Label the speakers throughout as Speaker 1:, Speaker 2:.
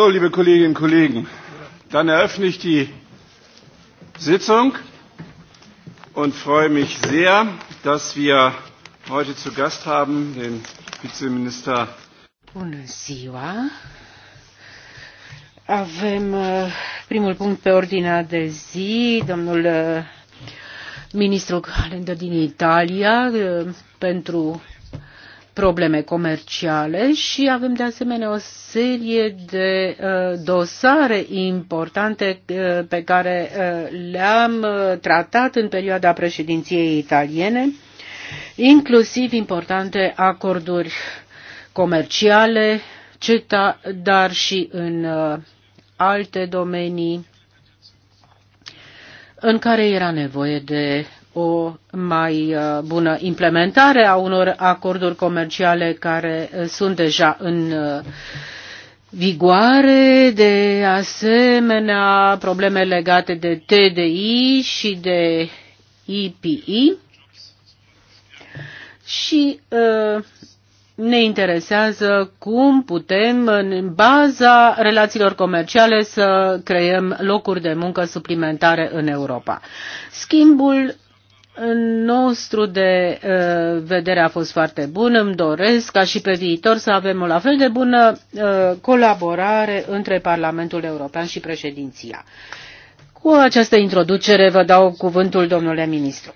Speaker 1: So, liebe Kolleginnen und Kollegen, dann eröffne ich die Sitzung und freue mich sehr, dass wir heute zu Gast haben den Vizeminister. Bună ziua. Avem uh, primul punct pe ordinea de zi, domnul uh, ministru Calendă din Italia uh, pentru probleme comerciale și avem de asemenea o serie de uh, dosare importante uh, pe care uh, le-am tratat în perioada președinției italiene, inclusiv importante acorduri comerciale, CETA, dar și în alte domenii în care era nevoie de o mai uh, bună implementare a unor acorduri comerciale care uh, sunt deja în uh, vigoare, de asemenea probleme legate de TDI și de IPI și ne interesează cum putem, în baza relațiilor comerciale, să creăm locuri de muncă suplimentare în Europa. Schimbul nostru de uh, vedere a fost foarte bun. Îmi doresc ca și pe viitor să avem o la fel de bună uh, colaborare între Parlamentul European și președinția. Cu această introducere vă dau cuvântul, domnule ministru.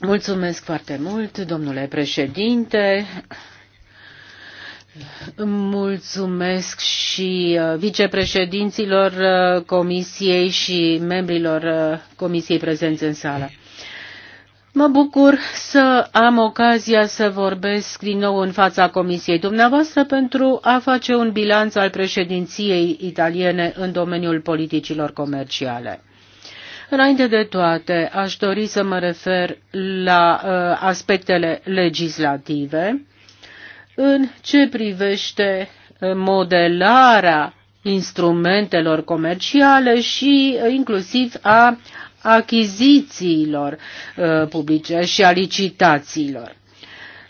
Speaker 1: Mulțumesc foarte mult, domnule președinte. Mulțumesc și vicepreședinților Comisiei și membrilor Comisiei prezenți în sală. Mă bucur să am ocazia să vorbesc din nou în fața Comisiei dumneavoastră pentru a face un bilanț al președinției italiene în domeniul politicilor comerciale. Înainte de toate, aș dori să mă refer la uh, aspectele legislative în ce privește uh, modelarea instrumentelor comerciale și uh, inclusiv a achizițiilor uh, publice și a licitațiilor.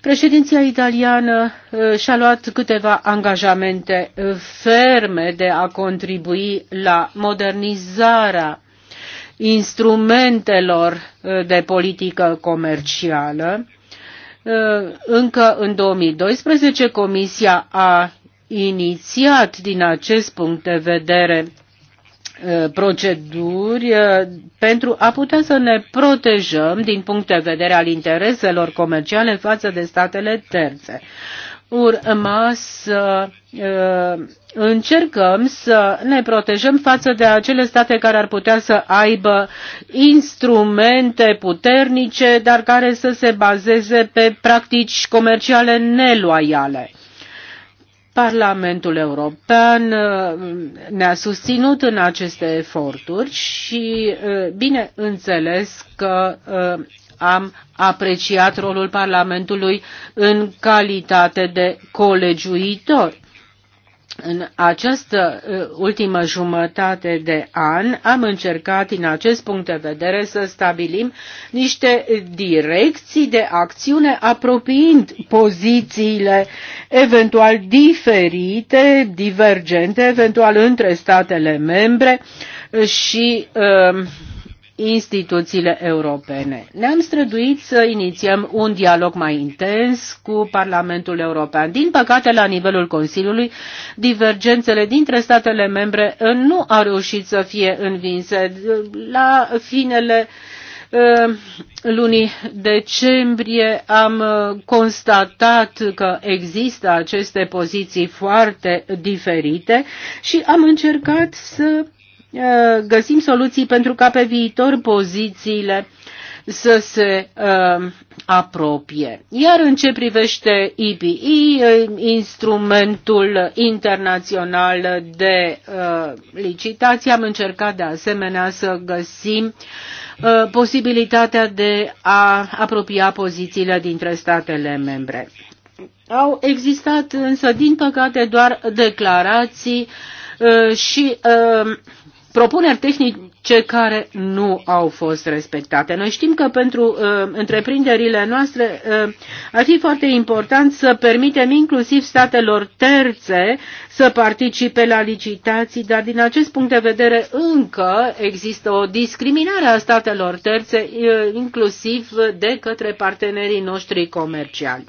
Speaker 1: Președinția italiană uh, și-a luat câteva angajamente uh, ferme de a contribui la modernizarea instrumentelor de politică comercială. Încă în 2012 Comisia a inițiat din acest punct de vedere Uh, proceduri uh, pentru a putea să ne protejăm din punct de vedere al intereselor comerciale față de statele terțe. Urmă să uh, încercăm să ne protejăm față de acele state care ar putea să aibă instrumente puternice, dar care să se bazeze pe practici comerciale neloiale. Parlamentul European uh, ne-a susținut în aceste eforturi și uh, bine înțeles că uh, am apreciat rolul Parlamentului în calitate de colegiuitor în această uh, ultimă jumătate de an am încercat, din acest punct de vedere, să stabilim niște direcții de acțiune apropiind pozițiile eventual diferite, divergente, eventual între statele membre și uh, instituțiile europene. Ne-am străduit să inițiem un dialog mai intens cu Parlamentul European. Din păcate, la nivelul Consiliului, divergențele dintre statele membre uh, nu au reușit să fie învinse. La finele uh, lunii decembrie am uh, constatat că există aceste poziții foarte diferite și am încercat să Eh, găsim soluții pentru ca pe viitor pozițiile să se uh, apropie. Iar în ce privește IPI, eh, instrumentul internațional de uh, licitație, am încercat de asemenea să găsim uh, posibilitatea de a apropia pozițiile dintre statele membre. Au existat însă, din păcate, doar declarații uh, și uh, propuneri tehnice care nu au fost respectate. Noi știm că pentru uh, întreprinderile noastre uh, ar fi foarte important să permitem inclusiv statelor terțe să participe la licitații, dar din acest punct de vedere încă există o discriminare a statelor terțe, uh, inclusiv de către partenerii noștri comerciali.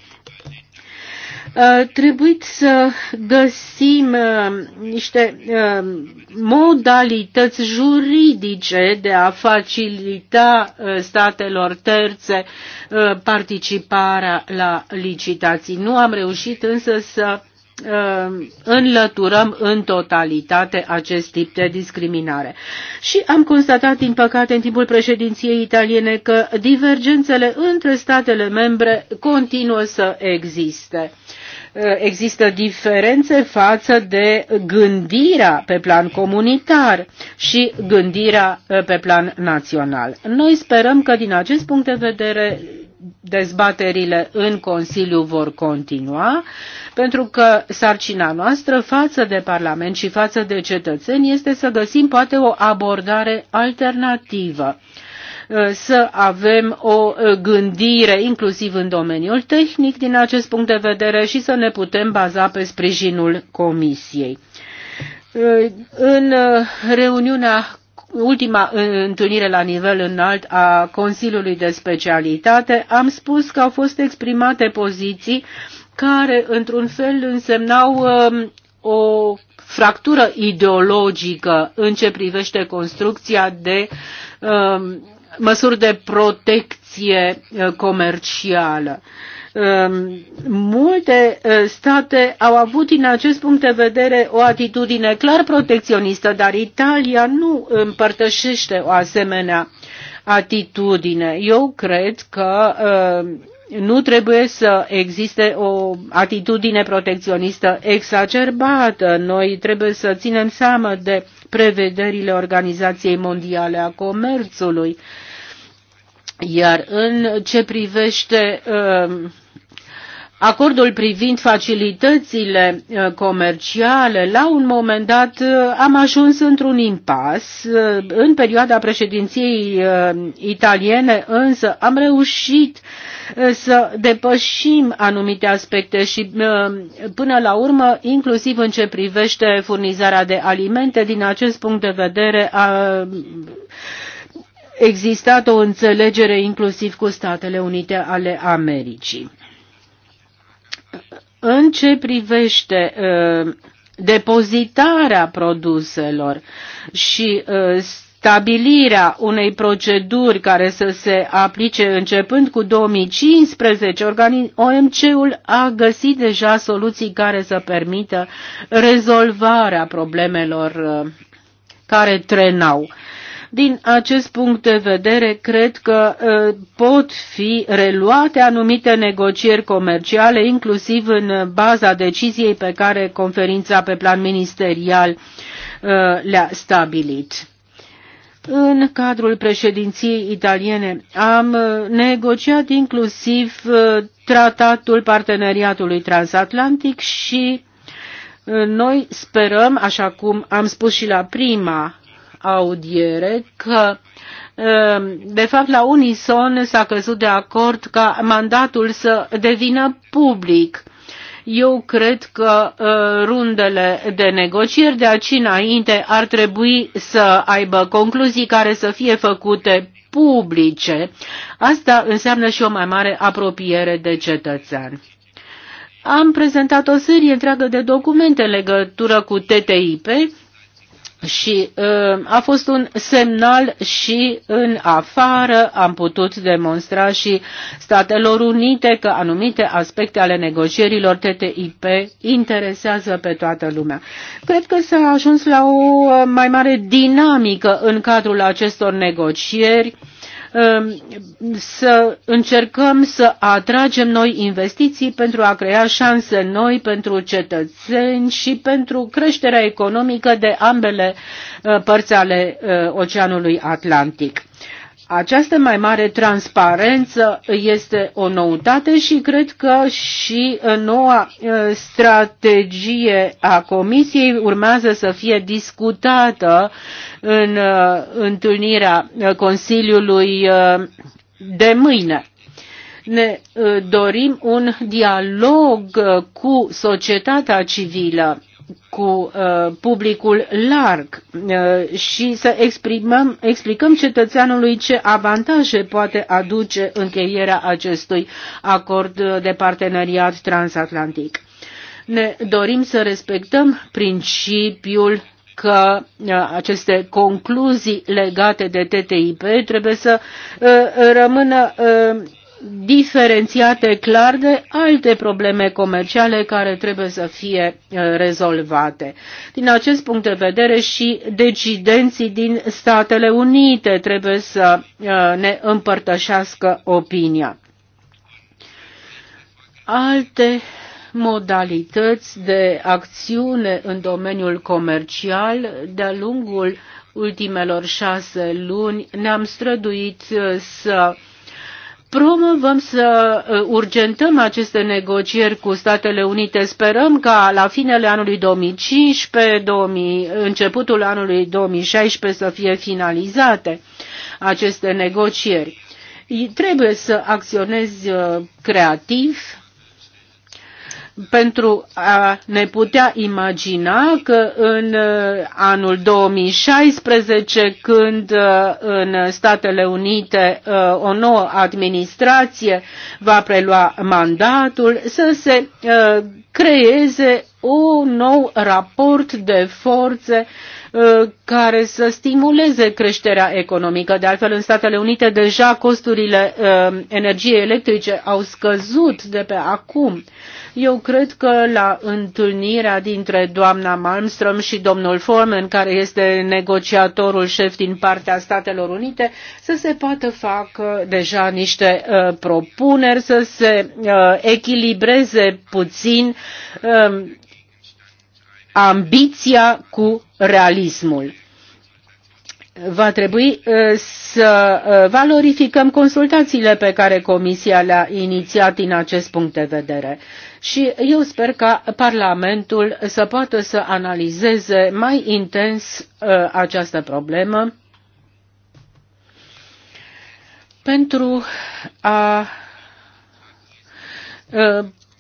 Speaker 1: Uh, trebuit să găsim uh, niște uh, modalități juridice de a facilita statelor terțe participarea la licitații. Nu am reușit însă să înlăturăm în totalitate acest tip de discriminare. Și am constatat, din păcate, în timpul președinției italiene că divergențele între statele membre continuă să existe. Eh, există diferențe față de gândirea pe plan comunitar și gândirea eh, pe plan național. Noi sperăm că din acest punct de vedere dezbaterile în Consiliu vor continua, pentru că sarcina noastră față de Parlament și față de cetățeni este să găsim poate o abordare alternativă Uh, să avem o uh, gândire inclusiv în domeniul tehnic din acest punct de vedere și să ne putem baza pe sprijinul Comisiei. Uh, în reuniunea ultima întâlnire la nivel înalt a Consiliului de Specialitate, am spus că au fost exprimate poziții care, într-un fel, însemnau um, o fractură ideologică în ce privește construcția de um, măsuri de protecție uh, comercială. Um, multe uh, state au avut din acest punct de vedere o atitudine clar protecționistă, dar Italia nu împărtășește o asemenea atitudine. Eu cred că uh, nu trebuie să existe o atitudine protecționistă exacerbată. Noi trebuie să ținem seama de prevederile Organizației Mondiale a Comerțului. Uh, iar în ce privește um, acordul privind facilitățile uh, comerciale, la un moment dat uh, am ajuns într-un impas. Uh, în perioada președinției italiene însă am reușit să depășim anumite aspecte și până la urmă, inclusiv în ce privește furnizarea de alimente, din acest punct de vedere existat o înțelegere inclusiv cu Statele Unite ale Americii. În ce privește uh, depozitarea produselor și uh, stabilirea unei proceduri care să se aplice începând cu 2015, OMC-ul a găsit deja soluții care să permită rezolvarea problemelor ă, care trenau din acest punct de vedere, cred că uh, pot fi reluate anumite negocieri comerciale, inclusiv în baza deciziei pe care conferința pe plan ministerial uh, le-a stabilit. În cadrul președinției italiene am uh, negociat inclusiv tratatul parteneriatului transatlantic și noi sperăm, așa cum am spus și la prima audiere că de fapt la unison s-a căzut de acord ca mandatul să devină public. Eu cred că rundele de negocieri de aici înainte ar trebui să aibă concluzii care să fie făcute publice. Asta înseamnă și o mai mare apropiere de cetățean. Am prezentat o serie întreagă de documente în legătură cu TTIP și ă, a fost un semnal și în afară am putut demonstra și Statelor Unite că anumite aspecte ale negocierilor TTIP interesează pe toată lumea. Cred că s-a ajuns la o ă, mai mare dinamică în cadrul acestor negocieri Um, să încercăm să atragem noi investiții pentru a crea șanse noi pentru cetățeni și pentru creșterea economică de ambele uh, părți ale uh, Oceanului Atlantic. Această mai mare transparență este o noutate și cred că și uh, noua uh, strategie a Comisiei urmează să fie discutată în uh, întâlnirea Consiliului de mâine. Ne dorim un dialog cu societatea civilă cu uh, publicul larg uh, și să exprimăm, explicăm cetățeanului ce avantaje poate aduce încheierea acestui acord de parteneriat transatlantic. Ne dorim să respectăm principiul că uh, aceste concluzii legate de TTIP trebuie să uh, rămână uh, diferențiate clar de alte probleme comerciale care trebuie să fie uh, rezolvate. Din acest punct de vedere și decidenții din Statele Unite trebuie să uh, ne împărtășească opinia. Alte modalități de acțiune în domeniul comercial de-a lungul ultimelor șase luni ne-am străduit uh, să promovăm să uh, urgentăm aceste negocieri cu Statele Unite. Sperăm ca la finele anului 2015, 2000, începutul anului 2016 să fie finalizate aceste negocieri. Trebuie să acționezi uh, creativ, pentru a ne putea imagina că în uh, anul 2016, când uh, în Statele Unite uh, o nouă administrație va prelua mandatul, să se creeze un nou raport de forțe Uh, care să stimuleze creșterea economică. De altfel, în Statele Unite deja costurile uh, energiei electrice au scăzut de pe acum. Eu cred că la întâlnirea dintre doamna Malmström și domnul Foreman, care este negociatorul șef din partea Statelor Unite, să se poată facă deja niște uh, propuneri, să se echilibreze puțin ambiția cu realismul. Va trebui uh, să uh, valorificăm consultațiile pe care Comisia le-a inițiat din acest punct de vedere. Și eu sper ca Parlamentul să poată să analizeze mai intens uh, această problemă pentru a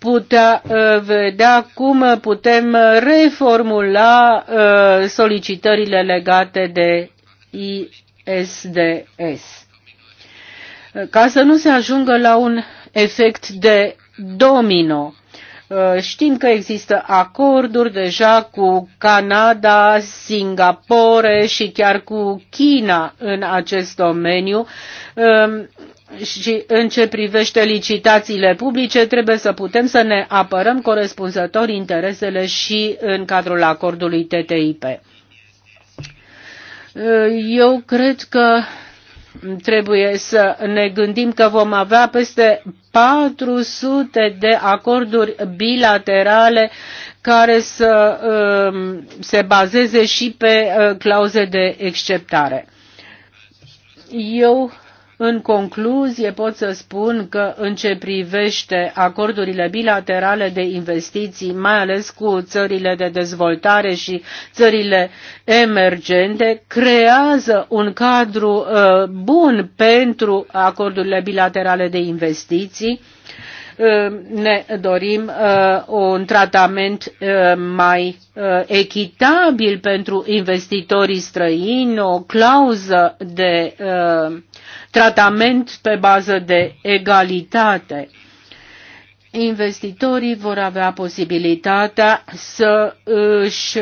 Speaker 1: putea uh, vedea cum putem reformula uh, solicitările legate de ISDS. Ca să nu se ajungă la un efect de domino. Uh, știm că există acorduri deja cu Canada, Singapore și chiar cu China în acest domeniu și în ce privește licitațiile publice, trebuie să putem să ne apărăm corespunzător interesele și în cadrul acordului TTIP. Eu cred că trebuie să ne gândim că vom avea peste 400 de acorduri bilaterale care să um, se bazeze și pe uh, clauze de exceptare. Eu în concluzie pot să spun că în ce privește acordurile bilaterale de investiții, mai ales cu țările de dezvoltare și țările emergente, creează un cadru uh, bun pentru acordurile bilaterale de investiții. Uh, ne dorim uh, un tratament uh, mai uh, echitabil pentru investitorii străini, o clauză de uh, tratament pe bază de egalitate. Investitorii vor avea posibilitatea să își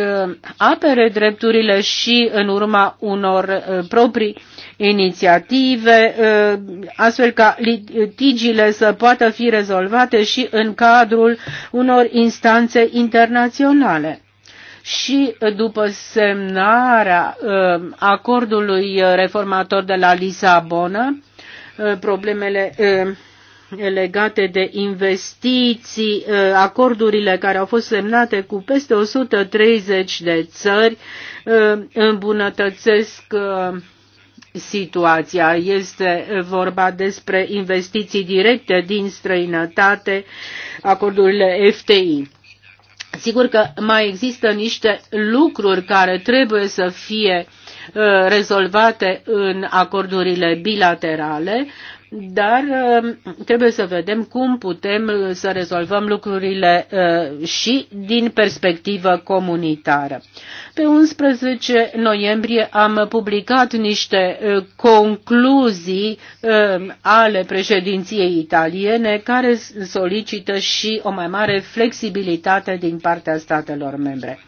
Speaker 1: apere drepturile și în urma unor uh, proprii inițiative, uh, astfel ca litigiile să poată fi rezolvate și în cadrul unor instanțe internaționale și eh, după semnarea eh, acordului eh, reformator de la Lisabona, problemele legate de investiții, acordurile care au fost semnate cu peste 130 de țări îmbunătățesc situația. Este vorba despre investiții directe din străinătate, acordurile FTI. Sigur că mai există niște lucruri care trebuie să fie uh, rezolvate în acordurile bilaterale, dar uh, trebuie să vedem cum putem uh, să rezolvăm lucrurile uh, și din perspectivă comunitară. Pe 11 noiembrie am publicat niște concluzii ale președinției italiene care solicită și o mai mare flexibilitate din partea statelor membre.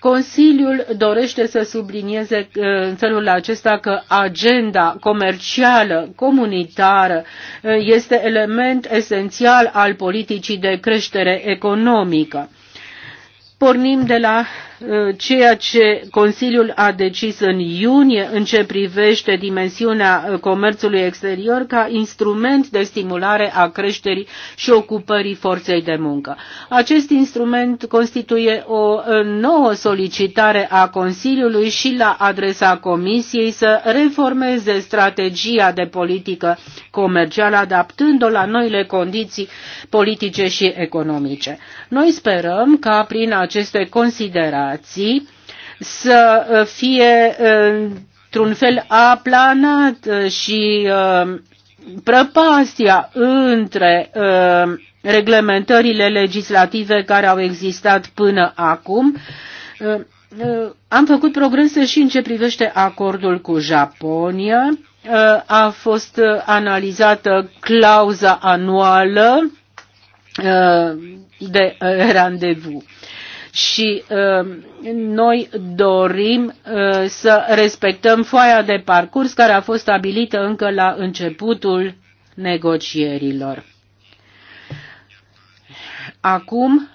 Speaker 1: Consiliul dorește să sublinieze uh, în felul acesta că agenda comercială comunitară uh, este element esențial al politicii de creștere economică. Pornim de la Uh, ceea ce Consiliul a decis în iunie în ce privește dimensiunea uh, comerțului exterior ca instrument de stimulare a creșterii și ocupării forței de muncă. Acest instrument constituie o uh, nouă solicitare a Consiliului și la adresa Comisiei să reformeze strategia de politică comercială, adaptând-o la noile condiții politice și economice. Noi sperăm ca prin aceste considerații informații să uh, fie uh, într-un fel aplanat uh, și prăpastia între reglementările legislative care au existat până acum. Am făcut progrese și în ce privește acordul cu Japonia. A fost analizată clauza anuală de randevu și uh, noi dorim uh, să respectăm foaia de parcurs care a fost stabilită încă la începutul negocierilor. Acum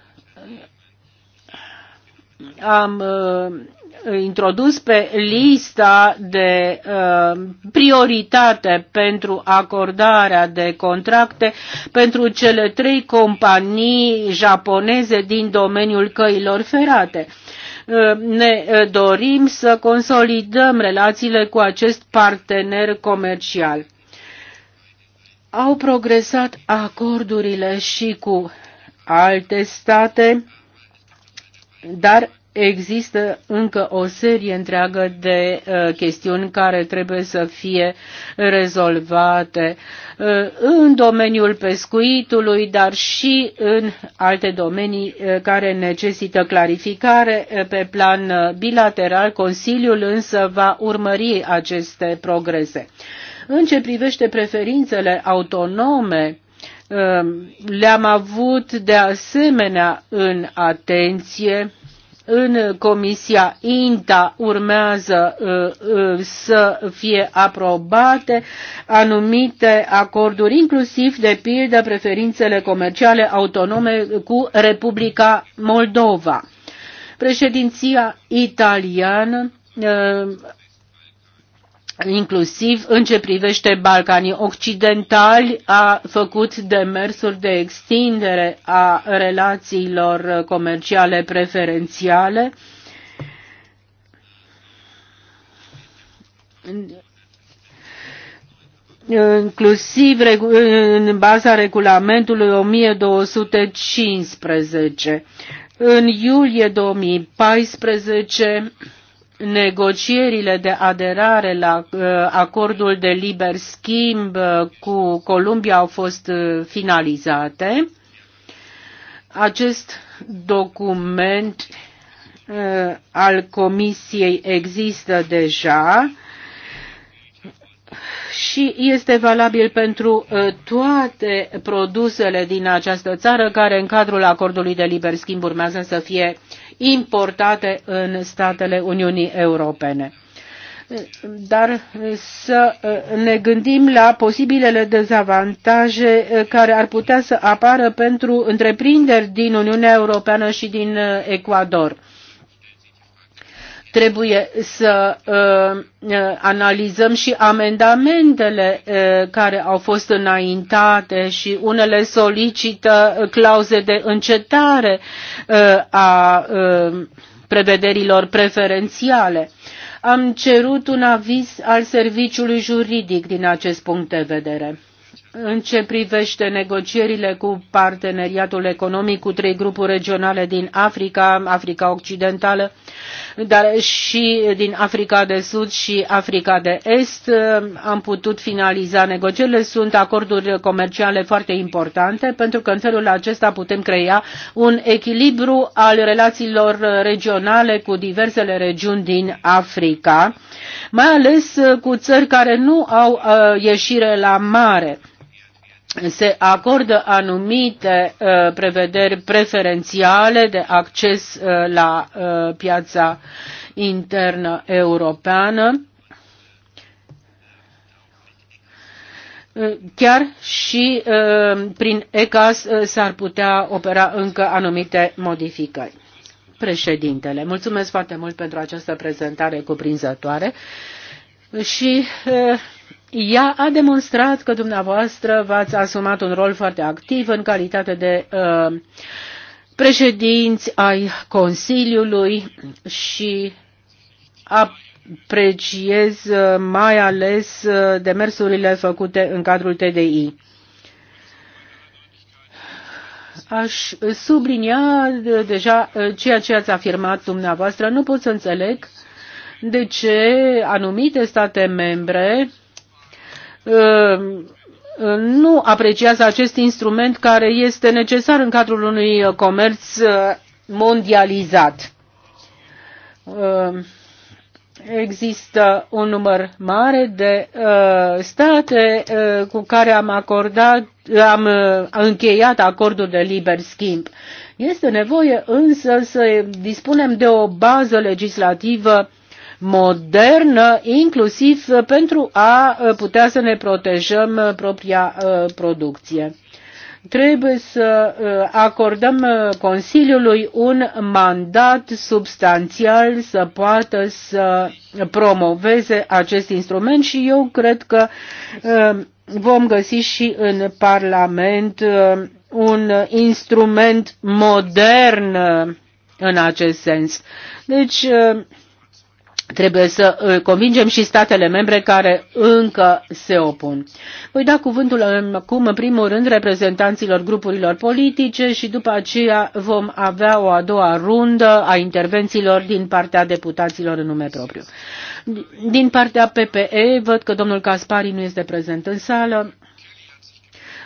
Speaker 1: am uh, introdus pe lista de uh, prioritate pentru acordarea de contracte pentru cele trei companii japoneze din domeniul căilor ferate. Uh, ne uh, dorim să consolidăm relațiile cu acest partener comercial. Au progresat acordurile și cu alte state, dar există încă o serie întreagă de uh, chestiuni care trebuie să fie rezolvate uh, în domeniul pescuitului, dar și în alte domenii uh, care necesită clarificare pe plan bilateral. Consiliul însă va urmări aceste progrese. În ce privește preferințele autonome, le-am avut de asemenea în atenție în Comisia INTA urmează uh, uh, să fie aprobate anumite acorduri, inclusiv de pildă preferințele comerciale autonome cu Republica Moldova. Președinția italiană uh, inclusiv în ce privește Balcanii Occidentali, a făcut demersuri de extindere a relațiilor comerciale preferențiale. inclusiv în baza regulamentului 1215. În iulie 2014, negocierile de aderare la uh, acordul de liber schimb uh, cu Columbia au fost uh, finalizate. Acest document al Comisiei există deja și este valabil pentru toate produsele din această țară care în cadrul acordului de liber schimb urmează să fie uh, importate în statele Uniunii Europene dar să uh, ne gândim la posibilele dezavantaje uh, care ar putea să apară pentru întreprinderi din Uniunea Europeană și din uh, Ecuador. Trebuie să ă, ă, analizăm și amendamentele ă, care au fost înaintate și unele solicită clauze de încetare a prevederilor preferențiale. Am cerut un aviz al serviciului juridic din acest punct de vedere. În ce privește negocierile cu parteneriatul economic cu trei grupuri regionale din Africa, Africa Occidentală, dar și din Africa de Sud și Africa de Est, am putut finaliza negocierile. Sunt acorduri comerciale foarte importante pentru că în felul acesta putem crea un echilibru al relațiilor regionale cu diversele regiuni din Africa, mai ales cu țări care nu au uh, ieșire la mare se acordă anumite uh, prevederi preferențiale de acces uh, la uh, piața internă europeană. Uh, chiar și uh, prin ECAS uh, s-ar putea opera încă anumite modificări. Președintele, mulțumesc foarte mult pentru această prezentare cuprinzătoare și ea a demonstrat că dumneavoastră v-ați asumat un rol foarte activ în calitate de uh, președinți ai Consiliului și apreciez uh, mai ales uh, demersurile făcute în cadrul TDI aș sublinia uh, deja ceea ce ați afirmat dumneavoastră. Nu pot să înțeleg de ce anumite state membre Uh, uh, nu apreciază acest instrument care este necesar în cadrul unui uh, comerț mondializat. Există un număr mare de state cu care am acordat, am încheiat acordul de liber schimb. Este nevoie însă să dispunem de o bază legislativă uh, modernă, inclusiv uh, pentru a uh, putea să ne protejăm uh, propria producție. Trebuie să acordăm Consiliului un mandat substanțial să poată să promoveze acest instrument și eu cred că vom găsi și în Parlament un instrument modern în acest sens. Deci, trebuie să convingem și statele membre care încă se opun. Voi da cuvântul acum, în primul rând, reprezentanților grupurilor politice și după aceea vom avea o a doua rundă a intervențiilor din partea deputaților în nume propriu. Din partea PPE, văd că domnul Caspari nu este prezent în sală.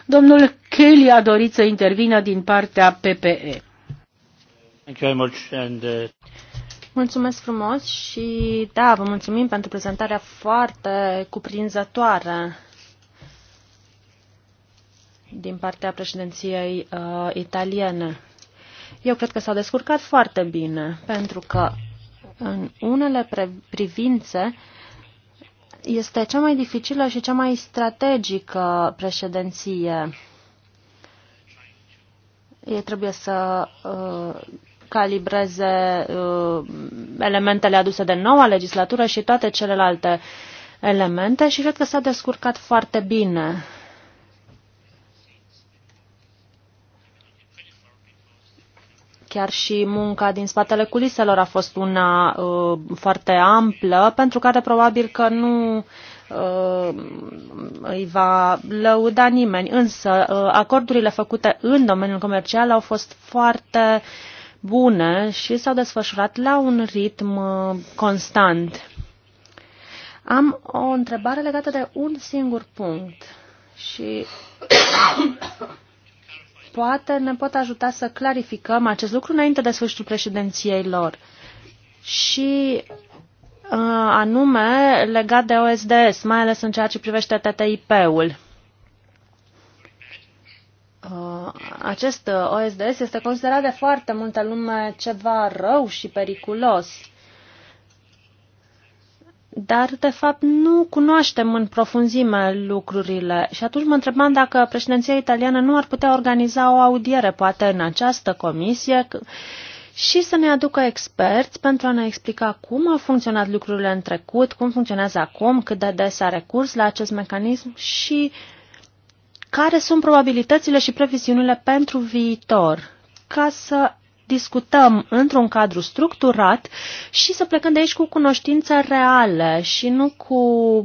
Speaker 1: Domnul Kelly a dorit să intervină din partea
Speaker 2: PPE. Thank you very much and, uh...
Speaker 3: Mulțumesc frumos și da, vă mulțumim pentru prezentarea foarte cuprinzătoare din partea președinției uh, italiene. Eu cred că s-au descurcat foarte bine, pentru că în unele privințe este cea mai dificilă și cea mai strategică președinție. Ei trebuie să uh, calibreze uh, elementele aduse de noua legislatură și toate celelalte elemente și cred că s-a descurcat foarte bine. Chiar și munca din spatele culiselor a fost una uh, foarte amplă, pentru care probabil că nu uh, îi va lăuda nimeni. Însă, uh, acordurile făcute în domeniul comercial au fost foarte bune și s-au desfășurat la un ritm uh, constant. Am o întrebare legată de un singur punct și poate ne pot ajuta să clarificăm acest lucru înainte de sfârșitul președinției lor. Și uh, anume legat de OSDS, mai ales în ceea ce privește TTIP-ul. Uh, acest uh, OSDS este considerat de foarte multă lume ceva rău și periculos. Dar, de fapt, nu cunoaștem în profunzime lucrurile. Și atunci mă întrebam dacă președinția italiană nu ar putea organiza o audiere, poate în această comisie, și să ne aducă experți pentru a ne explica cum au funcționat lucrurile în trecut, cum funcționează acum, cât de des a recurs la acest mecanism și uh, care sunt probabilitățile și previziunile pentru viitor, ca să discutăm într-un cadru structurat și să plecăm de aici cu cunoștințe reale și nu cu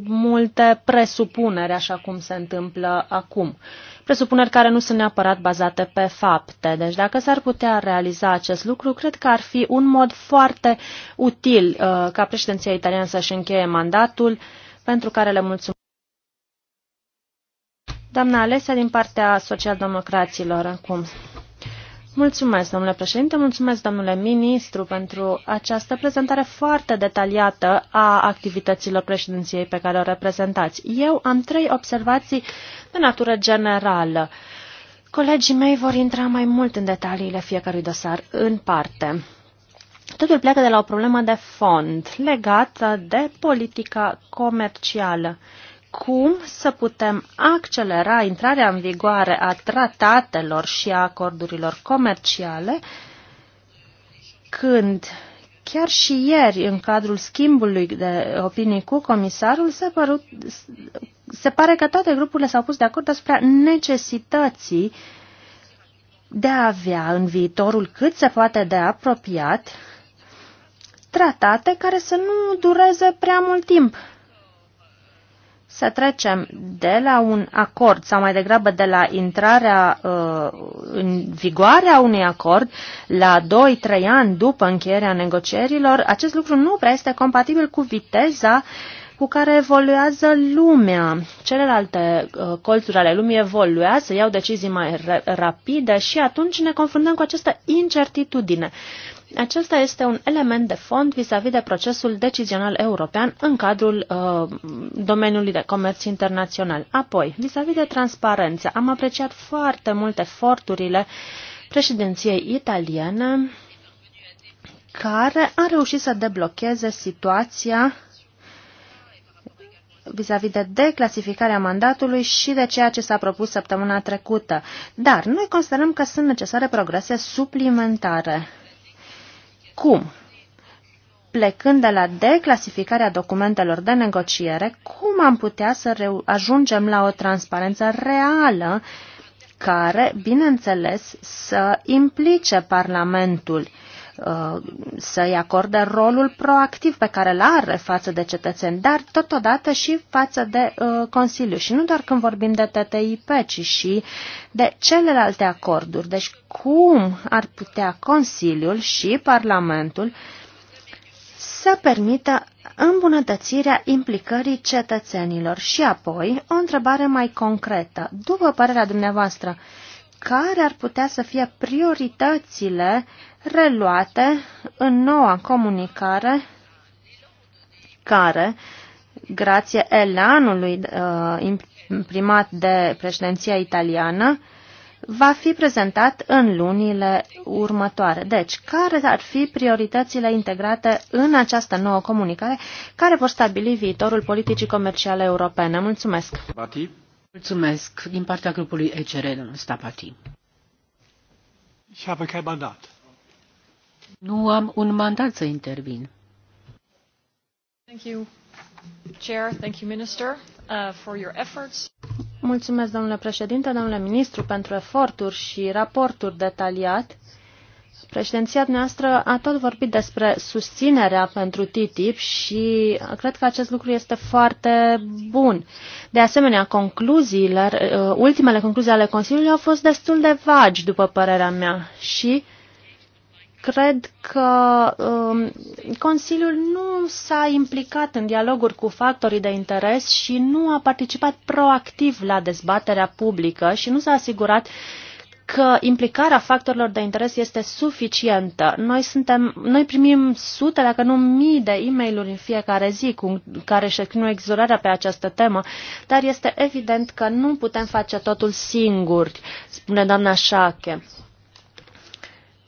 Speaker 3: multe presupuneri, așa cum se întâmplă acum. Presupuneri care nu sunt neapărat bazate pe fapte. Deci dacă s-ar putea realiza acest lucru, cred că ar fi un mod foarte util uh, ca președinția italiană să-și încheie mandatul, pentru care le mulțumesc. Doamna Alesa din partea socialdemocraților acum. Mulțumesc, domnule președinte, mulțumesc, domnule ministru, pentru această prezentare foarte detaliată a activităților președinției pe care o reprezentați. Eu am trei observații de natură generală. Colegii mei vor intra mai mult în detaliile fiecărui dosar în parte. Totul pleacă de la o problemă de fond legată de politica comercială cum să putem accelera intrarea în vigoare a tratatelor și a acordurilor comerciale când chiar și ieri, în cadrul schimbului de opinii cu comisarul, se, părut, se pare că toate grupurile s-au pus de acord asupra necesității de a avea în viitorul cât se poate de apropiat tratate care să nu dureze prea mult timp, să trecem de la un acord sau mai degrabă de la intrarea uh, în vigoare a unui acord la 2-3 ani după încheierea negocierilor, acest lucru nu prea este compatibil cu viteza cu care evoluează lumea. Celelalte uh, colțuri ale lumii evoluează, iau decizii mai rapide și atunci ne confruntăm cu această incertitudine. Uh, acesta este un element de fond vis-a-vis -vis de procesul decizional european în cadrul uh, domeniului de comerț internațional. Apoi, vis-a-vis -vis de transparență, am apreciat foarte mult eforturile președinției italiene care a reușit să deblocheze situația vis-a-vis -vis de declasificarea mandatului și de ceea ce s-a propus săptămâna trecută. Dar noi considerăm că sunt necesare progrese suplimentare. Cum? Plecând de la declasificarea documentelor de negociere, cum am putea să ajungem la o transparență reală care, bineînțeles, să implice Parlamentul Uh, să-i acorde rolul proactiv pe care îl are față de cetățeni, dar totodată și față de uh, Consiliu. Și nu doar când vorbim de TTIP, ci și de celelalte acorduri. Deci cum ar putea Consiliul și Parlamentul să permită îmbunătățirea implicării cetățenilor. Și apoi, o întrebare mai concretă. După părerea dumneavoastră, uh, care ar putea să fie prioritățile reluate în noua comunicare care, grație elanului uh, imprimat de președinția italiană, va fi prezentat în lunile următoare. Deci, care ar fi prioritățile integrate în această nouă comunicare care vor stabili viitorul politicii comerciale europene? Mulțumesc! Bati. Mulțumesc. Din partea grupului ECR, domnul Stapati. Ich habe
Speaker 1: kein mandat. Nu am un mandat să intervin.
Speaker 3: Thank you, Chair. Thank you, Minister, uh, for your efforts. Mulțumesc, domnule președinte, domnule ministru, pentru eforturi și raporturi detaliat Președinția noastră a tot vorbit despre susținerea pentru TTIP și cred că acest lucru este foarte bun. De asemenea, concluziile, uh, ultimele concluzii ale Consiliului au fost destul de vagi, după părerea mea, și cred că um, Consiliul nu s-a implicat în dialoguri cu factorii de interes și nu a participat proactiv la dezbaterea publică și nu s-a asigurat uh, că implicarea factorilor de interes este suficientă. Noi, suntem, noi primim sute, dacă nu mii de e mail în fiecare zi cu care își exprimă exurarea pe această temă, dar este evident că nu putem face totul singuri, spune doamna Șache.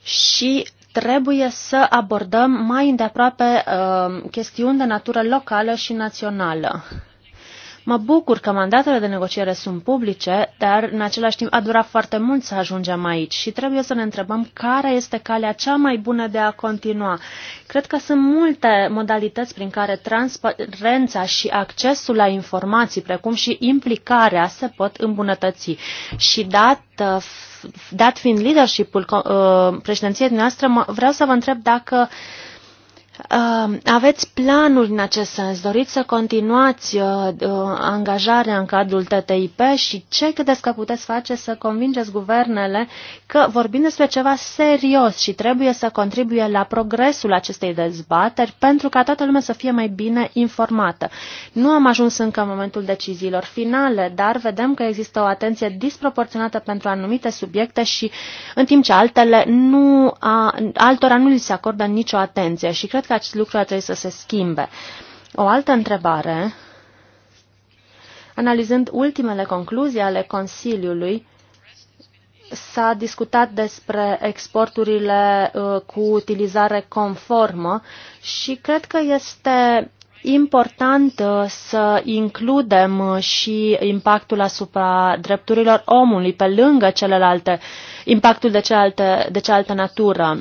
Speaker 3: Și trebuie să abordăm mai îndeaproape uh, chestiuni de natură locală și națională. Mă bucur că mandatele de negociere sunt publice, dar în același timp a durat foarte mult să ajungem aici și trebuie să ne întrebăm care este calea cea mai bună de a continua. Cred că sunt multe modalități prin care transparența și accesul la informații, precum și implicarea, se pot îmbunătăți. Și dat, dat fiind leadership-ul uh, președinției noastre, vreau să vă întreb dacă uh, Um, aveți planuri în acest sens? Doriți să continuați uh, uh, angajarea în cadrul TTIP și ce credeți că puteți face să convingeți guvernele că vorbim despre ceva serios și trebuie să contribuie la progresul acestei dezbateri pentru ca toată lumea să fie mai bine informată? Nu am ajuns încă în momentul deciziilor finale, dar vedem că există o atenție disproporționată pentru anumite subiecte și în timp ce altele nu a, altora nu li se acordă nicio atenție și cred cred că acest lucru ar trebui să se schimbe. O altă întrebare, analizând ultimele concluzii ale Consiliului, s-a discutat despre exporturile uh, cu utilizare conformă și cred că este important uh, să includem uh, și impactul asupra drepturilor omului pe lângă celelalte, impactul de cealaltă, de cealaltă natură.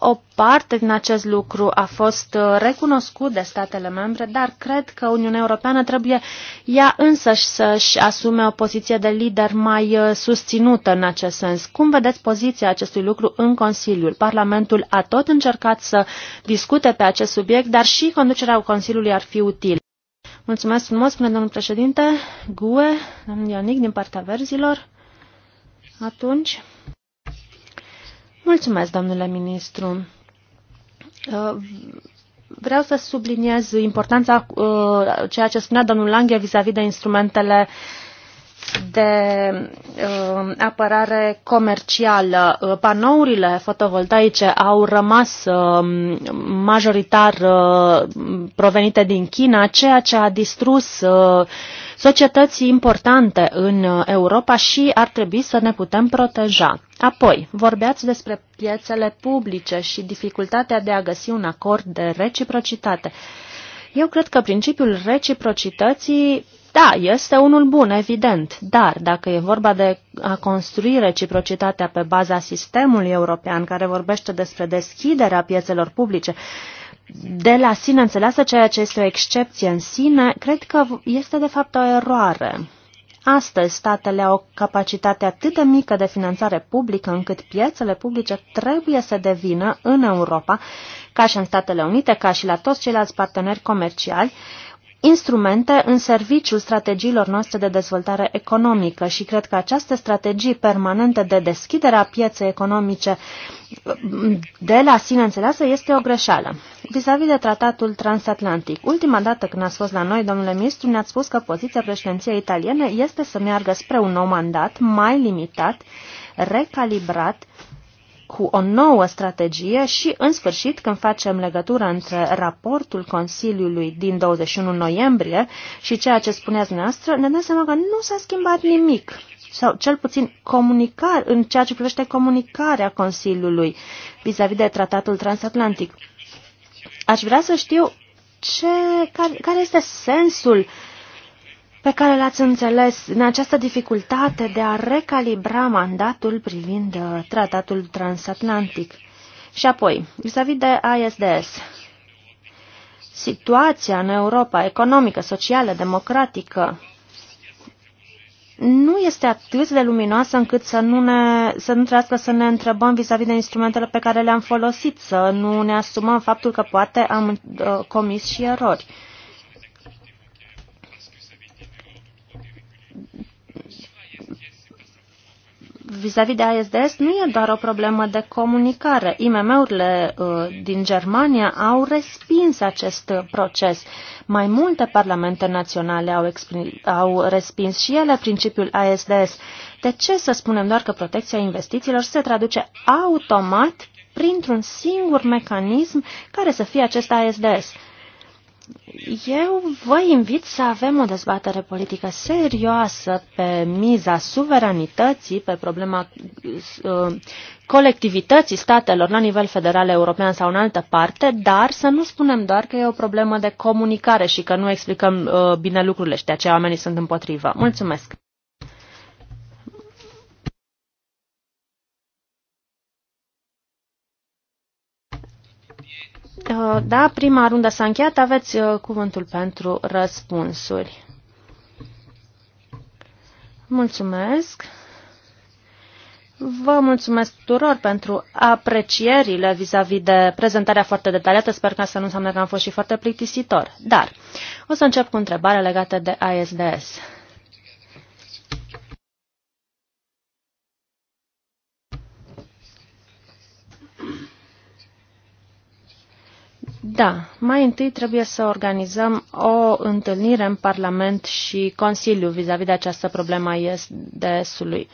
Speaker 3: O parte din acest lucru a fost uh, recunoscut de statele membre, dar cred că Uniunea Europeană trebuie ea însăși să-și asume o poziție de lider mai uh, susținută în acest sens. Cum vedeți poziția acestui lucru în Consiliul? Parlamentul a tot încercat să discute pe acest subiect, dar și conducerea Consiliului ar fi util. Mulțumesc frumos, spune domnul președinte. GUE, domnul Ionic, din partea verzilor. Atunci, Mulțumesc, domnule ministru. Uh, vreau să subliniez importanța uh, ceea ce spunea domnul Langhe vis-a-vis de instrumentele de uh, apărare comercială. Uh, panourile fotovoltaice au rămas uh, majoritar uh, provenite din China, ceea ce a distrus uh, societăți importante în uh, Europa și ar trebui să ne putem proteja. Apoi, vorbeați despre piețele publice și dificultatea de a găsi un acord de reciprocitate. Eu cred că principiul reciprocității, da, este unul bun, evident, dar dacă e vorba de a construi reciprocitatea pe baza sistemului european care vorbește despre deschiderea piețelor publice de la sine înțeleasă, ceea ce este o excepție în sine, cred că este de fapt o eroare. Astăzi, statele au o capacitate atât de mică de finanțare publică încât piețele publice trebuie să devină în Europa, ca și în Statele Unite, ca și la toți ceilalți parteneri comerciali, uh, instrumente în serviciul strategiilor noastre de dezvoltare economică și cred că aceste strategii permanente de deschidere a pieței economice de la sine înțeleasă este o greșeală. Vis-a-vis -vis de tratatul transatlantic, ultima dată când ați fost la noi, domnule ministru, ne-ați spus că poziția președinției italiene este să meargă spre un nou mandat mai limitat, recalibrat cu o nouă strategie și, în sfârșit, când facem legătură între raportul Consiliului din 21 noiembrie și ceea ce spuneați noastră, ne dăm seama că nu s-a schimbat nimic sau cel puțin comunicare, în ceea ce privește comunicarea Consiliului vis-a-vis -vis de tratatul transatlantic. Aș vrea să știu ce, care, care este sensul pe care l-ați înțeles în această dificultate de a recalibra mandatul privind uh, tratatul transatlantic. Și apoi, vis-a-vis -vis de ISDS, situația în Europa economică, socială, democratică nu este atât de luminoasă încât să nu, ne, să nu trească să ne întrebăm vis-a-vis -vis de instrumentele pe care le-am folosit, să nu ne asumăm faptul că poate am uh, comis și erori. Uh, vis-a-vis de ASDS nu e doar o problemă de comunicare. IMM-urile uh, din Germania au respins acest proces. Mai multe parlamente naționale au, au respins și ele principiul ASDS. De ce să spunem doar că protecția investițiilor se traduce automat printr-un singur mecanism care să fie acest ASDS? Eu vă invit să avem o dezbatere politică serioasă pe miza suveranității, pe problema uh, colectivității statelor la nivel federal european sau în altă parte, dar să nu spunem doar că e o problemă de comunicare și că nu explicăm uh, bine lucrurile și de aceea oamenii sunt împotrivă. Mulțumesc! Uh, da, prima rundă s-a încheiat. Aveți uh, cuvântul pentru răspunsuri. Mulțumesc. Vă mulțumesc tuturor pentru aprecierile vis-a-vis -vis de prezentarea foarte detaliată. Sper că asta nu înseamnă că am fost și foarte plictisitor. Dar o să încep cu întrebarea legată de ISDS. Da, mai întâi trebuie să organizăm o întâlnire în Parlament și Consiliu vis-a-vis -vis de această problemă a ISDS-ului.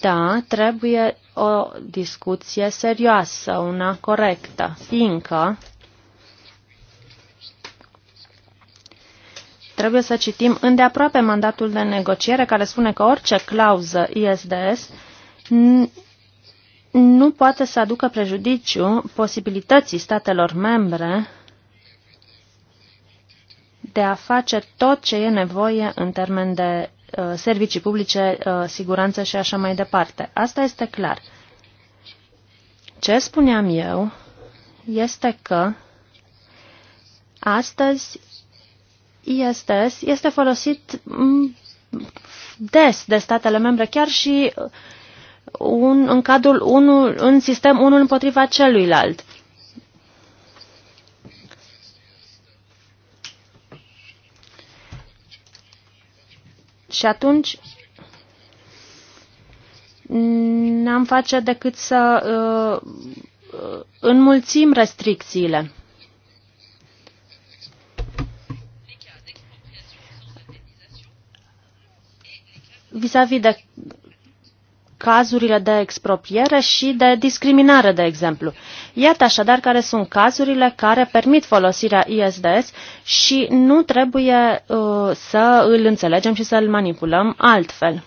Speaker 3: Da, trebuie o discuție serioasă, una corectă, fiindcă trebuie să citim îndeaproape mandatul de negociere care spune că orice clauză ISDS nu poate să aducă prejudiciu posibilității statelor membre de a face tot ce e nevoie în termen de uh, servicii publice, uh, siguranță și așa mai departe. Asta este clar. Ce spuneam eu este că astăzi este, este folosit mm, des de statele membre, chiar și uh, un, în cadrul unul, în sistem unul împotriva celuilalt. Și atunci n-am face decât să uh, înmulțim restricțiile. Vis-a-vis -vis de cazurile de expropiere și de discriminare, de exemplu. Iată așadar care sunt cazurile care permit folosirea ISDS și nu trebuie uh, să îl înțelegem și să îl manipulăm altfel.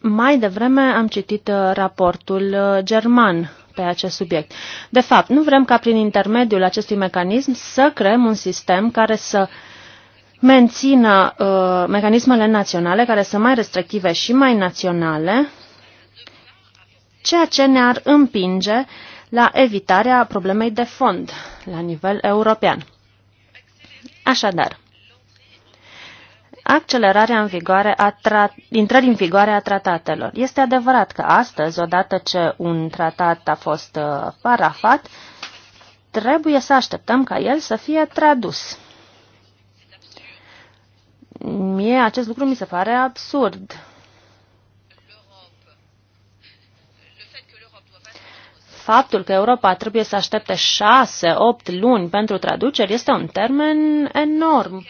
Speaker 3: Mai devreme am citit uh, raportul uh, german pe acest subiect. De fapt, nu vrem ca prin intermediul acestui mecanism să creăm un sistem care să uh, mențină uh, mecanismele naționale care sunt mai restrictive și mai naționale, ceea ce ne-ar împinge la evitarea problemei de fond la nivel european. Așadar, accelerarea în vigoare a intrării în vigoare a tratatelor. Este adevărat că astăzi, odată ce un tratat a fost uh, parafat, trebuie să așteptăm ca el să fie tradus. Mie acest lucru mi se pare absurd. Faptul că Europa trebuie să aștepte șase, opt luni pentru traduceri este un termen enorm.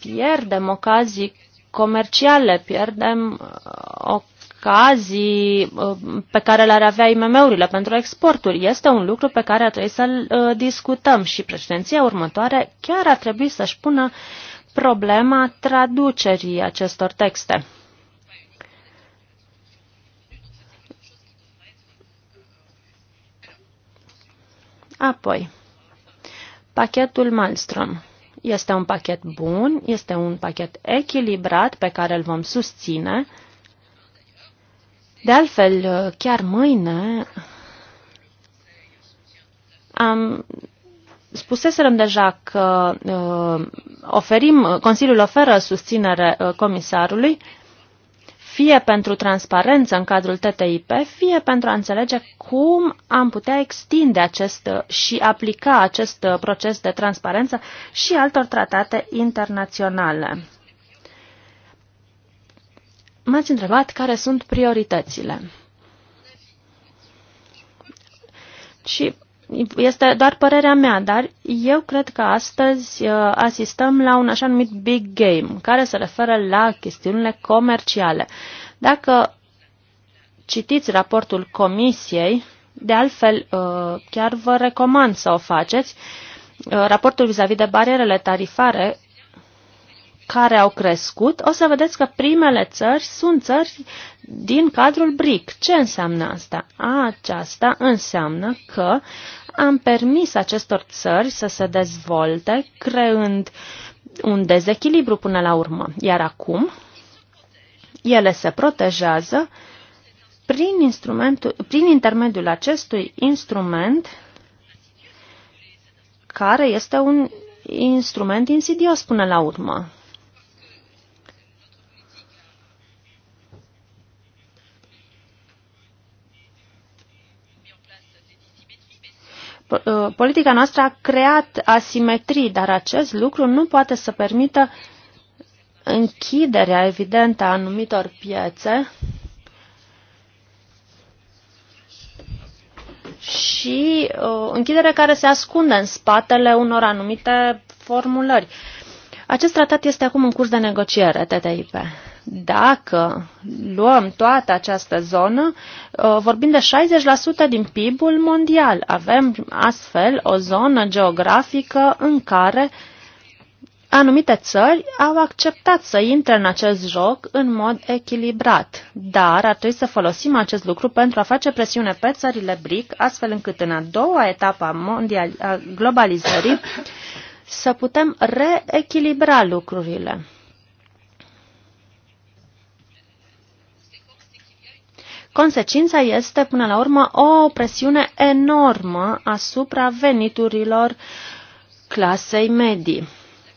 Speaker 3: Pierdem ocazii comerciale, pierdem uh, ocazii uh, pe care le-ar avea IMM-urile pentru exporturi. Este un lucru pe care ar trebui să-l uh, discutăm și președinția următoare chiar ar trebui să-și pună uh, problema traducerii acestor texte. Apoi, pachetul Malmström. Este un pachet bun, este un pachet echilibrat pe care îl vom susține. De altfel, chiar mâine am Spuseserăm deja că uh, oferim, Consiliul oferă susținere uh, comisarului fie pentru transparență în cadrul TTIP, fie pentru a înțelege cum am putea extinde acest uh, și aplica acest uh, proces de transparență și altor tratate internaționale. M-ați întrebat care sunt prioritățile. Și este doar părerea mea, dar eu cred că astăzi uh, asistăm la un așa numit big game, care se referă la chestiunile comerciale. Dacă citiți raportul comisiei, de altfel uh, chiar vă recomand să o faceți, uh, raportul vis-a-vis -vis de barierele tarifare care au crescut, o să vedeți că primele țări sunt țări din cadrul BRIC. Ce înseamnă asta? Aceasta înseamnă că am permis acestor țări să se dezvolte, creând un dezechilibru până la urmă. Iar acum, ele se protejează prin, instrumentul, prin intermediul acestui instrument care este un instrument insidios până la urmă. politica noastră a creat asimetrii, dar acest lucru nu poate să permită închiderea evidentă a anumitor piețe și uh, închidere care se ascunde în spatele unor anumite formulări. Acest tratat este acum în curs de negociere, TTIP. Dacă luăm toată această zonă, uh, vorbim de 60% din PIB-ul mondial. Avem astfel o zonă geografică în care anumite țări au acceptat să intre în acest joc în mod echilibrat, dar ar trebui să folosim acest lucru pentru a face presiune pe țările BRIC, astfel încât în a doua etapă a, a globalizării să putem reechilibra lucrurile. Consecința este, până la urmă, o presiune enormă asupra veniturilor clasei medii.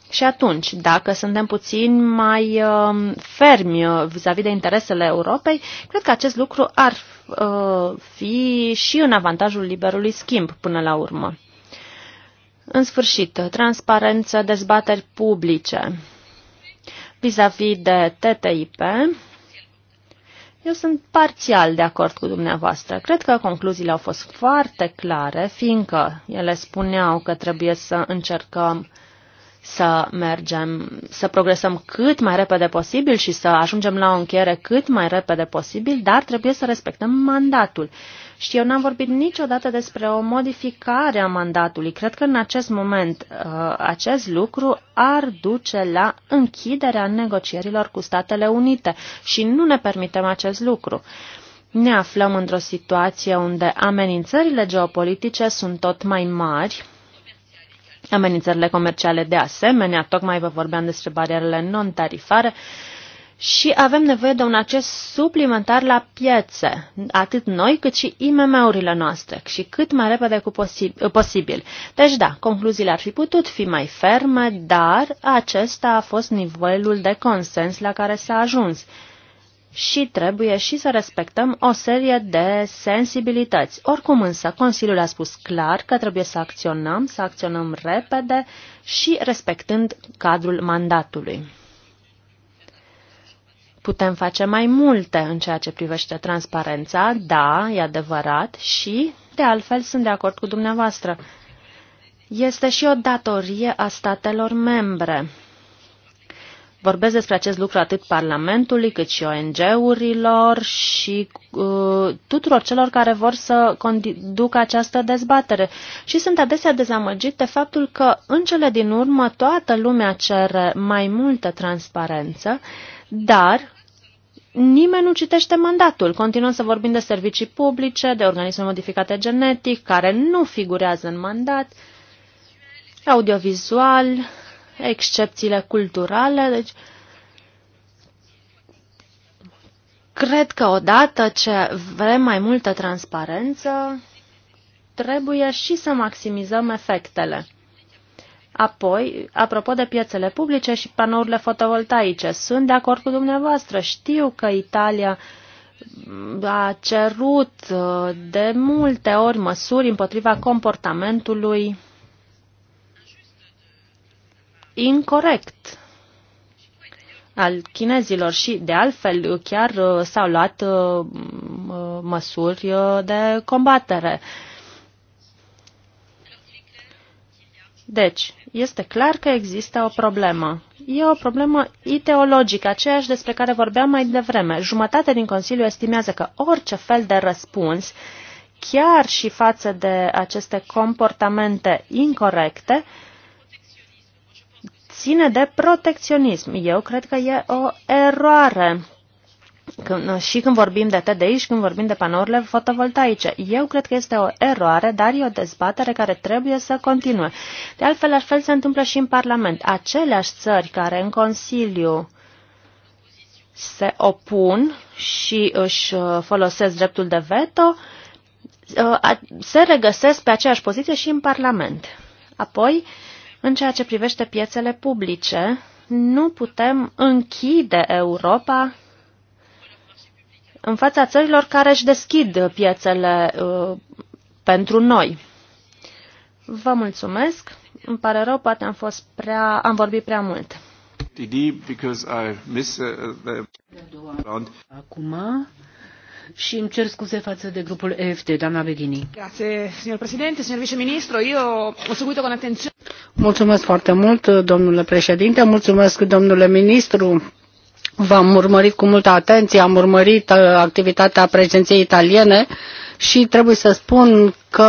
Speaker 3: Și atunci, dacă suntem puțin mai uh, fermi uh, vis-a-vis -vis de interesele Europei, cred că acest lucru ar uh, fi și în avantajul liberului schimb până la urmă. În sfârșit, transparență, dezbateri publice vis-a-vis -vis de TTIP. Eu sunt parțial de acord cu dumneavoastră. Cred că concluziile au fost foarte clare, fiindcă ele spuneau că trebuie să încercăm să mergem, să progresăm cât mai repede posibil și să ajungem la o încheiere cât mai repede posibil, dar trebuie să respectăm mandatul. Și eu n-am vorbit niciodată despre o modificare a mandatului. Cred că în acest moment uh, acest lucru ar duce la închiderea negocierilor cu Statele Unite și nu ne permitem acest lucru. Ne aflăm într-o situație unde amenințările geopolitice sunt tot mai mari, amenințările comerciale de asemenea, tocmai vă vorbeam despre barierele non-tarifare, uh, și avem nevoie de un acces suplimentar la piețe, atât noi cât și IMM-urile noastre, și cât mai repede cu posibil. Deci da, concluziile ar fi putut fi mai ferme, dar acesta a fost nivelul de consens la care s-a ajuns. Și trebuie și să respectăm o serie de sensibilități. Oricum însă, Consiliul a spus clar că trebuie să acționăm, să acționăm repede și respectând cadrul mandatului. Putem face mai multe în ceea ce privește transparența, da, e adevărat și, de altfel, sunt de acord cu dumneavoastră. Este și o datorie a statelor membre. Vorbesc despre acest lucru atât Parlamentului, cât și ONG-urilor și uh, tuturor celor care vor să conducă această dezbatere. Și sunt adesea dezamăgit de faptul că, în cele din urmă, toată lumea cere mai multă transparență, dar nimeni nu citește mandatul. Continuăm să vorbim de servicii publice, de organisme modificate genetic, care nu figurează în mandat, audiovizual, excepțiile culturale. Deci, cred că odată ce vrem mai multă transparență, trebuie și să maximizăm efectele. Apoi, apropo de piețele publice și panourile fotovoltaice, sunt de acord cu dumneavoastră. Știu că Italia a cerut uh, de multe ori măsuri împotriva comportamentului incorrect al chinezilor și, de altfel, chiar uh, s-au luat uh, măsuri de combatere. Deci, este clar că există o problemă. E o problemă ideologică, aceeași despre care vorbeam mai devreme. Jumătate din Consiliu estimează că orice fel de răspuns, chiar și față de aceste comportamente incorrecte, ține de protecționism. Eu cred că e o eroare când, și când vorbim de TDI și când vorbim de panourile fotovoltaice. Eu cred că este o eroare, dar e o dezbatere care trebuie să continue. De altfel, la fel se întâmplă și în Parlament. Aceleași țări care în Consiliu se opun și își uh, folosesc dreptul de veto, uh, se regăsesc pe aceeași poziție și în Parlament. Apoi, în ceea ce privește piețele publice, nu putem închide Europa în fața țărilor care își deschid piețele uh, pentru noi. Vă mulțumesc. Îmi pare rău, poate am, fost prea, am vorbit prea mult.
Speaker 2: Uh,
Speaker 1: Acum
Speaker 3: și îmi cer scuze
Speaker 1: față de grupul EFT, doamna Beghini.
Speaker 3: Grazie, signor președinte, signor viceministru, eu seguit cu atenție.
Speaker 2: Mulțumesc foarte mult, domnule președinte, mulțumesc, domnule ministru V-am urmărit cu multă atenție, am urmărit uh, activitatea președinției italiene și trebuie să spun că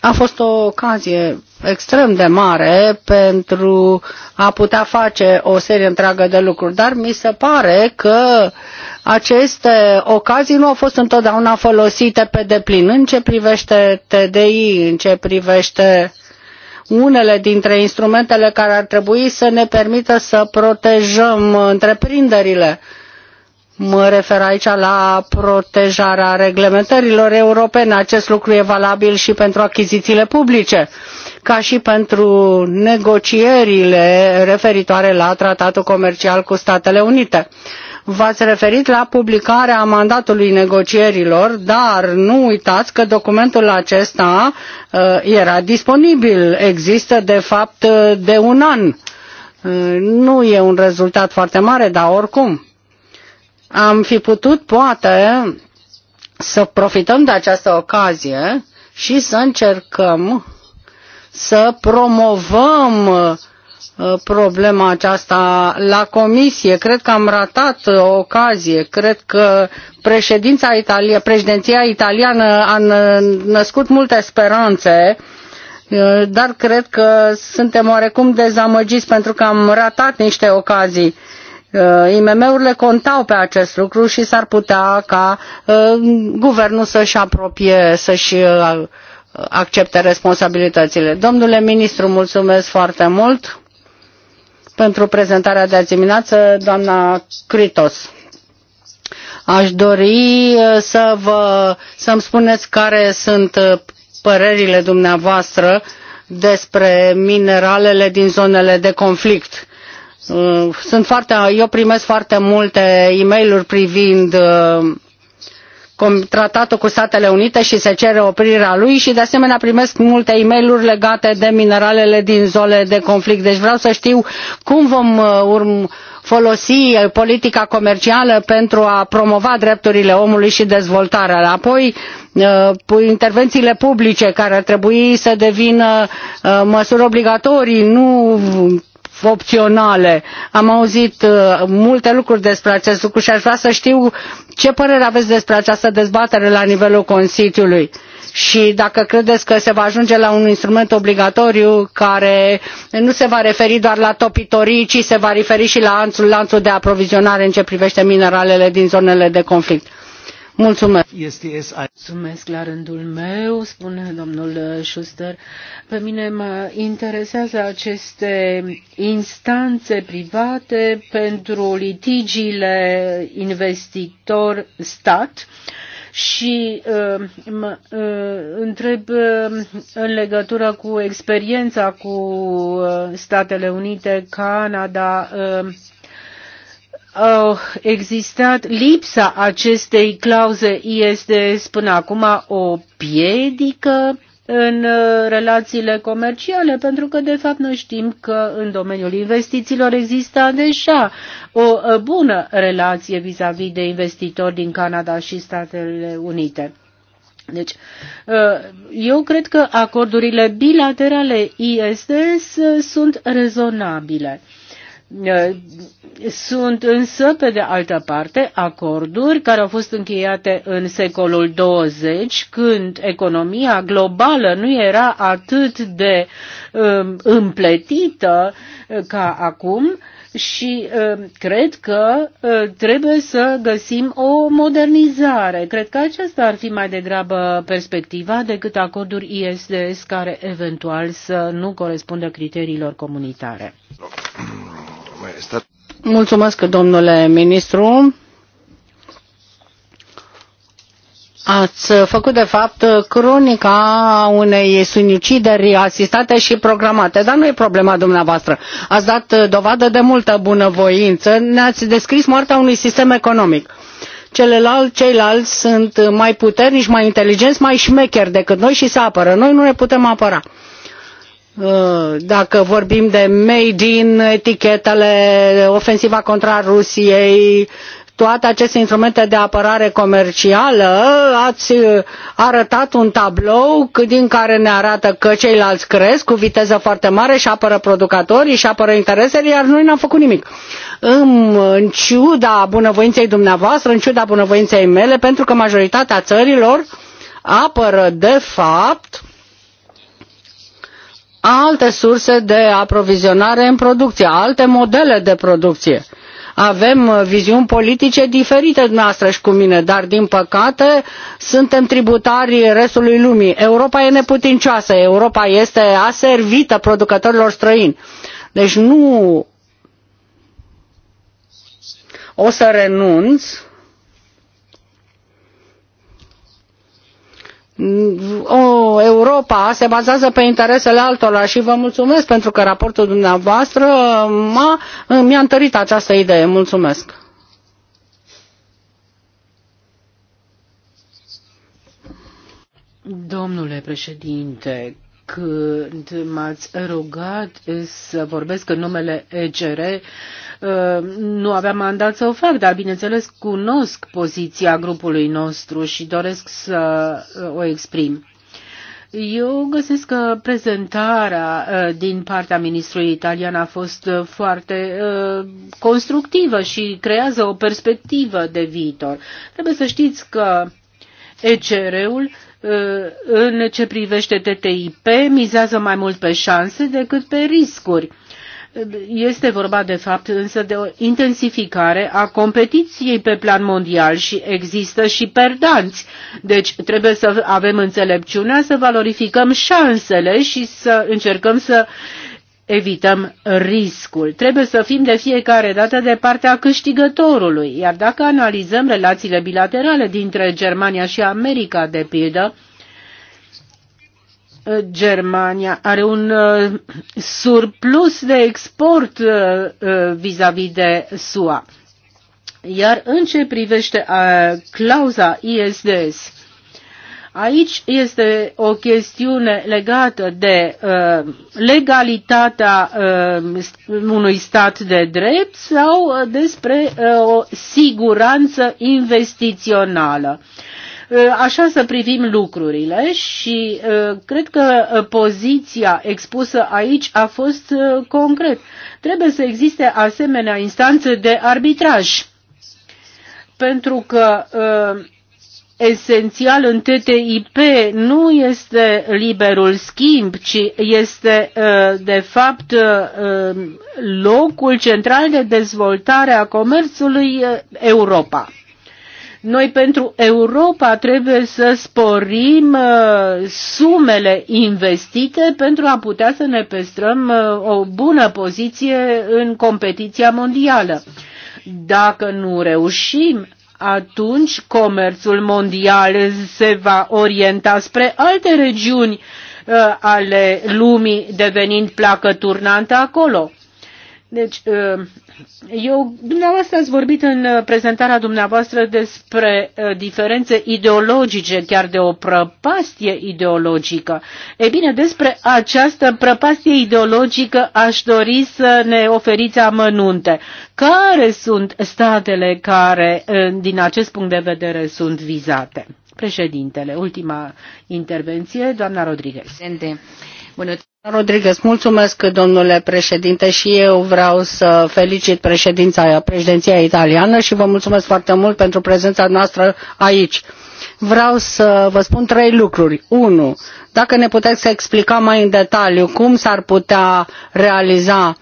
Speaker 2: a fost o ocazie extrem de mare pentru a putea face o serie întreagă de lucruri, dar mi se pare că aceste ocazii nu au fost întotdeauna folosite pe deplin în ce privește TDI, în ce privește uh, unele dintre instrumentele care ar trebui să ne permită să protejăm întreprinderile. Mă refer aici la protejarea reglementărilor europene. Acest lucru e valabil și pentru achizițiile publice, ca și pentru negocierile referitoare la tratatul comercial cu Statele Unite. V-ați referit la publicarea mandatului negocierilor, dar nu uitați că documentul acesta uh, era disponibil, există de fapt uh, de un an. Uh, nu e un rezultat foarte mare, dar oricum. Am fi putut, poate, să profităm de această ocazie și să încercăm să promovăm Uh, problema aceasta la comisie. Cred că am ratat o uh, ocazie. Cred că președința Italia, președinția italiană a născut multe speranțe, uh, dar cred că suntem oarecum dezamăgiți pentru că am ratat niște ocazii. IMM-urile contau pe acest lucru și s-ar putea ca guvernul să-și apropie, să-și accepte responsabilitățile. Domnule ministru, mulțumesc foarte mult pentru prezentarea de azi dimineață, doamna Critos. Aș dori uh, să vă, să-mi spuneți care sunt uh, părerile dumneavoastră despre mineralele din zonele de conflict. Uh, sunt foarte, eu primesc foarte multe e mail privind tratatul cu Statele Unite și se cere oprirea lui și de asemenea primesc multe e mail legate de mineralele din zone de conflict. Deci vreau să știu cum vom uh, urm- folosi uh, politica comercială pentru a promova drepturile omului și dezvoltarea. Apoi, uh, intervențiile publice care ar trebui să devină măsuri obligatorii, nu opționale. Am auzit multe lucruri despre acest lucru și aș vrea să știu ce părere aveți despre această dezbatere la nivelul Consiliului? Și dacă credeți că se va ajunge la un instrument obligatoriu care nu se va referi doar la topitorii, ci se va referi și la lanțul, lanțul de aprovizionare în ce privește mineralele din zonele de conflict. Mulțumesc.
Speaker 1: la rândul meu, spune domnul Schuster. Pe mine mă interesează aceste instanțe private pentru litigiile investitor-stat și uh, mă uh, întreb uh, în legătură cu experiența cu Statele Unite, Canada, au existat lipsa acestei clauze ISDS până acum o piedică în uh, relațiile comerciale, pentru că de fapt noi știm că în domeniul investițiilor există deja o uh, bună relație vis-a-vis -vis de investitori din Canada și Statele Unite. Deci, uh, eu cred că acordurile bilaterale ISDS sunt rezonabile. Uh, sunt însă, pe de altă parte, acorduri care au fost încheiate în secolul 20, când economia globală nu era atât de um, împletită uh, ca acum și um, cred că uh, trebuie să găsim o modernizare. Cred că aceasta ar fi mai degrabă perspectiva decât acorduri ISDS care eventual să nu corespundă criteriilor comunitare.
Speaker 2: Mulțumesc, domnule ministru. Ați făcut, de fapt, cronica unei sinucideri asistate și programate, dar nu e problema dumneavoastră. Ați dat dovadă de multă bunăvoință, ne-ați descris moartea unui sistem economic. Celelalt, ceilalți sunt mai puternici, mai inteligenți, mai șmecheri decât noi și se apără. Noi nu ne putem apăra. Uh, dacă vorbim de made in, etichetele, ofensiva contra Rusiei, toate aceste instrumente de apărare comercială, ați uh, arătat un tablou din care ne arată că ceilalți cresc cu viteză foarte mare și apără producătorii și apără interesele, iar noi n-am făcut nimic. În, în ciuda bunăvoinței dumneavoastră, în ciuda bunăvoinței mele, pentru că majoritatea țărilor apără de fapt alte surse de aprovizionare în producție, alte modele de producție. Avem uh, viziuni politice diferite dumneavoastră și cu mine, dar din păcate suntem tributari restului lumii. Europa e neputincioasă, Europa este aservită producătorilor străini. Deci nu o să renunț o Europa se bazează pe interesele altora și vă mulțumesc pentru că raportul dumneavoastră m-a, mi-a întărit această idee. Mulțumesc!
Speaker 1: Domnule președinte, când m-ați rugat să vorbesc în numele EGR, Uh, nu aveam mandat să o fac, dar bineînțeles cunosc poziția grupului nostru și doresc să uh, o exprim. Eu găsesc că prezentarea uh, din partea ministrului italian a fost foarte constructivă și creează o perspectivă de viitor. Trebuie să știți că ECR-ul în ce privește TTIP mizează mai mult pe șanse decât pe riscuri este vorba de fapt însă de o intensificare a competiției pe plan mondial și există și perdanți. Deci trebuie să avem înțelepciunea, să valorificăm șansele și să încercăm să evităm riscul. Trebuie să fim de fiecare dată de partea câștigătorului, iar dacă analizăm relațiile bilaterale dintre Germania și America, de pildă, Germania are un uh, surplus de export uh, uh, vis-a-vis -vis de SUA. Iar în ce privește clauza ISDS, Aici este o chestiune legată de legalitatea unui stat de drept sau despre o siguranță investițională. Uh, așa să privim lucrurile și uh, cred că uh, poziția expusă aici a fost concret. Trebuie să existe asemenea instanțe de arbitraj. Pentru că esențial în TTIP nu este liberul schimb, ci este de fapt um, locul central de dezvoltare a comerțului Europa. Noi pentru Europa trebuie să sporim uh, sumele investite pentru a putea să ne păstrăm uh, o bună poziție în competiția mondială. Dacă nu reușim, atunci comerțul mondial se va orienta spre alte regiuni uh, ale lumii devenind placă turnantă acolo. Deci, ă, eu, dumneavoastră ați vorbit în ă, prezentarea dumneavoastră despre ă, diferențe ideologice, chiar de o prăpastie ideologică. E bine, despre această prăpastie ideologică aș dori să ne oferiți amănunte. Care sunt statele care, din acest punct de vedere, sunt vizate? Președintele, ultima intervenție, doamna Rodriguez. Bună
Speaker 2: Rodriguez, mulțumesc domnule președinte și eu vreau să felicit președinția italiană și vă mulțumesc foarte mult pentru prezența noastră aici. Vreau să vă spun trei lucruri. Unu, dacă ne puteți explica mai în detaliu cum s-ar putea realiza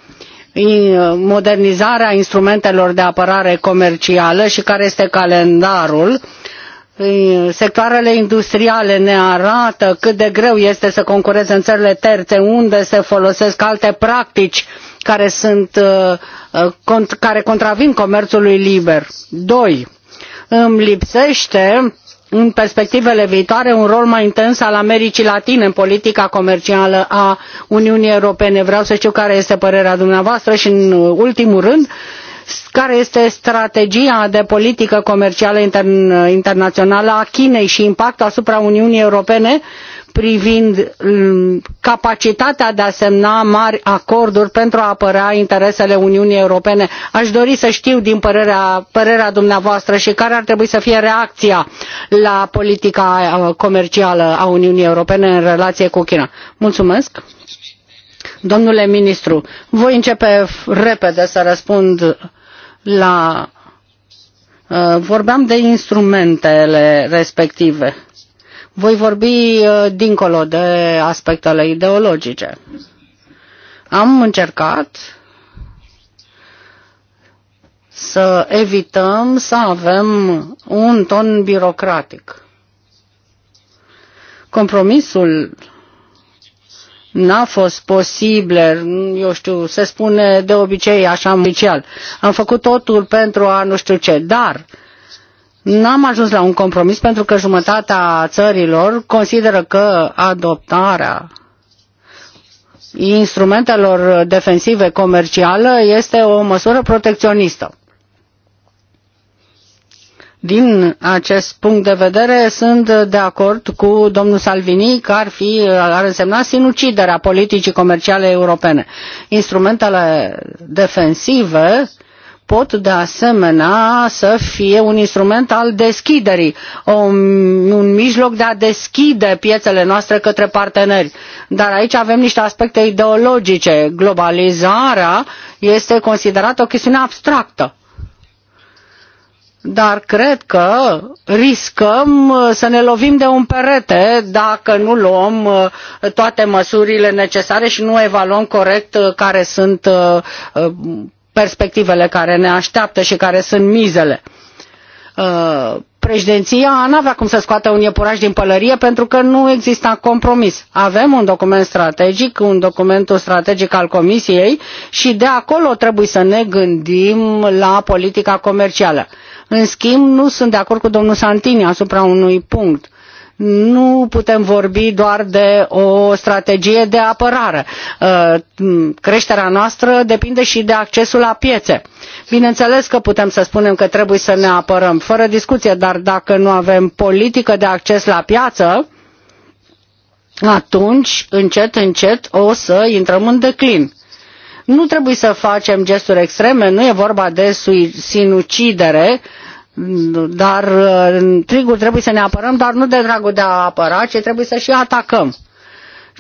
Speaker 2: modernizarea instrumentelor de apărare comercială și care este calendarul sectoarele industriale ne arată cât de greu este să concureze în țările terțe, unde se folosesc alte practici care, sunt, uh, uh, care contravin comerțului liber. Doi, Îmi lipsește în perspectivele viitoare un rol mai intens al Americii Latine în politica comercială a Uniunii Europene. Vreau să știu care este părerea dumneavoastră și, în ultimul rând, care este strategia de politică comercială internațională a Chinei și impactul asupra Uniunii Europene privind mm, capacitatea de a semna mari acorduri pentru a apăra interesele Uniunii Europene. Aș dori să știu din părerea, părerea dumneavoastră și care ar trebui să fie reacția la politica uh, comercială a Uniunii Europene în relație cu China. Mulțumesc! Domnule ministru, voi începe repede să răspund la uh, vorbeam de instrumentele respective. Voi vorbi uh, dincolo de aspectele ideologice. Am încercat să evităm să avem un ton birocratic. Compromisul n-a fost posibil, eu știu, se spune de obicei așa oficial. Am făcut totul pentru a nu știu ce, dar n-am ajuns la un compromis pentru că jumătatea țărilor consideră că adoptarea instrumentelor defensive comerciale este o măsură protecționistă. Din acest punct de vedere, sunt de acord cu domnul Salvini că ar, fi, ar însemna sinuciderea politicii comerciale europene. Instrumentele defensive pot de asemenea să fie un instrument al deschiderii, un, un mijloc de a deschide piețele noastre către parteneri. Dar aici avem niște aspecte ideologice. Globalizarea este considerată o chestiune abstractă dar cred că riscăm uh, să ne lovim de un perete dacă nu luăm uh, toate măsurile necesare și nu evaluăm corect uh, care sunt perspectivele care ne așteaptă și care sunt mizele. Președinția nu avea cum să scoată un iepuraș din pălărie pentru că nu exista compromis. Avem un document strategic, un document strategic al Comisiei și de acolo trebuie să ne gândim la politica comercială în schimb, nu sunt de acord cu domnul Santini asupra unui punct nu putem vorbi doar de o strategie de apărare. Uh, creșterea noastră depinde și de accesul la piețe. Bineînțeles că putem să spunem că trebuie să ne apărăm, fără discuție, dar dacă nu avem politică de acces la piață, atunci, încet, încet, o să intrăm în declin. Nu trebuie să facem gesturi extreme, nu e vorba de sinucidere, dar uh, trigul trebuie să ne apărăm, dar nu de dragul de a apăra, ci trebuie să și atacăm.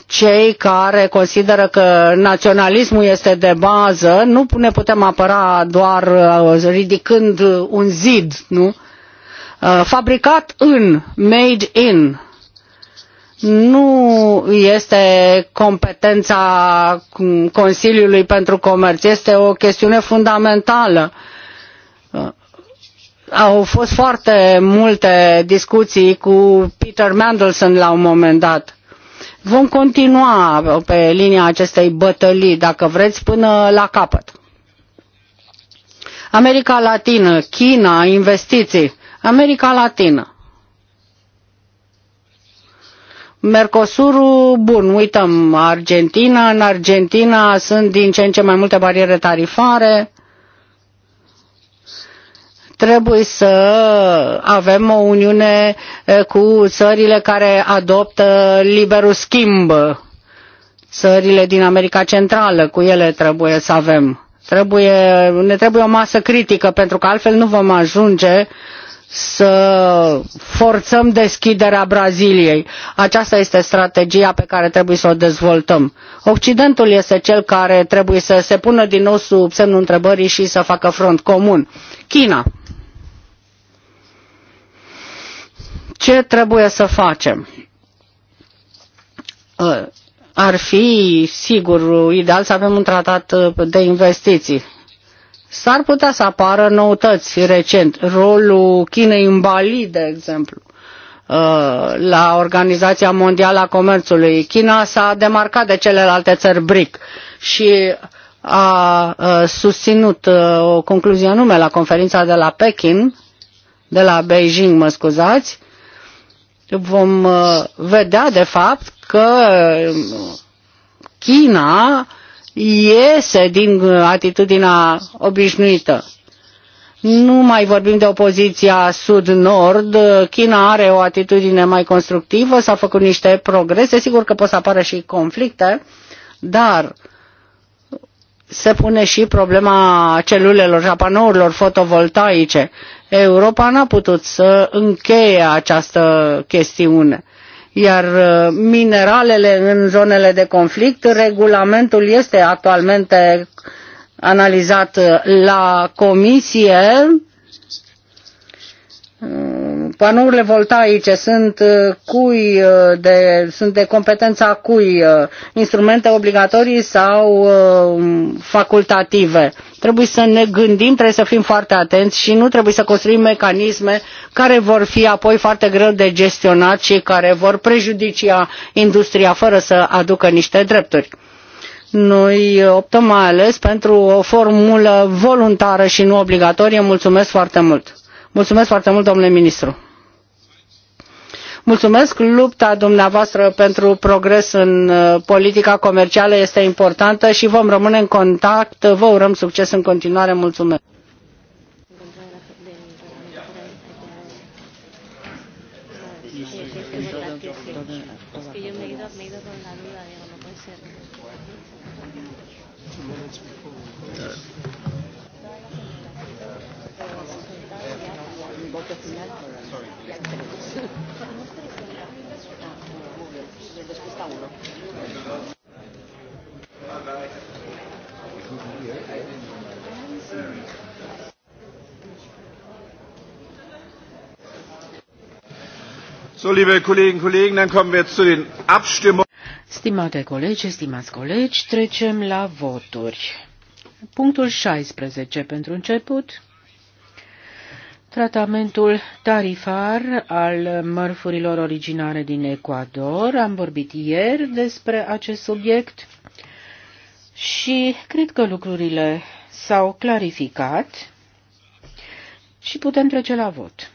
Speaker 2: Cei care consideră că naționalismul este de bază, nu ne putem apăra doar uh, ridicând un zid, nu? Uh, fabricat în, made in, nu este competența Consiliului pentru Comerț, este o chestiune fundamentală. Au fost foarte multe discuții cu Peter Mandelson la un moment dat. Vom continua pe linia acestei bătălii, dacă vreți, până la capăt. America Latină, China, investiții. America Latină Mercosurul, bun, uităm Argentina. În Argentina sunt din ce în ce mai multe bariere tarifare. Trebuie să avem o uniune eh, cu țările care adoptă liberul schimb. Țările din America Centrală, cu ele trebuie să avem. Trebuie, ne trebuie o masă critică, pentru că altfel nu vom ajunge să forțăm deschiderea Braziliei. Aceasta este strategia pe care trebuie să o dezvoltăm. Occidentul este cel care trebuie să se pună din nou sub semnul întrebării și să facă front comun. China. Ce trebuie să facem? Ă, ar fi, sigur, ideal să avem un tratat de investiții s-ar putea să apară noutăți recent. Rolul Chinei în Bali, de exemplu, uh, la Organizația Mondială a Comerțului. China s-a demarcat de celelalte țări BRIC și a uh, susținut uh, o concluzie anume la conferința de la Pekin, de la Beijing, mă scuzați, vom vedea de fapt că China iese din uh, atitudinea obișnuită. Nu mai vorbim de opoziția sud-nord. China are o atitudine mai constructivă, s-au făcut niște progrese. Sigur că pot să apară și conflicte, dar se pune și problema celulelor și a panourilor fotovoltaice. Europa n-a putut să încheie această chestiune iar uh, mineralele în zonele de conflict, regulamentul este actualmente analizat uh, la comisie. Uh, panourile voltaice sunt cui de, sunt de competența cui? Instrumente obligatorii sau facultative? Trebuie să ne gândim, trebuie să fim foarte atenți și nu trebuie să construim mecanisme care vor fi apoi foarte greu de gestionat și care vor prejudicia industria fără să aducă niște drepturi. Noi optăm mai ales pentru o formulă voluntară și nu obligatorie. Mulțumesc foarte mult! Mulțumesc foarte mult, domnule ministru! Mulțumesc, lupta dumneavoastră pentru progres în uh, politica comercială este importantă și vom rămâne în contact. Vă urăm succes în continuare. Mulțumesc.
Speaker 1: Stimate colegi, stimați colegi, trecem la voturi. Punctul 16 pentru început. Tratamentul tarifar al mărfurilor originare din Ecuador. Am vorbit ieri despre acest subiect și cred că lucrurile s-au clarificat și putem trece la vot.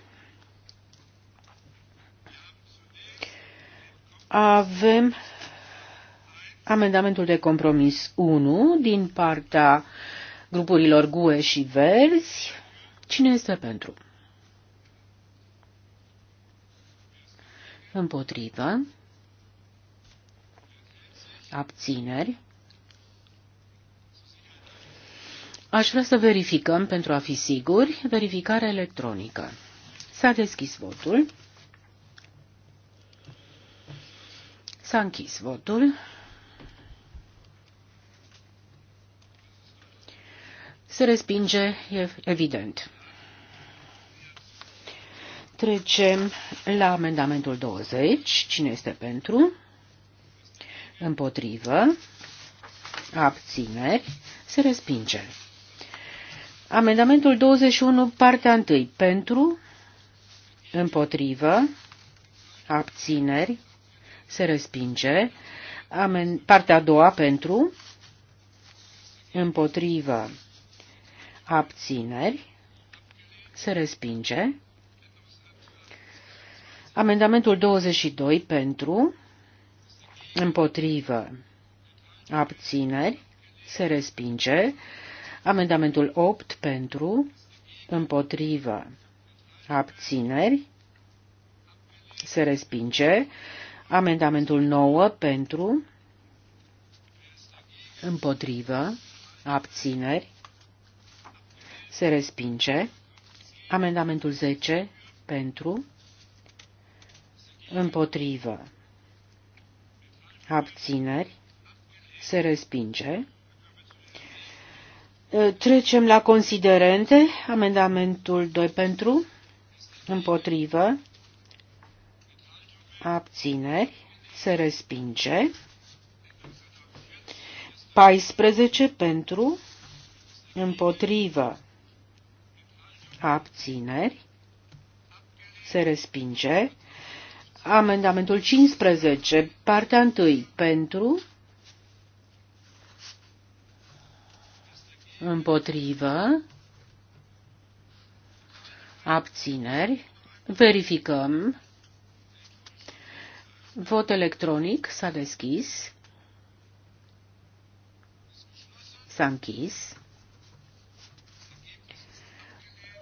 Speaker 1: Avem amendamentul de compromis 1 din partea grupurilor GUE și Verzi. Cine este pentru? Împotrivă. Abțineri. Aș vrea să verificăm pentru a fi siguri verificare electronică. S-a deschis votul. S-a închis votul. Se respinge, e evident. Trecem la amendamentul 20. Cine este pentru? Împotrivă. Abțineri. Se respinge. Amendamentul 21, partea 1. Pentru. Împotrivă. Abțineri se respinge. Amen, partea a doua pentru, împotrivă, abțineri, se respinge. Amendamentul 22 pentru, împotrivă, abțineri, se respinge. Amendamentul 8 pentru, împotrivă, abțineri, se respinge. Amendamentul 9 pentru, împotrivă, abțineri, se respinge. Amendamentul 10 pentru, împotrivă, abțineri, se respinge. Trecem la considerente. Amendamentul 2 pentru, împotrivă, abțineri, se respinge. 14 pentru, împotrivă, abțineri, se respinge. Amendamentul 15, partea 1, pentru, împotrivă, abțineri, verificăm Vot electronic. S-a deschis. S-a închis.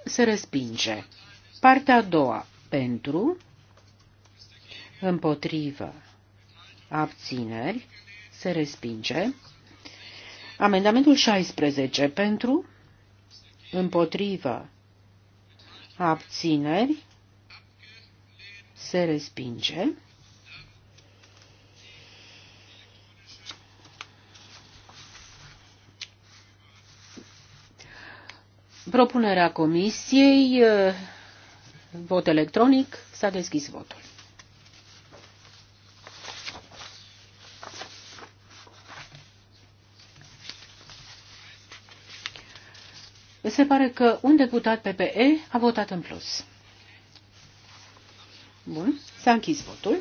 Speaker 1: Se respinge. Partea a doua. Pentru. Împotrivă. Abțineri. Se respinge. Amendamentul 16. Pentru. Împotrivă. Abțineri. Se respinge. Propunerea comisiei, uh, vot electronic, s-a deschis votul. Se pare că un deputat PPE a votat în plus. Bun, s-a închis votul.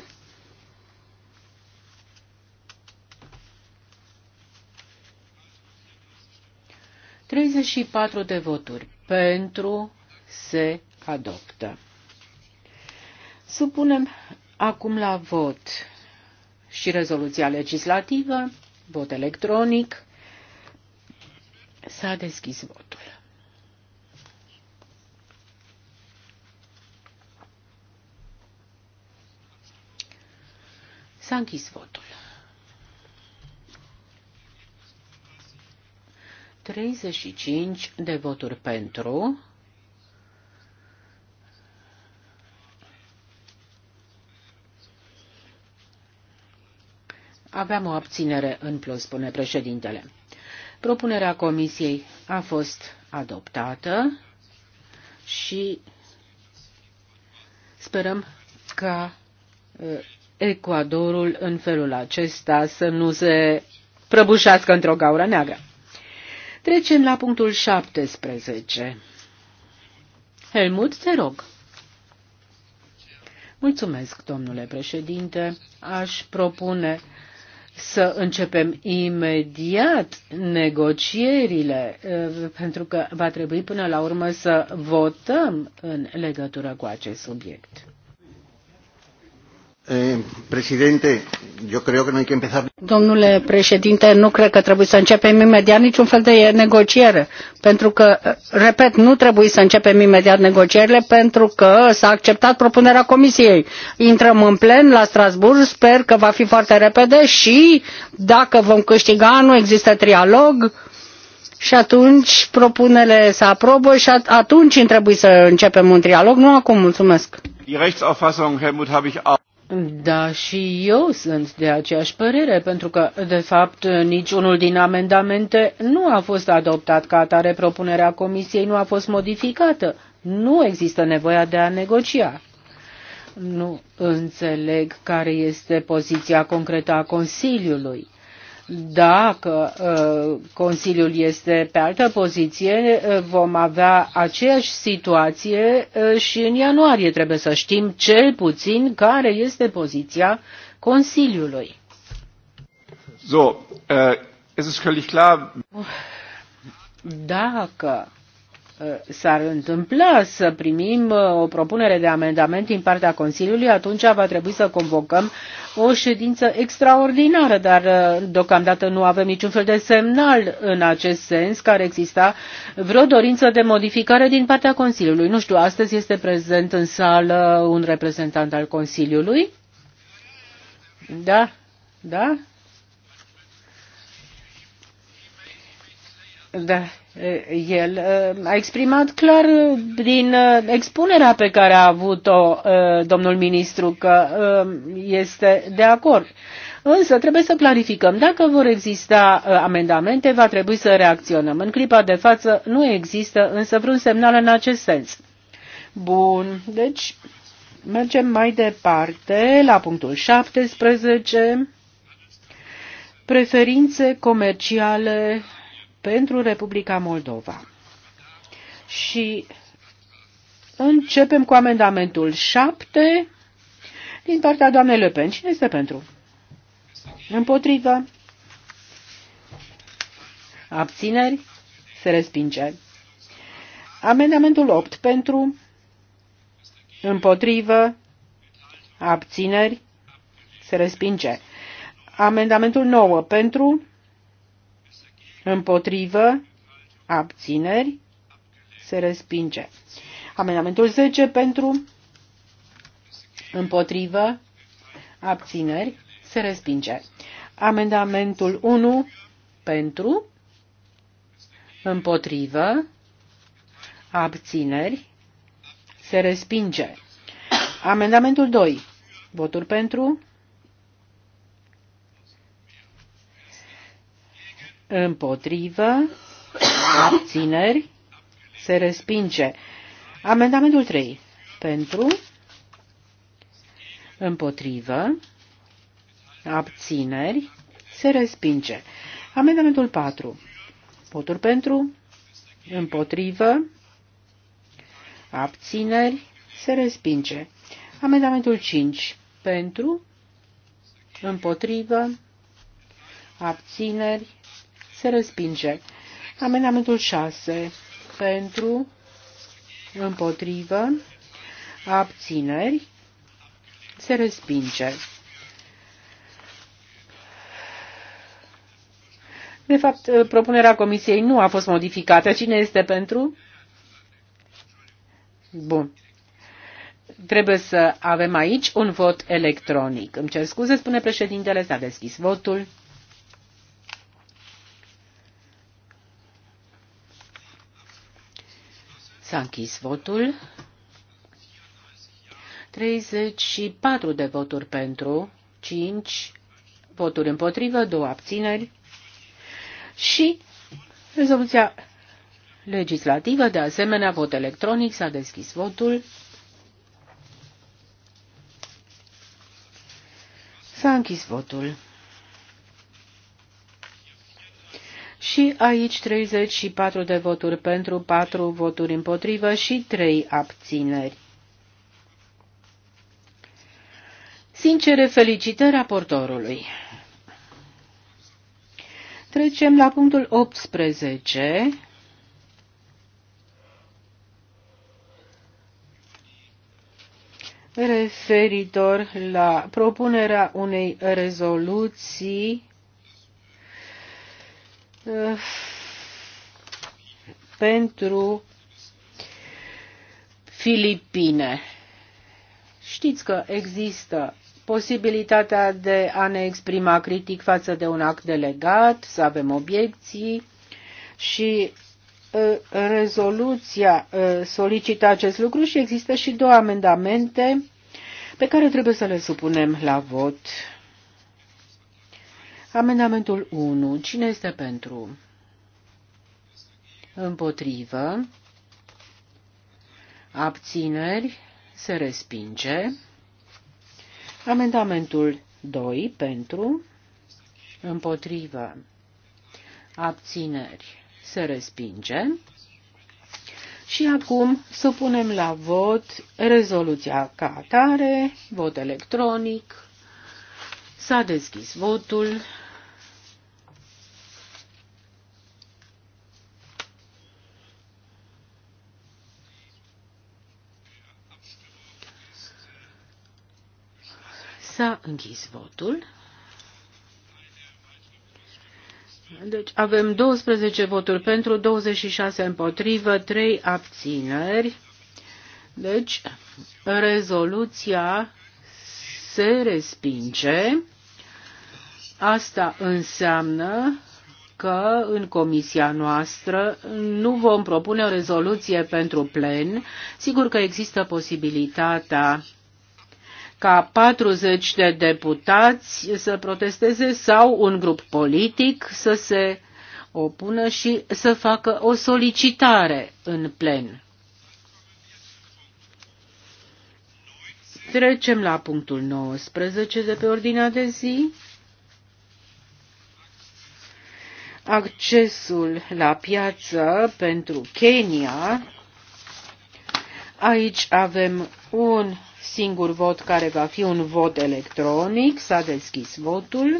Speaker 1: 34 de voturi pentru se adoptă. Supunem acum la vot și rezoluția legislativă, vot electronic. S-a deschis votul. S-a închis votul. 35 de voturi pentru, Aveam o abținere în plus, spune președintele. Propunerea comisiei a fost adoptată și sperăm ca Ecuadorul în felul acesta să nu se prăbușească într-o gaură neagră. Trecem la punctul 17. Helmut, te rog. Mulțumesc, domnule președinte. Aș propune să începem imediat negocierile, eh, pentru că va trebui până la urmă să votăm în legătură cu acest
Speaker 3: subiect. Eh,
Speaker 2: Domnule președinte, nu cred că trebuie să începem imediat niciun fel de negociere, pentru că, eh, repet, nu trebuie să începem imediat negocierile, pentru că s-a acceptat propunerea Comisiei. Intrăm în plen la Strasbourg, sper că va fi foarte repede și, dacă vom câștiga, nu există trialog și atunci propunele se aprobă și atunci trebuie să începem un trialog, nu acum. Mulțumesc.
Speaker 1: Die Rechtsauffassung, Helmut, habe ich auch. Da, și eu sunt de aceeași părere, pentru că, de fapt, niciunul din amendamente nu a fost adoptat ca atare. Propunerea Comisiei nu a fost modificată. Nu există nevoia de a negocia. Nu înțeleg care este poziția concretă a Consiliului. Dacă uh, Consiliul este pe altă poziție, uh, vom avea aceeași situație uh, și în ianuarie trebuie să știm cel puțin care este poziția Consiliului. So, uh, es ist völlig klar. Dacă Uh, s-ar întâmpla să primim uh, o propunere de amendament din partea Consiliului, atunci va trebui să convocăm o ședință extraordinară, dar uh, deocamdată nu avem niciun fel de semnal în acest sens care exista vreo dorință de modificare din partea Consiliului. Nu știu, astăzi este prezent în sală un reprezentant al Consiliului? Da? Da? Da. Eh, el eh, a exprimat clar eh, din expunerea pe care a avut-o domnul ministru că este de acord. Însă trebuie să clarificăm. Dacă vor exista amendamente, va trebui să reacționăm. În clipa de față nu există însă vreun semnal în acest sens. Bun, deci mergem mai departe la punctul 17. Preferințe comerciale pentru Republica Moldova. Și începem cu amendamentul 7 din partea doamnei Le Pen. Cine este pentru? Împotrivă? Abțineri? Se respinge. Amendamentul 8 pentru? Împotrivă? Abțineri? Se respinge. Amendamentul 9 pentru? împotrivă, abțineri, se respinge. Amendamentul 10 pentru, împotrivă, abțineri, se respinge. Amendamentul 1 pentru, împotrivă, abțineri, se respinge. Amendamentul 2. Voturi pentru, Împotrivă. Abțineri. Se respinge. Amendamentul 3. Pentru. Împotrivă. Abțineri. Se respinge. Amendamentul 4. Voturi pentru. Împotrivă. Abțineri. Se respinge. Amendamentul 5. Pentru. Împotrivă. Abțineri. Se respinge. Amendamentul 6 pentru, împotrivă, abțineri, se respinge. De fapt, propunerea comisiei nu a fost modificată. Cine este pentru? Bun. Trebuie să avem aici un vot electronic. Îmi cer scuze, spune președintele, s-a deschis votul. S-a închis votul. 34 de voturi pentru, 5 voturi împotrivă, 2 abțineri și rezoluția legislativă, de asemenea vot electronic, s-a deschis votul. S-a închis votul. Și aici 34 de voturi pentru, 4 voturi împotrivă și 3 abțineri. Sincere felicitări raportorului. Trecem la punctul 18. referitor la propunerea unei rezoluții Eh, pentru Filipine. Știți că există posibilitatea de a ne exprima critic față de un act delegat, să avem obiecții și eh, rezoluția eh, solicită acest lucru și există și două amendamente pe care trebuie să le supunem la vot Amendamentul 1. Cine este pentru? Împotrivă. Abțineri. Se respinge. Amendamentul 2. Pentru. Împotrivă. Abțineri. Se respinge. Și acum să punem la vot rezoluția ca atare, vot electronic. S-a deschis votul. închis votul. Deci avem 12 voturi pentru, 26 împotrivă, 3 abțineri. Deci rezoluția se respinge. Asta înseamnă că în comisia noastră nu vom propune o rezoluție pentru plen. Sigur că există posibilitatea ca 40 de deputați să protesteze sau un grup politic să se opună și să facă o solicitare în plen. Trecem la punctul 19 de pe ordinea de zi. Accesul la piață pentru Kenya. Aici avem un singur vot care va fi un vot electronic. S-a deschis votul.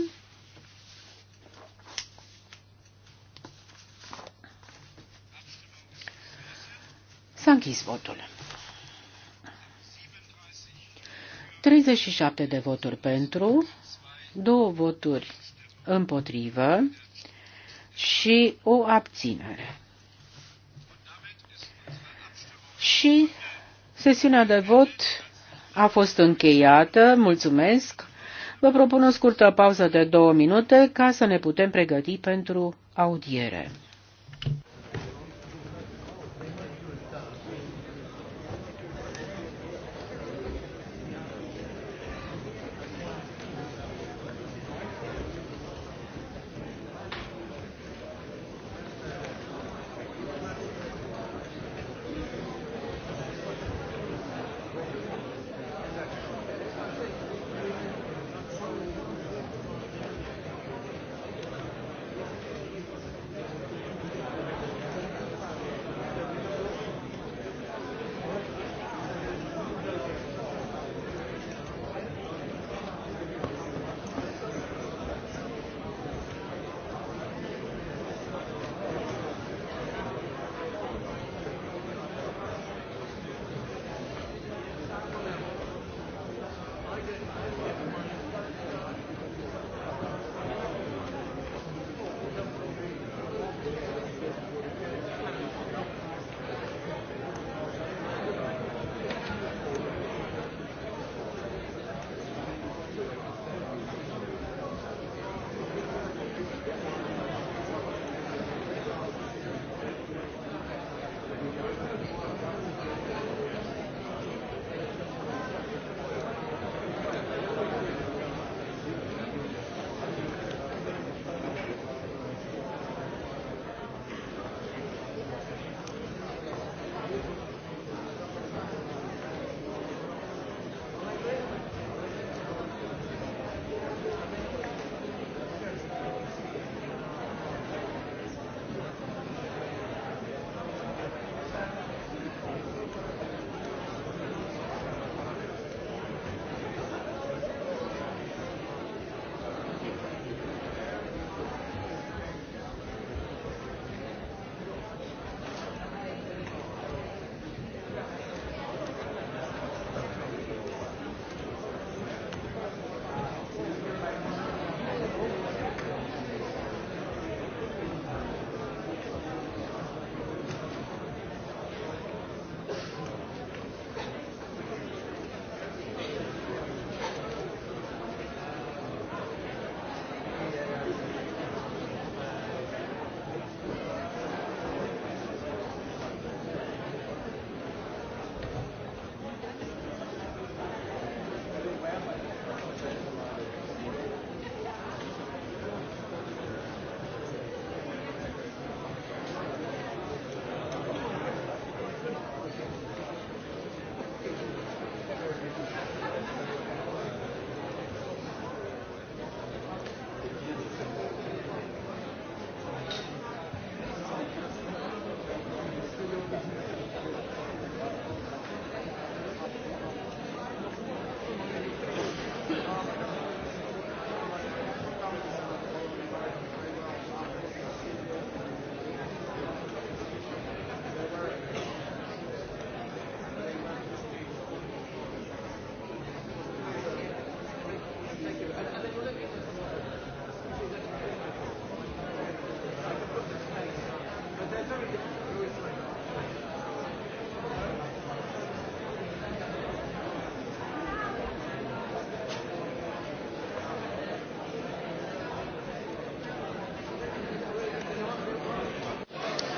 Speaker 1: S-a închis votul. 37 de voturi pentru, două voturi împotrivă și o abținere. Și sesiunea de vot a fost încheiată. Mulțumesc! Vă propun o scurtă pauză de două minute ca să ne putem pregăti pentru audiere.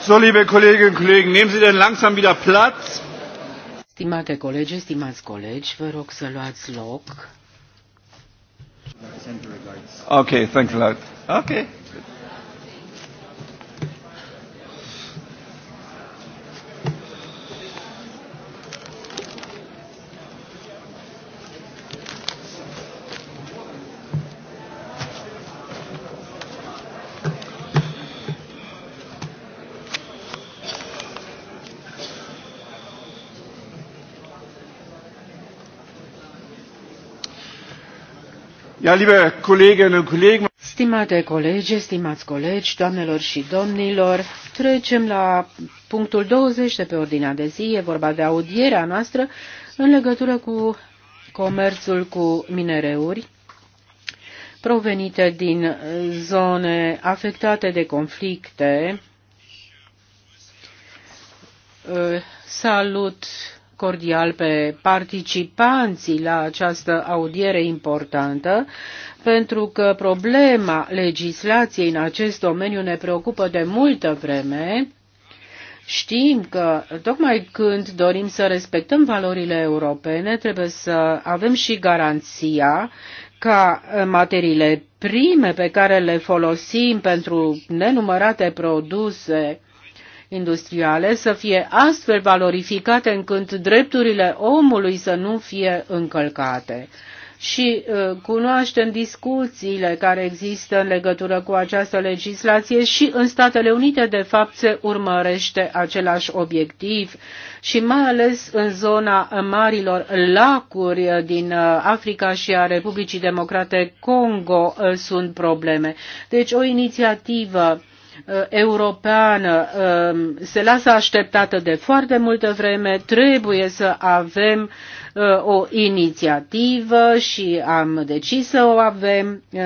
Speaker 1: So, liebe Kolleginnen und Kollegen, nehmen Sie denn langsam wieder Platz. Stimate colegi, stimați colegi, vă rog să luați loc. Okay, thanks a lot. Okay. Stimate colegi, stimați colegi, doamnelor și domnilor, trecem la punctul 20 de pe ordinea de zi. E vorba de audierea noastră în legătură cu comerțul cu minereuri provenite din zone afectate de conflicte. Salut cordial pe participanții la această audiere importantă, pentru că problema legislației în acest domeniu ne preocupă de multă vreme. Știm că tocmai când dorim să respectăm valorile europene, trebuie să avem și garanția ca materiile prime pe care le folosim pentru nenumărate produse industriale să fie astfel valorificate încât drepturile omului să nu fie încălcate și uh, cunoaștem discuțiile care există în legătură cu această legislație și în Statele Unite, de fapt, se urmărește același obiectiv și mai ales în zona marilor lacuri din uh, Africa și a Republicii Democrate Congo uh, sunt probleme. Deci o inițiativă Uh, europeană um, se lasă așteptată de foarte multă vreme, trebuie să avem uh, o inițiativă și am decis să o avem. Uh,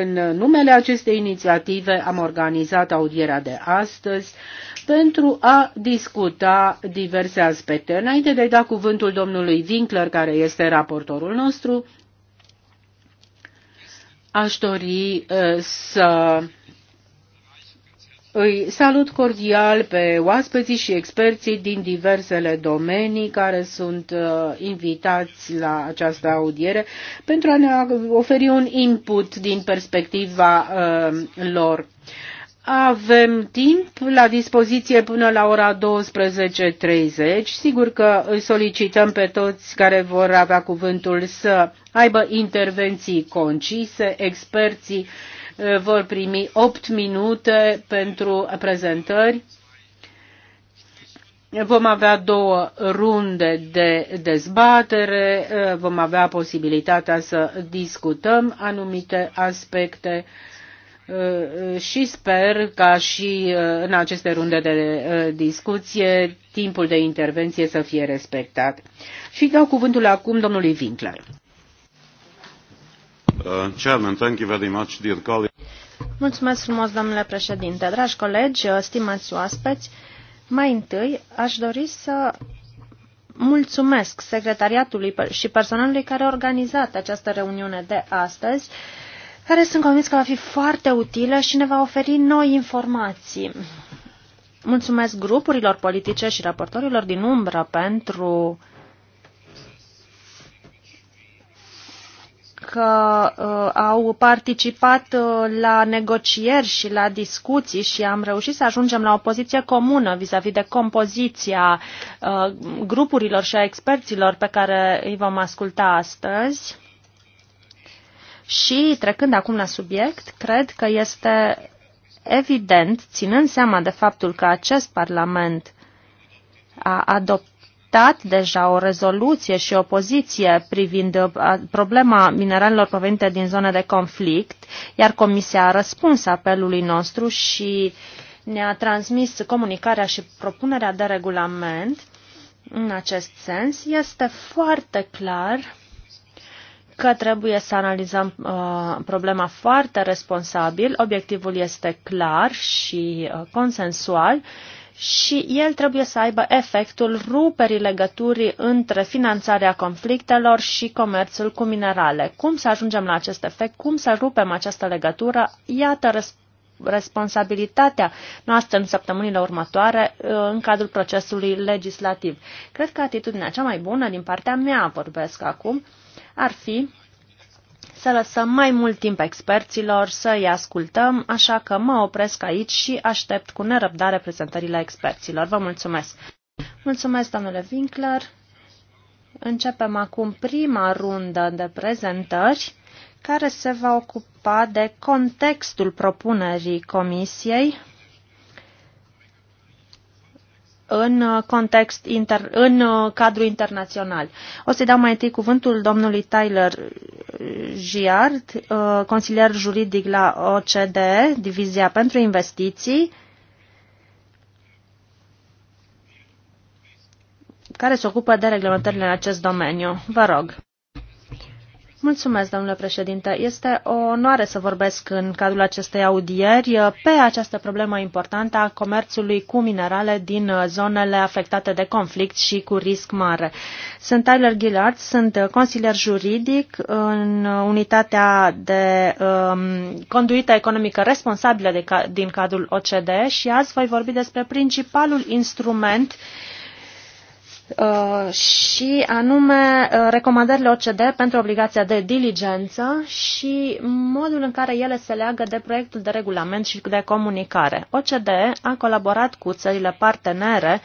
Speaker 1: în numele acestei inițiative am organizat audierea de astăzi pentru a discuta diverse aspecte. Înainte de a da cuvântul domnului Winkler, care este raportorul nostru, aș dori să îi salut cordial pe oaspeții și experții din diversele domenii care sunt uh, invitați la această audiere pentru a ne oferi un input din perspectiva uh, lor. Avem timp la dispoziție până la ora 12.30. Sigur că îi solicităm pe toți care vor avea cuvântul să aibă intervenții concise, experții Eh, vor primi 8 minute pentru prezentări. Vom avea două runde de dezbatere, eh, vom avea posibilitatea să discutăm anumite aspecte eh, și sper ca și în aceste runde de discuție timpul de intervenție să fie respectat. Și dau cuvântul
Speaker 3: acum domnului Winkler.
Speaker 2: Uh, chairman, thank you very much,
Speaker 1: dear colleague.
Speaker 3: Mulțumesc frumos, domnule președinte. Dragi colegi, uh, stimați oaspeți, mai întâi aș dori să mulțumesc secretariatului și personalului care a organizat această reuniune de astăzi, care sunt convins că va fi foarte utilă și ne va oferi noi informații. Mulțumesc grupurilor politice și raportorilor din umbră pentru că uh, au participat uh, la negocieri și la discuții și am reușit să ajungem la o poziție comună vis-a-vis -vis de compoziția uh, grupurilor și a experților pe care îi vom asculta astăzi. Și trecând acum la subiect, cred că este evident, ținând seama de faptul că acest Parlament a adoptat adoptat deja o rezoluție și o poziție privind uh, problema mineralelor provenite din zone de conflict, iar Comisia a răspuns apelului nostru și ne-a transmis comunicarea și propunerea de regulament în acest sens. Este foarte clar că trebuie să analizăm uh, problema foarte responsabil. Obiectivul este clar și uh, consensual. Uh, și el trebuie să aibă efectul ruperii legăturii între finanțarea conflictelor și comerțul cu minerale. Cum să ajungem la acest efect? Cum să rupem această legătură? Iată responsabilitatea noastră în săptămânile următoare uh, în cadrul procesului legislativ. Cred că atitudinea cea mai bună din partea mea, vorbesc acum, ar fi să lăsăm mai mult timp experților, să îi ascultăm, așa că mă opresc aici și aștept cu nerăbdare prezentările experților. Vă mulțumesc! Mulțumesc, domnule Winkler! Începem acum prima rundă de prezentări care se va ocupa de contextul propunerii Comisiei în, uh, context inter, în uh, cadru internațional. O să-i dau mai întâi cuvântul domnului Tyler Giard, uh, consilier juridic la OCDE, Divizia pentru Investiții, care se ocupă de reglementările în acest domeniu. Vă rog. Mulțumesc, domnule președinte. Este o onoare să vorbesc în cadrul acestei audieri pe această problemă importantă a comerțului cu minerale din zonele afectate de conflict și cu risc mare. Sunt Tyler Gillard, sunt consilier juridic în unitatea de um, conduită economică responsabilă de, din cadrul OCDE și azi voi vorbi despre principalul instrument uh, Uh, și anume uh, recomandările OCD pentru obligația de diligență și modul în care ele se leagă de proiectul de regulament și de comunicare. OCD a colaborat cu țările partenere,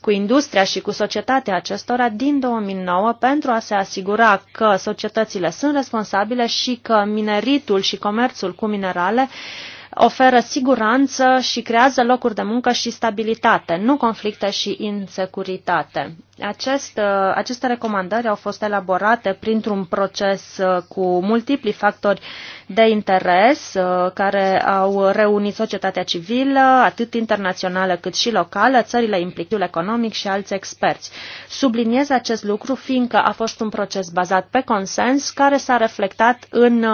Speaker 3: cu industria și cu societatea acestora din 2009 pentru a se asigura că societățile sunt responsabile și că mineritul și comerțul cu minerale uh, oferă siguranță și creează locuri de muncă și stabilitate, nu conflicte și insecuritate. Acest, uh, aceste recomandări au fost elaborate printr-un proces uh, cu multipli factori de interes uh, care au reunit societatea civilă, atât internațională cât și locală, țările implicate economic și alți experți. Subliniez acest lucru fiindcă a fost un proces bazat pe consens care s-a reflectat în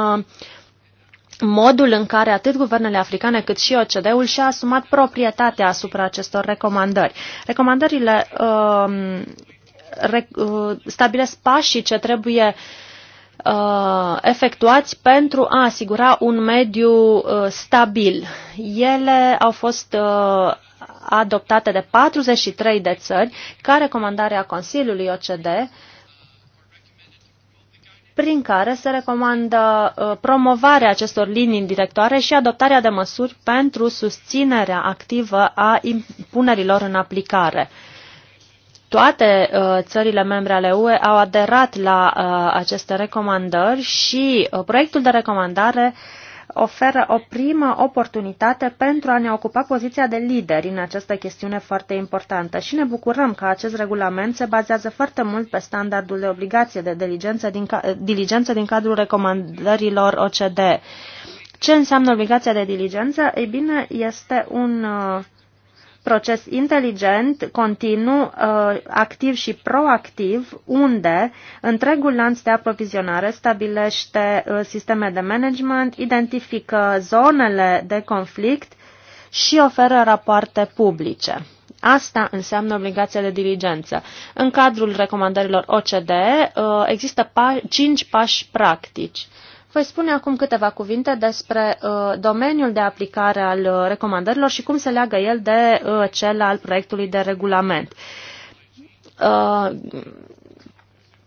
Speaker 3: modul în care atât guvernele africane cât și OCD-ul și-a asumat proprietatea asupra acestor recomandări. Recomandările uh, um, re, uh, stabilesc pașii ce trebuie uh, efectuați pentru a asigura un mediu uh, stabil. Ele au fost uh, adoptate de 43 de țări ca recomandare a Consiliului OCD uh, prin care se recomandă uh, promovarea acestor linii directoare și adoptarea de măsuri pentru susținerea activă a impunerilor în aplicare. Toate uh, țările membre ale UE au aderat la uh, aceste recomandări și proiectul de recomandare oferă o primă oportunitate pentru a ne ocupa poziția de lideri în această chestiune foarte importantă și ne bucurăm că acest regulament se bazează foarte mult pe standardul de obligație de diligență din, diligență din cadrul recomandărilor OCDE. Ce înseamnă obligația de diligență? Ei bine, este un uh, proces inteligent, continuu, uh, activ și proactiv, unde întregul lanț de aprovizionare stabilește uh, sisteme de management, identifică zonele de conflict și oferă rapoarte publice. Asta înseamnă obligația de diligență. În cadrul recomandărilor OCDE uh, există cinci pași practici. Voi spune acum câteva cuvinte despre uh, domeniul de aplicare al uh, recomandărilor și cum se leagă el de uh, cel al proiectului de regulament. Uh,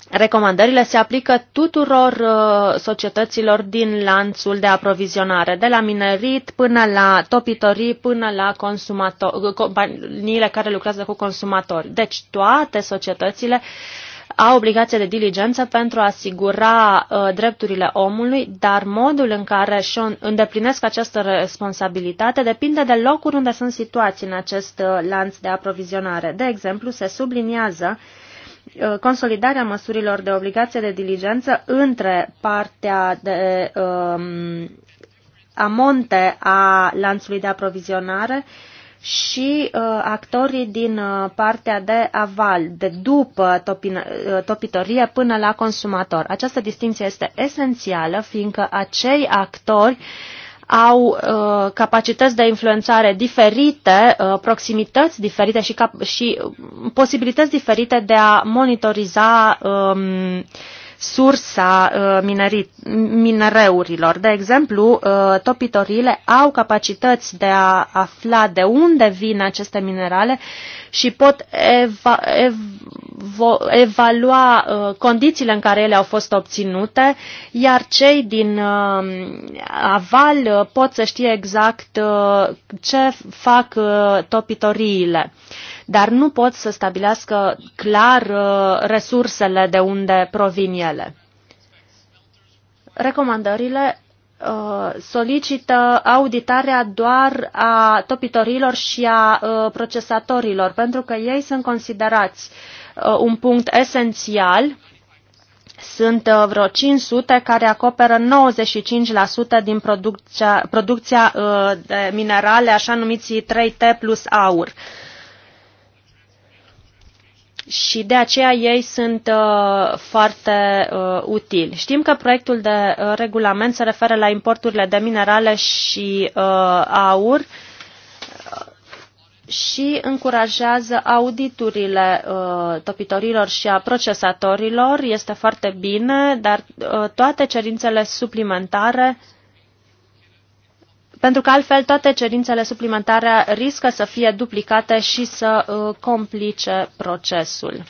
Speaker 3: Recomandările se aplică tuturor uh, societăților din lanțul de aprovizionare, de la minerit până la topitorii, până la uh, companiile care lucrează cu consumatori. Deci toate societățile uh, au obligația de diligență pentru a asigura uh, drepturile omului, dar modul în care și îndeplinesc această responsabilitate depinde de locul unde sunt situați în acest uh, lanț de aprovizionare. De exemplu, se subliniază uh, consolidarea măsurilor de obligație de diligență între partea de um, amonte a lanțului de aprovizionare uh, și uh, actorii din uh, partea de aval, de după topină, uh, topitorie până la consumator. Această distinție este esențială, fiindcă acei actori au uh, capacități de influențare diferite, uh, proximități diferite și, cap- și uh, posibilități diferite de a monitoriza um, sursa uh, minereurilor. De exemplu, uh, topitorile au capacități de a afla de unde vin aceste minerale și pot eva, evo, evalua uh, condițiile în care ele au fost obținute, iar cei din aval pot să știe exact ce fac topitoriile dar nu pot să stabilească clar uh, resursele de unde provin ele. Recomandările uh, solicită auditarea doar a topitorilor și a uh, procesatorilor, pentru că ei sunt considerați un punct esențial. Sunt vreo 500 care acoperă 95% din producția, producția de minerale, așa numiții 3T plus aur și de aceea ei sunt uh, foarte uh, utili. Știm că proiectul de uh, regulament se referă la importurile de minerale și uh, aur uh, și încurajează auditurile uh, topitorilor și a procesatorilor. Este foarte bine, dar uh, toate cerințele suplimentare uh, pentru că altfel toate cerințele suplimentare riscă să fie duplicate și să uh, complice procesul.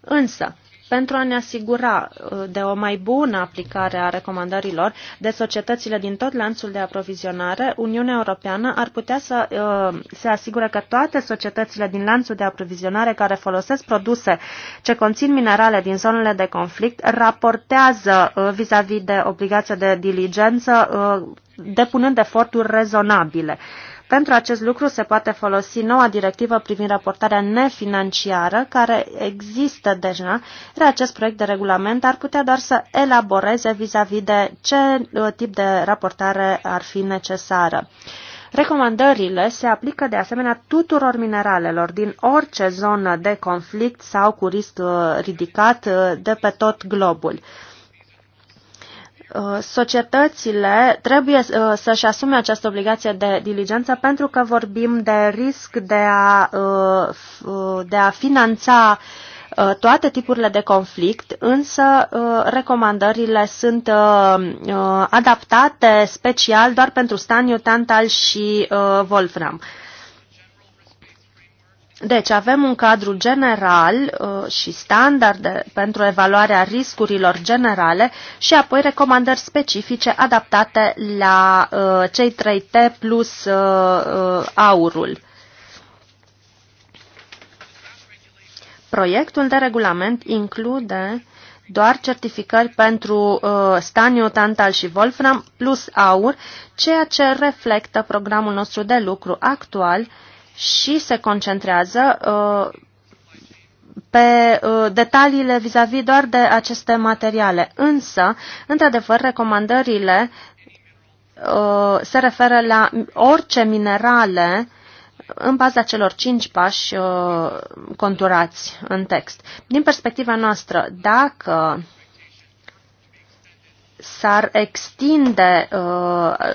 Speaker 3: Însă, pentru a ne asigura uh, de o mai bună aplicare a recomandărilor de societățile din tot lanțul de aprovizionare, Uniunea Europeană ar putea să uh, se asigure că toate societățile din lanțul de aprovizionare care folosesc produse ce conțin minerale din zonele de conflict raportează uh, vis-a-vis -vis de obligația de diligență depunând eforturi rezonabile. Uh, pentru acest lucru se poate folosi noua directivă privind raportarea nefinanciară, care există deja, iar acest proiect de regulament ar putea doar să elaboreze vis-a-vis -vis de ce uh, tip de raportare ar fi necesară. Recomandările se aplică de asemenea tuturor mineralelor din orice zonă de conflict sau cu risc uh, ridicat uh, de pe tot globul. Uh, societățile trebuie uh, să-și asume această obligație de diligență pentru că vorbim de risc de a, uh, de a finanța toate tipurile de conflict, însă recomandările sunt adaptate special doar pentru Staniu, Tantal și Wolfram. Deci avem un cadru general uh, și standard pentru evaluarea riscurilor generale și apoi recomandări specifice adaptate la uh, cei 3T plus uh, uh, aurul. Proiectul de regulament include doar certificări pentru uh, staniu, tantal și wolfram plus aur, ceea ce reflectă programul nostru de lucru actual uh, și se concentrează uh, pe uh, detaliile vis-a-vis -vis doar de aceste materiale. Însă, într-adevăr, recomandările uh, se referă la orice minerale în baza celor cinci pași conturați în text. Din perspectiva noastră, dacă s-ar extinde uh,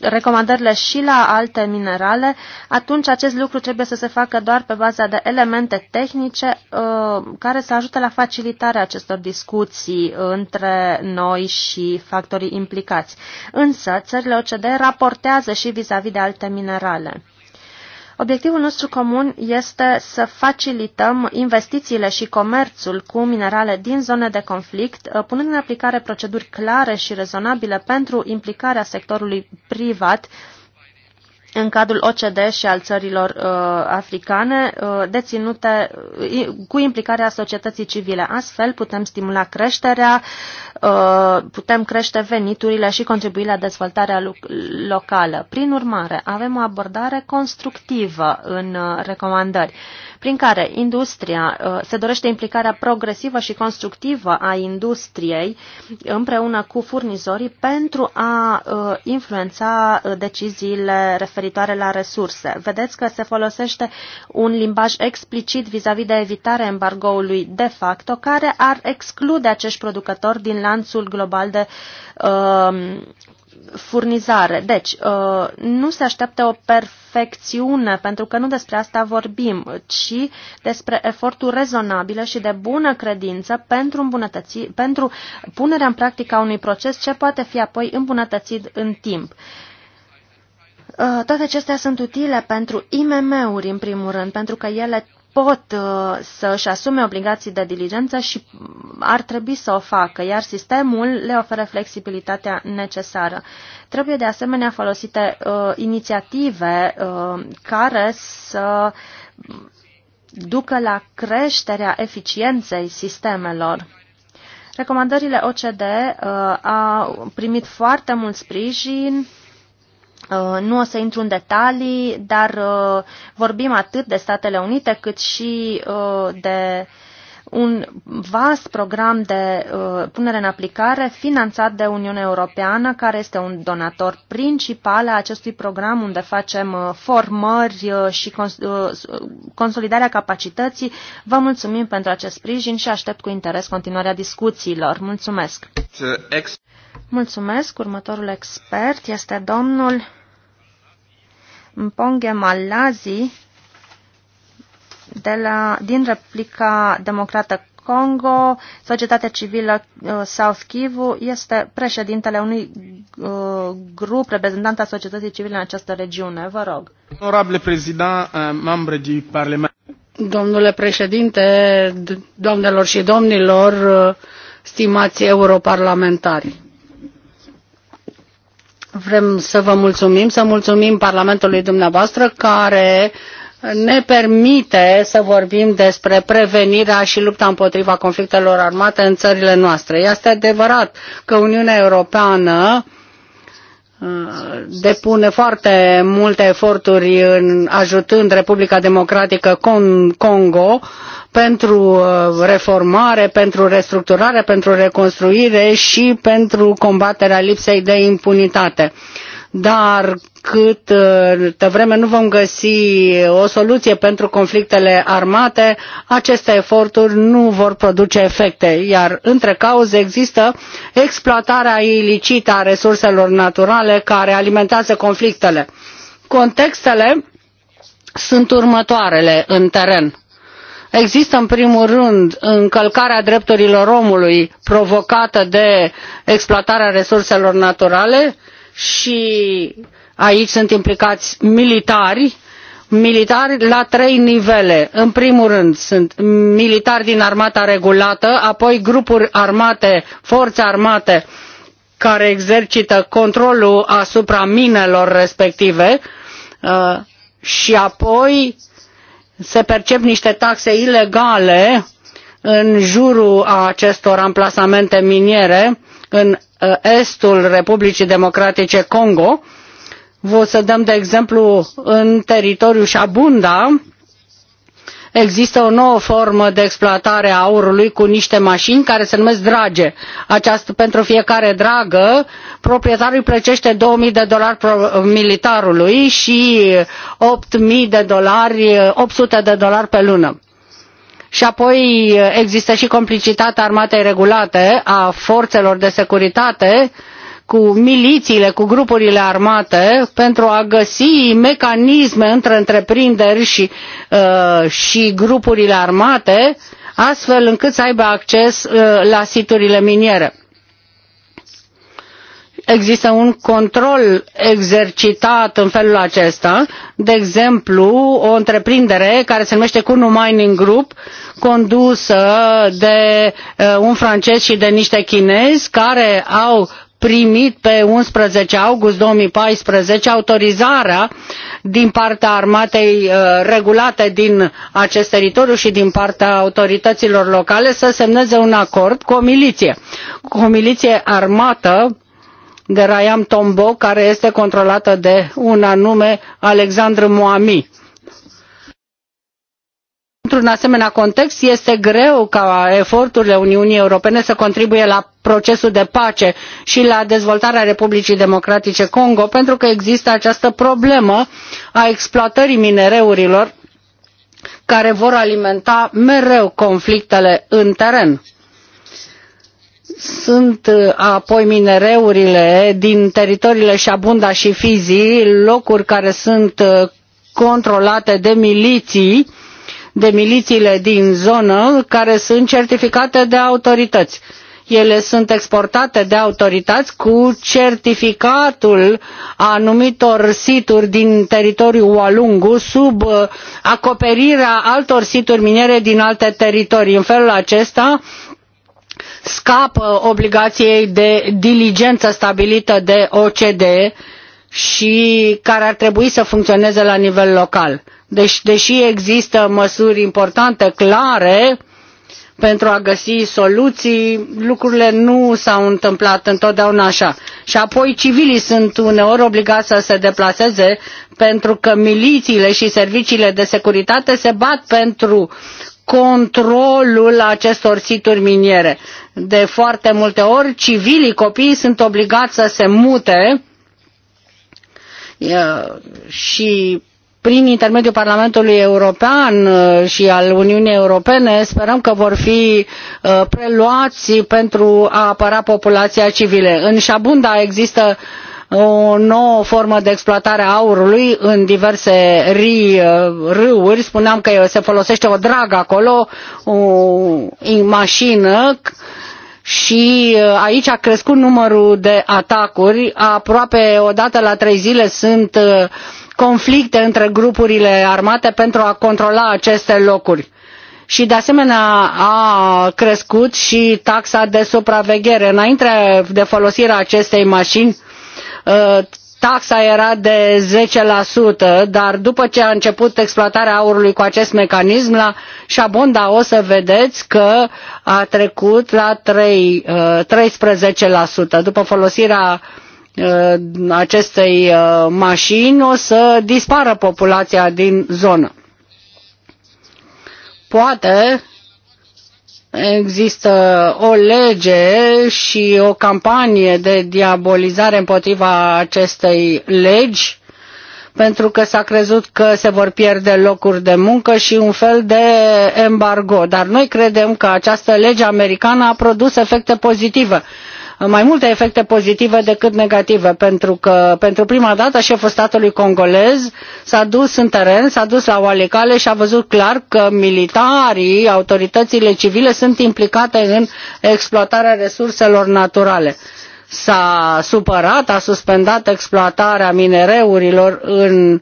Speaker 3: recomandările și la alte minerale, atunci acest lucru trebuie să se facă doar pe baza de elemente tehnice uh, care să ajute la facilitarea acestor discuții între noi și factorii implicați. Însă, țările OCDE raportează și vis-a-vis -vis de alte minerale. Obiectivul nostru comun este să facilităm investițiile și comerțul cu minerale din zone de conflict, uh, punând în aplicare proceduri clare și rezonabile pentru implicarea sectorului privat în cadrul OCD și al țărilor uh, africane uh, deținute uh, cu implicarea societății civile. Astfel putem stimula creșterea, uh, putem crește veniturile și contribui la dezvoltarea locală. Prin urmare, avem o abordare constructivă în uh, recomandări. Uh, prin care industria uh, se dorește implicarea progresivă și constructivă a industriei împreună cu furnizorii pentru a uh, influența uh, deciziile referitoare la resurse. Vedeți că se folosește un limbaj explicit vis-a-vis -vis de evitarea embargoului de facto, care ar exclude acești producători din lanțul global de uh, furnizare. Deci, uh, nu se așteaptă o perfecțiune, pentru că nu despre asta vorbim, ci despre eforturi rezonabile și de bună credință pentru, îmbunătăți, pentru punerea în practică a unui proces ce poate fi apoi îmbunătățit în timp. Uh, toate acestea sunt utile pentru IMM-uri, în primul rând, pentru că ele pot uh, să-și asume obligații de diligență și mm, ar trebui să o facă, iar sistemul le oferă flexibilitatea necesară. Trebuie de asemenea folosite uh, inițiative uh, care să mm, ducă la creșterea eficienței sistemelor. Recomandările OCD uh, au primit foarte mult sprijin Uh, nu o să intru în detalii, dar uh, vorbim atât de Statele Unite cât și uh, de un vast program de punere în aplicare finanțat de Uniunea Europeană, care este un donator principal a acestui program, unde facem formări și consolidarea capacității. Vă mulțumim pentru acest sprijin și aștept cu interes continuarea discuțiilor. Mulțumesc! Mulțumesc. Următorul expert este domnul Mponghe Malazi de la, din Replica Democrată Congo, societatea civilă uh, South Kivu, este președintele unui uh, grup reprezentant al societății civile în această regiune. Vă rog. Onorable prezident, uh, membre din Parlament.
Speaker 2: Domnule președinte, doamnelor și domnilor, stimați europarlamentari. Vrem să vă mulțumim, să mulțumim Parlamentului dumneavoastră care ne permite să vorbim despre prevenirea și lupta împotriva conflictelor armate în țările noastre. Este adevărat că Uniunea Europeană uh, depune foarte multe eforturi în ajutând Republica Democratică Congo pentru uh, reformare, pentru restructurare, pentru reconstruire și pentru combaterea lipsei de impunitate dar cât uh, vreme nu vom găsi o soluție pentru conflictele armate, aceste eforturi nu vor produce efecte, iar între cauze există exploatarea ilicită a resurselor naturale care alimentează conflictele. Contextele sunt următoarele în teren există în primul rând încălcarea drepturilor omului provocată de exploatarea resurselor naturale și aici sunt implicați militari, militari la trei nivele. În primul rând sunt militari din armata regulată, apoi grupuri armate, forțe armate care exercită controlul asupra minelor respective uh, și apoi se percep niște taxe ilegale în jurul acestor amplasamente miniere în uh, estul Republicii Democratice Congo. Vă să dăm de exemplu în teritoriul Shabunda, există o nouă formă de exploatare a aurului cu niște mașini care se numesc drage. Aceasta pentru fiecare dragă, proprietarul îi plăcește 2000 de dolari militarului și 8000 de dolari, 800 de dolari pe lună și apoi eh, există și complicitatea armatei regulate a forțelor de securitate cu milițiile, cu grupurile armate pentru a găsi mecanisme între întreprinderi și, uh, și grupurile armate astfel încât să aibă acces uh, la siturile miniere există un control exercitat în felul acesta. De exemplu, o întreprindere care se numește Cunu Mining Group, condusă de uh, un francez și de niște chinezi care au primit pe 11 august 2014 autorizarea din partea armatei uh, regulate din acest teritoriu și din partea autorităților locale să semneze un acord cu o miliție, cu o miliție armată de Rayam Tombo, care este controlată de un anume Alexandru Moami. Într-un asemenea context, este greu ca eforturile Uniunii Europene să contribuie la procesul de pace și la dezvoltarea Republicii Democratice Congo, pentru că există această problemă a exploatării minereurilor care vor alimenta mereu conflictele în teren sunt uh, apoi minereurile din teritoriile Șabunda și Fizi, locuri care sunt uh, controlate de miliții, de milițiile din zonă, care sunt certificate de autorități. Ele sunt exportate de autorități cu certificatul anumitor situri din teritoriul Walungu sub uh, acoperirea altor situri miniere din alte teritorii. În felul acesta, scapă obligației de diligență stabilită de OCDE și care ar trebui să funcționeze la nivel local. Deci, deși există măsuri importante, clare, pentru a găsi soluții, lucrurile nu s-au întâmplat întotdeauna așa. Și apoi civilii sunt uneori obligați să se deplaseze pentru că milițiile și serviciile de securitate se bat pentru controlul acestor situri miniere. De foarte multe ori, civilii, copiii sunt obligați să se mute și prin intermediul Parlamentului European și al Uniunii Europene sperăm că vor fi preluați pentru a apăra populația civile. În Șabunda există uh, o nouă formă de exploatare a aurului în diverse rii, uh, râuri. Spuneam că se folosește o dragă acolo, o mașină și uh, aici a crescut numărul de atacuri. Aproape o dată la trei zile sunt uh, conflicte între grupurile armate pentru a controla aceste locuri și de asemenea a crescut și taxa de supraveghere. Înainte de folosirea acestei mașini, Uh, taxa era de 10%, dar după ce a început exploatarea aurului cu acest mecanism la Șabonda o să vedeți că a trecut la 3, 13%. Uh, după folosirea uh, acestei mașini o să dispară populația din zonă. Poate există o lege și o campanie de diabolizare împotriva acestei legi pentru că s-a crezut că se vor pierde locuri de muncă și un fel de embargo. Dar noi credem că această lege americană a produs efecte pozitive mai multe efecte pozitive decât negative, pentru că pentru prima dată șeful statului congolez s-a dus în teren, s-a dus la Oalecale și a văzut clar că militarii, autoritățile civile sunt implicate în exploatarea resurselor naturale s-a supărat, a suspendat exploatarea minereurilor în,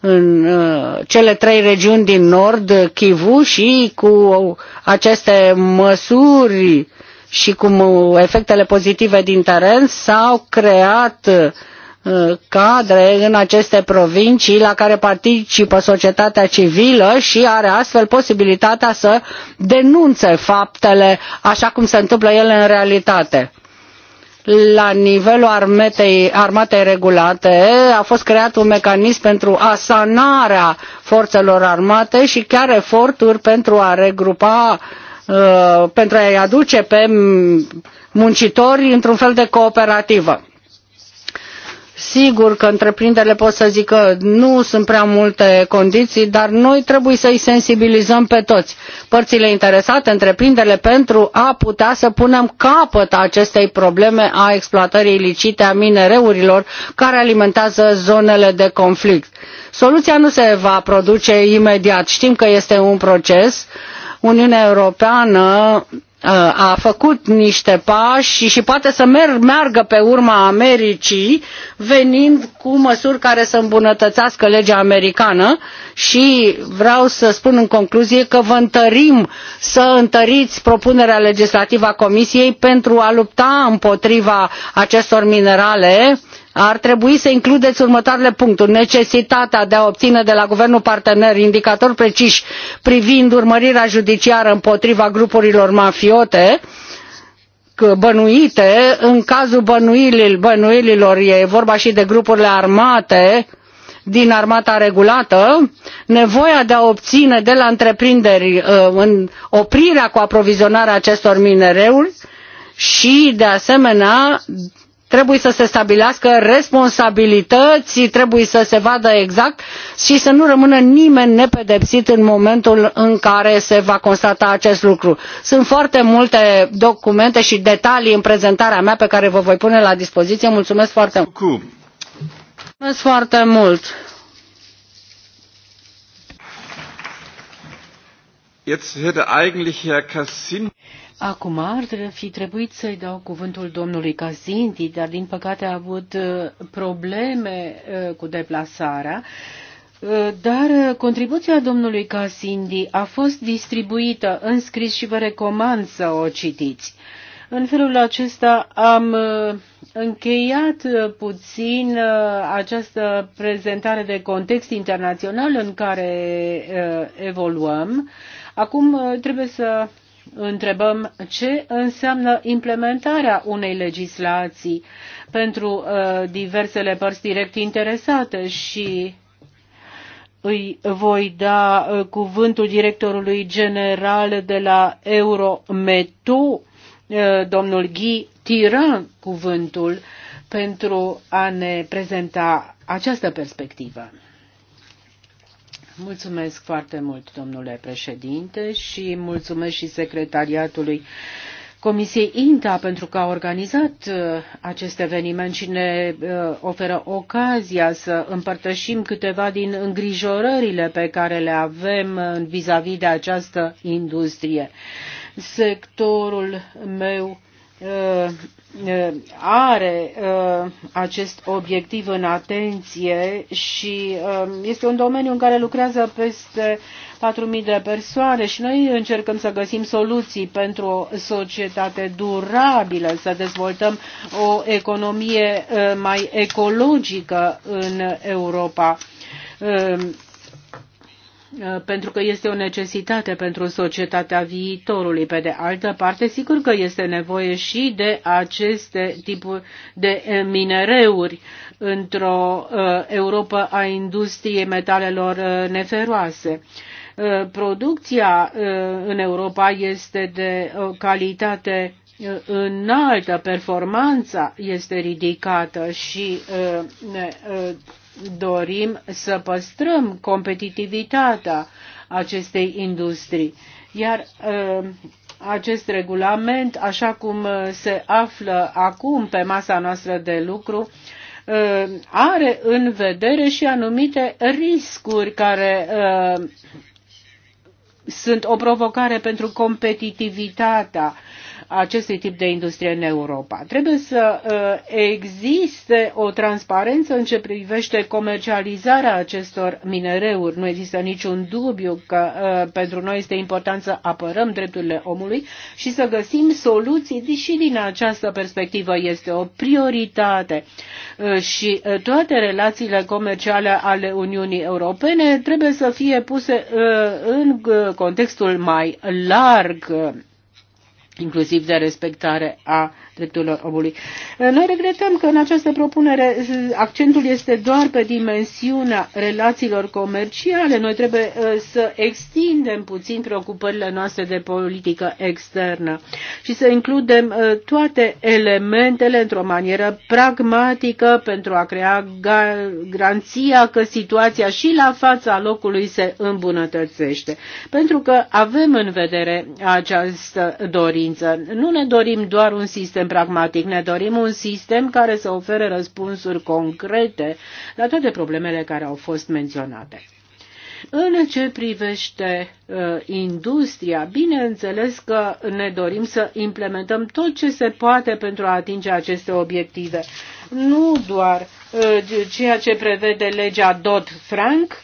Speaker 2: în uh, cele trei regiuni din nord, Kivu, și cu aceste măsuri și cum efectele pozitive din teren s-au creat uh, cadre în aceste provincii la care participă societatea civilă și are astfel posibilitatea să denunțe faptele așa cum se întâmplă ele în realitate la nivelul armetei, armatei regulate a fost creat un mecanism pentru asanarea forțelor armate și chiar eforturi pentru a regrupa uh, Uh, pentru a-i aduce pe muncitori într-un fel de cooperativă. Sigur că întreprinderile pot să zică nu sunt prea multe condiții, dar noi trebuie să-i sensibilizăm pe toți, părțile interesate, întreprinderile, pentru a putea să punem capăt acestei probleme a exploatării ilicite a minereurilor care alimentează zonele de conflict. Soluția nu se va produce imediat. Știm că este un proces uh, Uniunea Europeană uh, a făcut niște pași și poate să merg, meargă pe urma Americii venind cu măsuri care să îmbunătățească legea americană și vreau să spun în concluzie că vă întărim să întăriți propunerea legislativă a Comisiei pentru a lupta împotriva acestor minerale ar trebui să includeți următoarele puncturi necesitatea de a obține de la guvernul partener indicatori preciși privind urmărirea judiciară împotriva grupurilor mafiote bănuite în cazul bănuielilor e vorba și de grupurile armate din armata regulată nevoia de a obține de la întreprinderi uh, în oprirea cu aprovizionarea acestor minereuri și de asemenea Trebuie să se stabilească responsabilități, trebuie să se vadă exact și să nu rămână nimeni nepedepsit în momentul în care se va constata acest lucru. Sunt foarte multe documente și detalii în prezentarea mea pe care vă voi pune la dispoziție. Mulțumesc foarte mult! Mulțumesc foarte mult! Jetzt hätte eigentlich Herr
Speaker 1: Acum ar fi trebuit să-i dau cuvântul domnului Cazinti, dar din păcate a avut uh, probleme uh, cu deplasarea. Uh, dar contribuția domnului Casindi a fost distribuită în scris și vă recomand să o citiți. În felul acesta am încheiat puțin această prezentare de context internațional în care evoluăm. Acum trebuie să întrebăm ce înseamnă implementarea unei legislații pentru uh, diversele părți direct interesate și îi voi da uh, cuvântul directorului general de la Eurometo, uh, domnul Guy Tiran, cuvântul pentru a ne prezenta această perspectivă. Mulțumesc foarte mult, domnule președinte, și mulțumesc și secretariatului Comisiei INTA pentru că a organizat uh, acest eveniment și ne uh, oferă ocazia să împărtășim câteva din îngrijorările pe care le avem vis-a-vis -vis de această industrie. Sectorul meu Uh, uh, are uh, acest obiectiv în atenție și este un domeniu în care lucrează peste 4.000 de persoane și noi încercăm să găsim soluții pentru o societate durabilă, să dezvoltăm o economie mai ecologică în Europa Eh, pentru că este o necesitate pentru societatea viitorului. Pe de altă parte, sigur că este nevoie și de aceste tipuri de eh, minereuri într-o eh, Europa a industriei metalelor neferoase. Producția în Europa este de o calitate înaltă, performanța este ridicată și ne dorim să păstrăm competitivitatea acestei industrii. Iar uh, acest regulament, așa cum uh, se află acum pe masa noastră de lucru, uh, are în vedere și anumite riscuri care sunt o provocare pentru competitivitatea acestui tip de industrie în Europa. Trebuie să uh, existe o transparență în ce privește comercializarea acestor minereuri. Nu există niciun dubiu că uh, pentru noi este important să apărăm drepturile omului și să găsim soluții și din această perspectivă este o prioritate uh, și toate relațiile comerciale ale Uniunii Europene trebuie să fie puse în contextul mai larg inclusiv de respectare a drepturilor omului. Eh, noi regretăm că în această propunere eh, accentul este doar pe dimensiunea relațiilor comerciale. Noi trebuie eh, să extindem puțin preocupările noastre de politică externă și să includem toate elementele într-o manieră pragmatică pentru a crea garanția că situația și la fața locului se îmbunătățește. Pentru că avem în vedere această dorință. Nu ne dorim doar un sistem pragmatic. Ne dorim un sistem care să ofere răspunsuri concrete la toate problemele care au fost menționate. În ce privește uh, industria, bineînțeles că ne dorim să implementăm tot ce se poate pentru a atinge aceste obiective. Nu doar uh, ceea ce prevede legea Dodd-Frank,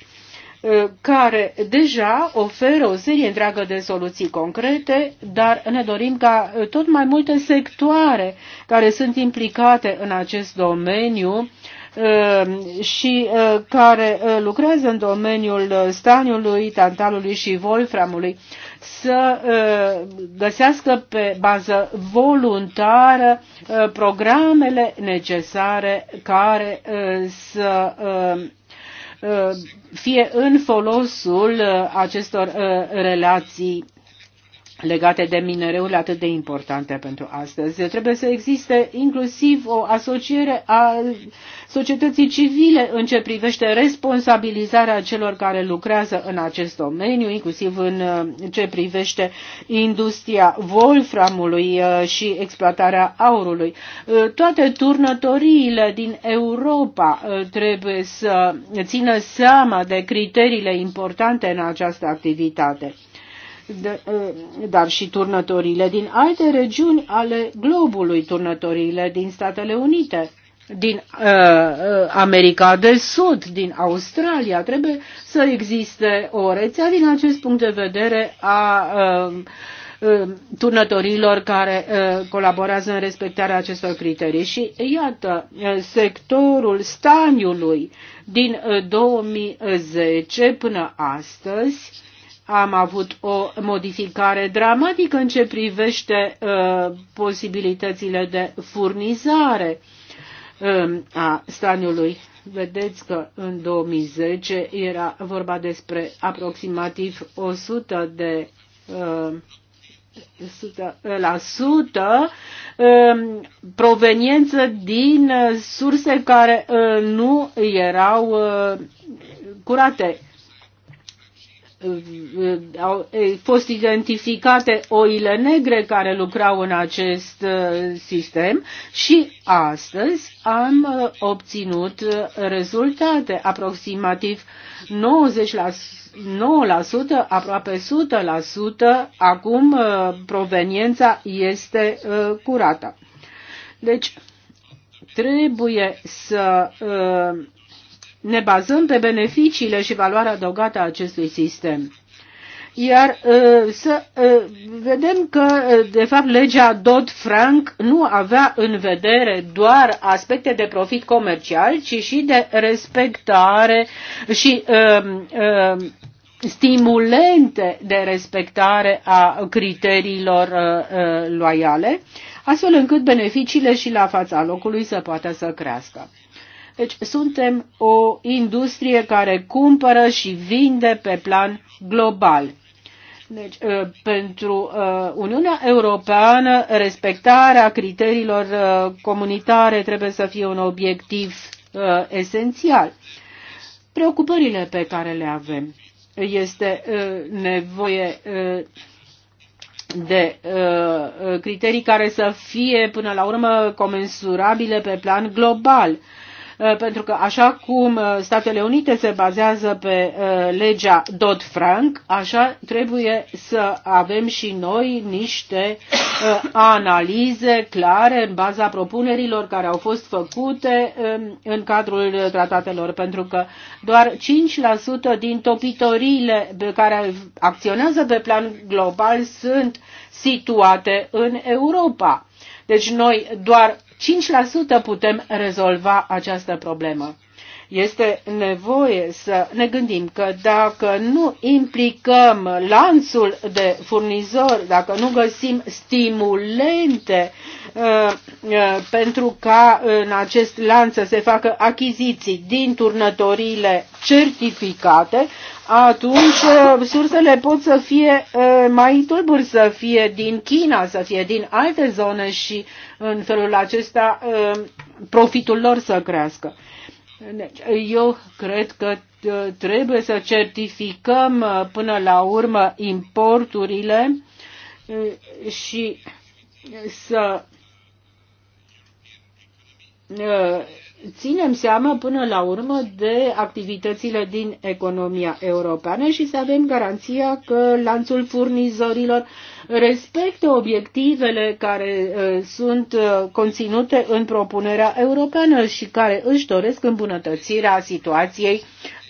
Speaker 1: Eh, care deja oferă o serie întreagă de soluții concrete, dar ne dorim ca eh, tot mai multe sectoare care sunt implicate în acest domeniu eh, și care lucrează în domeniul staniului, tantalului și wolframului să găsească pe bază voluntară programele necesare care să fie în folosul uh, acestor uh, relații legate de minereurile atât de importante pentru astăzi. Trebuie să existe inclusiv o asociere a societății civile în ce privește responsabilizarea celor care lucrează în acest domeniu, inclusiv în uh, ce privește industria wolframului uh, și exploatarea aurului. Uh, toate turnătoriile din Europa trebuie să țină seama de criteriile importante în această activitate dar și turnătorile din alte regiuni ale globului, turnătorile din Statele Unite, din uh, America de Sud, din Australia. Trebuie să existe o rețea din acest punct de vedere a uh, turnătorilor care colaborează în respectarea acestor criterii. Și iată, sectorul staniului din 2010 până astăzi am avut o modificare dramatică în ce privește uh, posibilitățile de furnizare uh, a staniului. Vedeți că în 2010 era vorba despre aproximativ 100 de um, la sută um, proveniență din surse care uh, nu erau uh, curate au fost identificate oile negre care lucrau în acest sistem și astăzi am obținut rezultate. Aproximativ 99%, aproape 100%, acum proveniența este curată. Deci trebuie să ne bazăm pe beneficiile și valoarea adăugată a acestui sistem. Iar uh, să uh, vedem că, uh, de fapt, legea Dodd-Frank nu avea în vedere doar aspecte de profit comercial, ci și de respectare și um, um, stimulente de respectare a criteriilor loiale, astfel încât beneficiile și la fața locului să poată să crească. Deci suntem o industrie care cumpără și vinde pe plan global. Deci, uh, pentru uh, Uniunea Europeană, respectarea criteriilor uh, comunitare trebuie să fie un obiectiv esențial. Preocupările pe care le avem este nevoie de criterii care să fie până la urmă comensurabile pe plan global Uh, pentru că așa cum uh, Statele Unite se bazează pe uh, legea Dodd-Frank, așa trebuie să avem și noi niște analize clare în baza propunerilor care au fost făcute um, în cadrul tratatelor, pentru că doar 5% din topitoriile pe care acționează pe plan global sunt situate în Europa. Deci noi doar 5% putem rezolva această problemă. Este nevoie să ne gândim că dacă nu implicăm lanțul de furnizori, dacă nu găsim stimulente uh, uh, pentru ca în acest lanț să se facă achiziții din turnătorile certificate, atunci uh, sursele pot să fie uh, mai tulburi, să fie din China, să fie din alte zone și în felul acesta uh, profitul lor să crească. Deci, eu cred că trebuie să certificăm până la urmă importurile și să ținem seama până la urmă de activitățile din economia europeană și să avem garanția că lanțul furnizorilor respectă obiectivele care uh, sunt uh, conținute în propunerea europeană și care își doresc îmbunătățirea situației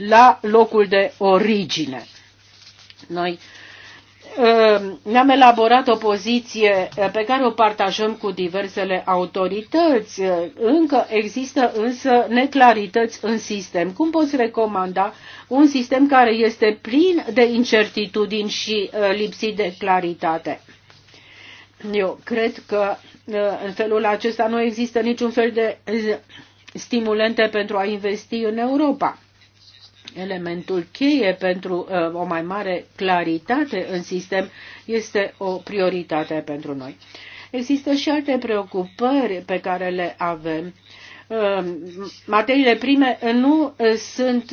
Speaker 1: la locul de origine. Noi Ehm, ne-am elaborat o poziție eh, pe care o partajăm cu diversele autorități. Eh, încă există însă neclarități în sistem. Cum poți recomanda un sistem care este plin de incertitudini și eh, lipsit de claritate? Eu cred că în felul acesta nu există niciun fel de stimulente pentru a investi în Europa elementul cheie pentru uh, o mai mare claritate în sistem este o prioritate pentru noi. Există și alte preocupări pe care le avem. Uh, materiile prime nu uh, sunt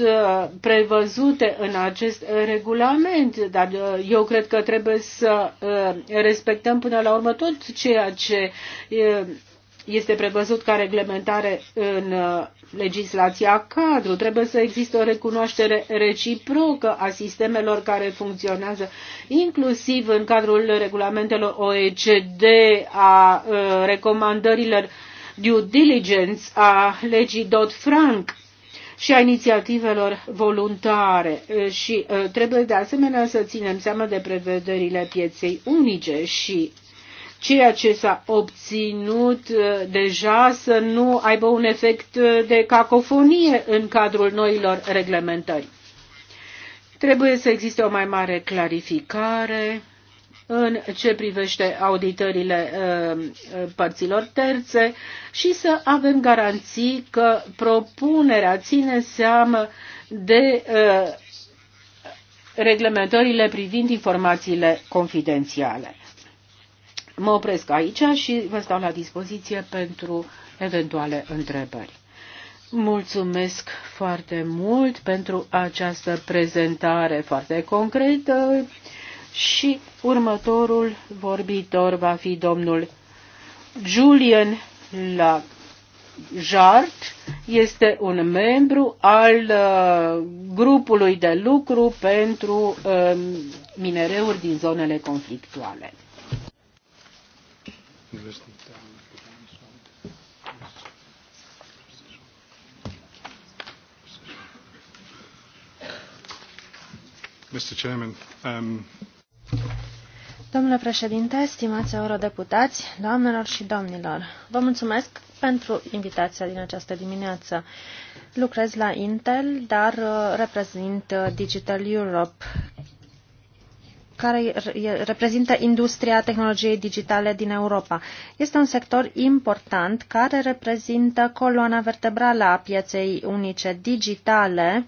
Speaker 1: prevăzute în acest regulament, dar eu cred că trebuie să respectăm până la urmă tot ceea ce este prevăzut ca reglementare în uh, legislația cadru. Trebuie să existe o recunoaștere reciprocă a sistemelor care funcționează, inclusiv în cadrul regulamentelor OECD, a uh, recomandărilor due diligence, a legii Dodd-Frank și a inițiativelor voluntare uh, și trebuie de asemenea să ținem seama de prevederile pieței unice și ceea ce s-a obținut uh, deja să nu aibă un efect uh, de cacofonie în cadrul noilor reglementări. Trebuie să existe o mai mare clarificare în ce privește auditările uh, părților terțe și să avem garanții că propunerea ține seamă de reglementările privind informațiile confidențiale. Mă opresc aici și vă stau la dispoziție pentru eventuale întrebări. Mulțumesc foarte mult pentru această prezentare foarte concretă și următorul vorbitor va fi domnul Julian Lajart. este un membru al uh, grupului de lucru pentru uh, minereuri din zonele conflictuale.
Speaker 3: Mr. Chairman, um... Domnule președinte, stimați eurodeputați, doamnelor și domnilor, vă mulțumesc pentru invitația din această dimineață. Lucrez la Intel, dar uh, reprezint uh, Digital Europe, care reprezintă industria tehnologiei digitale din Europa. Este un sector important care reprezintă coloana vertebrală a pieței unice digitale,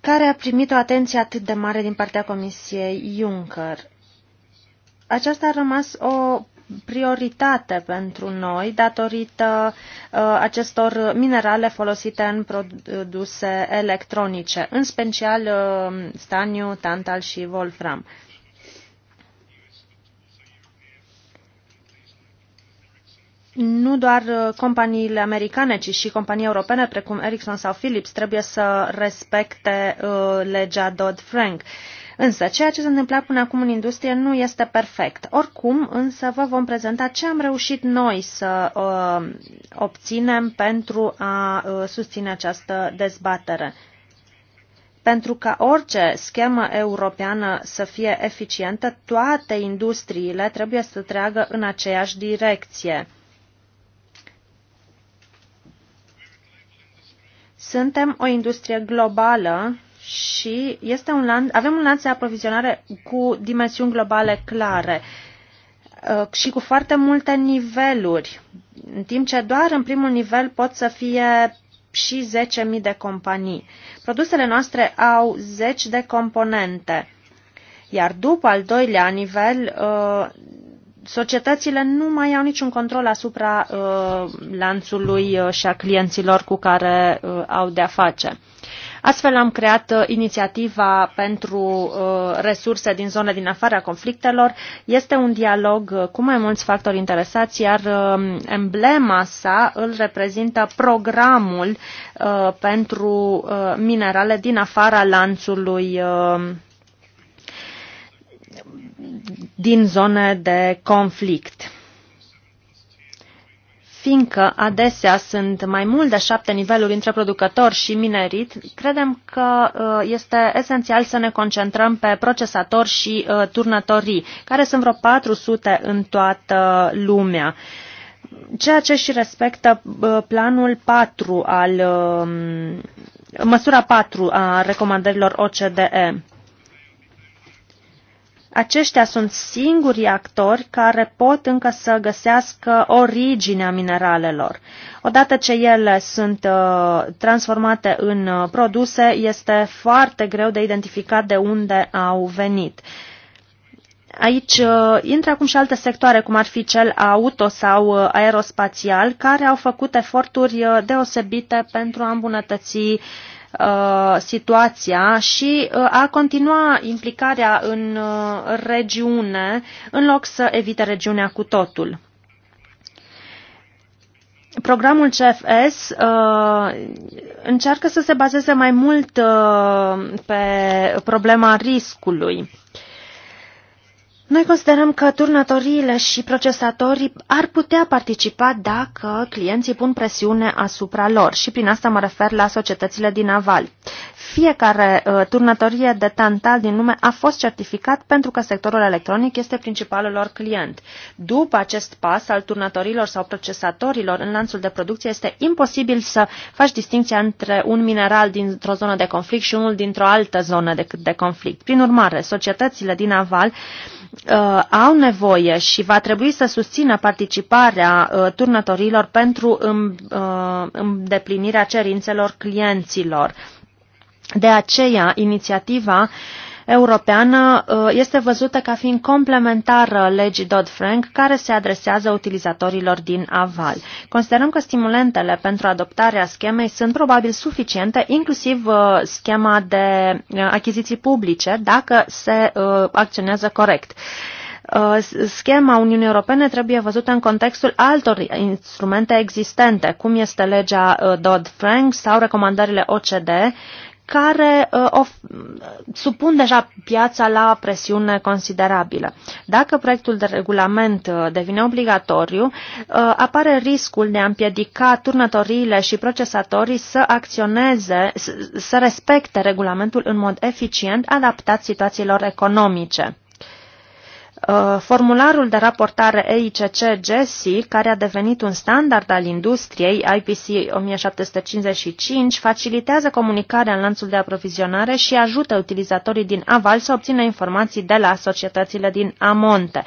Speaker 3: care a primit o atenție atât de mare din partea Comisiei Juncker. Aceasta a rămas o prioritate pentru noi datorită uh, acestor minerale folosite în produse electronice, în special uh, staniu, tantal și wolfram. nu doar uh, companiile americane, ci și companii europene precum Ericsson sau Philips trebuie să respecte uh, legea Dodd-Frank. Însă, ceea ce s-a întâmplat până acum în industrie nu este perfect. Oricum, însă, vă vom prezenta ce am reușit noi să uh, obținem pentru a uh, susține această dezbatere. Pentru ca orice schemă europeană să fie eficientă, toate industriile trebuie să treagă în aceeași direcție. Suntem o industrie globală și este un lanț, avem un lanț de aprovizionare cu dimensiuni globale clare uh, și cu foarte multe niveluri, în timp ce doar în primul nivel pot să fie și 10.000 de companii. Produsele noastre au 10 de componente, iar după al doilea nivel, uh, societățile nu mai au niciun control asupra uh, lanțului și a clienților cu care au de-a face. Astfel am creat uh, inițiativa pentru uh, resurse din zone din afara conflictelor. Este un dialog uh, cu mai mulți factori interesați, iar um, emblema sa îl reprezintă programul pentru minerale din afara lanțului um, din zone de conflict fiindcă adesea sunt mai mult de șapte niveluri între producător și minerit, credem că uh, este esențial să ne concentrăm pe procesatori și uh, turnătorii, care sunt vreo 400 în toată lumea ceea ce și respectă uh, planul 4 al um, măsura 4 a recomandărilor OCDE. Aceștia sunt singurii actori care pot încă să găsească originea mineralelor. Odată ce ele sunt uh, transformate în uh, produse, este foarte greu de identificat de unde au venit. Aici uh, intră acum și alte sectoare, cum ar fi cel auto sau aerospațial, care au făcut eforturi deosebite pentru a îmbunătăți uh, Uh, situația și uh, a continua implicarea în uh, regiune în loc să evite regiunea cu totul. Programul CFS uh, încearcă să se bazeze mai mult uh, pe problema riscului noi considerăm că turnătoriile și procesatorii ar putea participa dacă clienții pun presiune asupra lor și prin asta mă refer la societățile din aval fiecare uh, turnătorie de tantal din lume a fost certificat pentru că sectorul electronic este principalul lor client. După acest pas al turnătorilor sau procesatorilor în lanțul de producție, este imposibil să faci distinția între un mineral dintr-o zonă de conflict și unul dintr-o altă zonă decât de conflict. Prin urmare, societățile din aval uh, au nevoie și va trebui să susțină participarea uh, turnătorilor pentru îndeplinirea uh, cerințelor clienților. De aceea, inițiativa europeană uh, este văzută ca fiind complementară legii Dodd-Frank care se adresează utilizatorilor din aval. Considerăm că stimulentele pentru adoptarea schemei sunt probabil suficiente, inclusiv uh, schema de uh, achiziții publice, dacă se acționează corect. Schema Uniunii Europene trebuie văzută în contextul altor instrumente existente, cum este legea Dodd-Frank sau recomandările OCDE, care uh, of, supun deja piața la presiune considerabilă. Dacă proiectul de regulament uh, devine obligatoriu, uh, apare riscul de a împiedica turnătoriile și procesatorii să acționeze, să respecte regulamentul în mod eficient, adaptat situațiilor economice. Uh, formularul de raportare EICC-GESI, care a devenit un standard al industriei IPC 1755, facilitează comunicarea în lanțul de aprovizionare și ajută utilizatorii din aval să obțină informații de la societățile din amonte.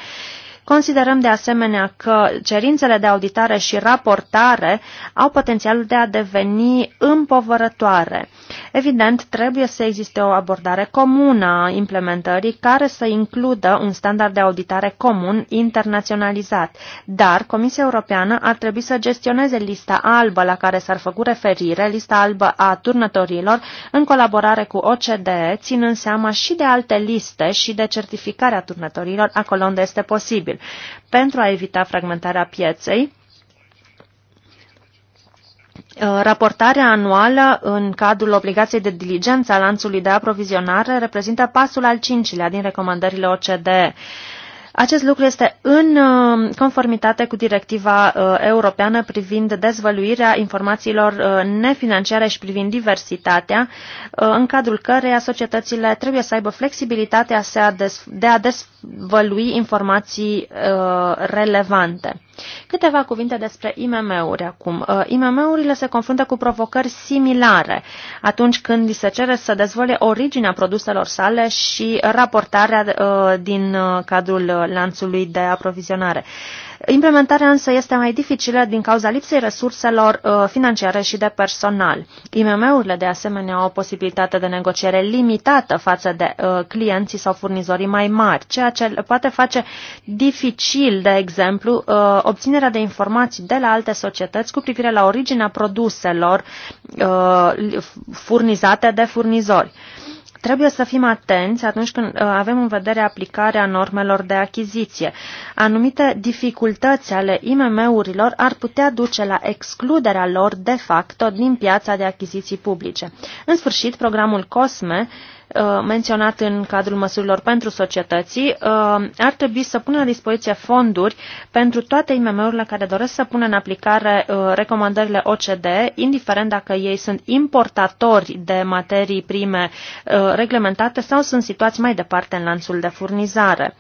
Speaker 3: Considerăm de asemenea că cerințele de auditare și raportare au potențialul de a deveni împovărătoare. Evident, trebuie să existe o abordare comună a implementării care să includă un standard de auditare comun internaționalizat, dar Comisia Europeană ar trebui să gestioneze lista albă la care s-ar făcut referire, lista albă a turnătorilor, în colaborare cu OCDE, ținând seama și de alte liste și de certificarea turnătorilor acolo unde este posibil pentru a evita fragmentarea pieței. Uh, raportarea anuală în cadrul obligației de diligență a lanțului de aprovizionare reprezintă pasul al cincilea din recomandările OCDE. Acest lucru este în uh, conformitate cu directiva uh, europeană privind dezvăluirea informațiilor uh, nefinanciare și privind diversitatea, în cadrul căreia societățile trebuie să aibă flexibilitatea de a dezvălui informații relevante. Câteva cuvinte despre IMM-uri acum. Uh, IMM-urile se confruntă cu provocări similare atunci când li se cere să dezvolte originea produselor sale și raportarea uh, din uh, cadrul lanțului de aprovizionare. Implementarea însă este mai dificilă din cauza lipsei resurselor uh, financiare și de personal. IMM-urile, de asemenea, au o posibilitate de negociere limitată față de uh, clienții sau furnizorii mai mari, ceea ce poate face dificil, de exemplu, uh, obținerea de informații de la alte societăți cu privire la originea produselor furnizate de furnizori. Trebuie să fim atenți atunci când uh, avem în vedere aplicarea normelor de achiziție. Anumite dificultăți ale IMM-urilor ar putea duce la excluderea lor de facto din piața de achiziții publice. În sfârșit, programul COSME Uh, menționat în cadrul măsurilor pentru societății, uh, ar trebui să pună la dispoziție fonduri pentru toate IMM-urile care doresc să pună în aplicare uh, recomandările OCD, indiferent dacă ei sunt importatori de materii prime reglementate sau sunt situați mai departe în lanțul de furnizare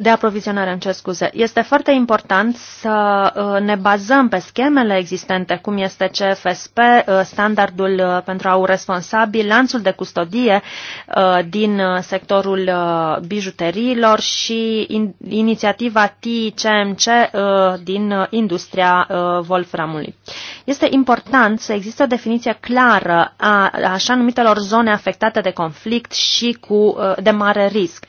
Speaker 3: de aprovizionare, în ce scuze. Este foarte important să uh, ne bazăm pe schemele existente, cum este CFSP, uh, standardul uh, pentru au responsabil, lanțul de custodie din sectorul bijuteriilor și inițiativa TCMC din industria wolframului. Este important să există o definiție clară a așa numitelor zone afectate de conflict și cu de mare risc.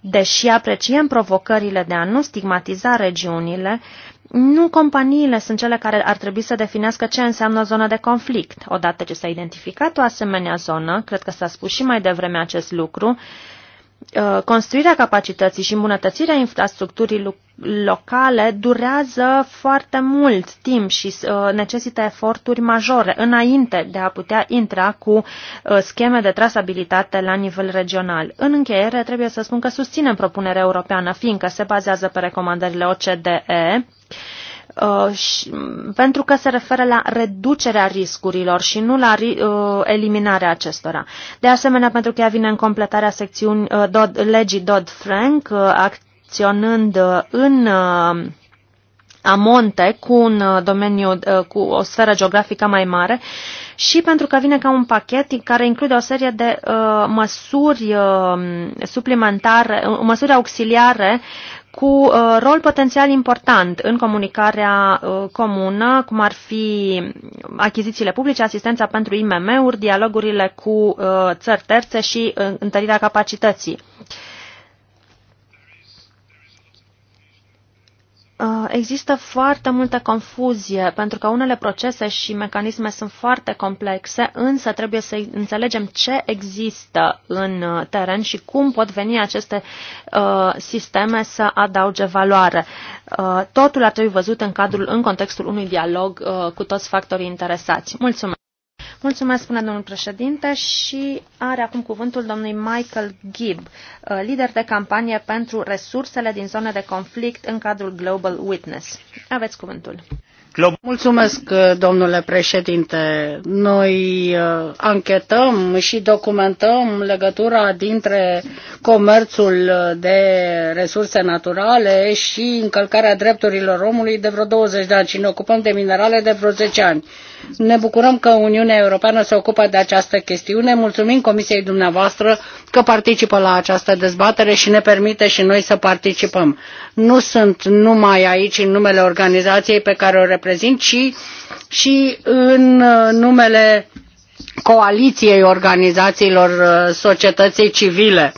Speaker 3: Deși apreciem provocările de a nu stigmatiza regiunile, nu companiile sunt cele care ar trebui să definească ce înseamnă o zonă de conflict. Odată ce s-a identificat o asemenea zonă, cred că s-a spus și mai devreme acest lucru, Uh, construirea capacității și îmbunătățirea infrastructurii locale durează foarte mult timp și uh, necesită eforturi majore înainte de a putea intra cu uh, scheme de trasabilitate la nivel regional. În încheiere, trebuie să spun că susținem propunerea europeană, fiindcă se bazează pe recomandările OCDE Uh, pentru că se referă la reducerea riscurilor și nu la uh, eliminarea acestora. De asemenea, pentru că ea vine în completarea secțiuni, uh, Dodd, legii Dodd-Frank, acționând în amonte cu un domeniu, cu o sferă geografică mai mare și pentru că vine ca un pachet care include o serie de uh, măsuri uh, suplimentare, măsuri auxiliare cu uh, rol potențial important în comunicarea uh, comună, cum ar fi achizițiile publice, asistența pentru IMM-uri, dialogurile cu uh, țări terțe și uh, întărirea capacității. Uh, Uh, există foarte multă confuzie, pentru că unele procese și mecanisme sunt foarte complexe, însă trebuie să înțelegem ce există în uh, teren și cum pot veni aceste uh, sisteme să adauge valoare. totul ar trebui văzut în cadrul, în contextul unui dialog cu toți factorii interesați. Mulțumesc! Mulțumesc, spune domnul președinte, și are acum cuvântul domnului Michael Gibb, uh, lider de campanie pentru resursele din zone de conflict în cadrul Global Witness. Aveți cuvântul.
Speaker 2: Mulțumesc, uh, domnule președinte. Noi uh, anchetăm și documentăm legătura dintre comerțul de resurse naturale și încălcarea drepturilor omului de vreo 20 de ani și ne ocupăm de minerale de vreo 10 ani. Ne bucurăm că Uniunea Europeană se ocupă de această chestiune. Mulțumim Comisiei dumneavoastră că participă la această dezbatere și ne permite și noi să participăm. Nu sunt numai aici în numele organizației pe care o reprezint, ci și în numele coaliției organizațiilor uh, societății civile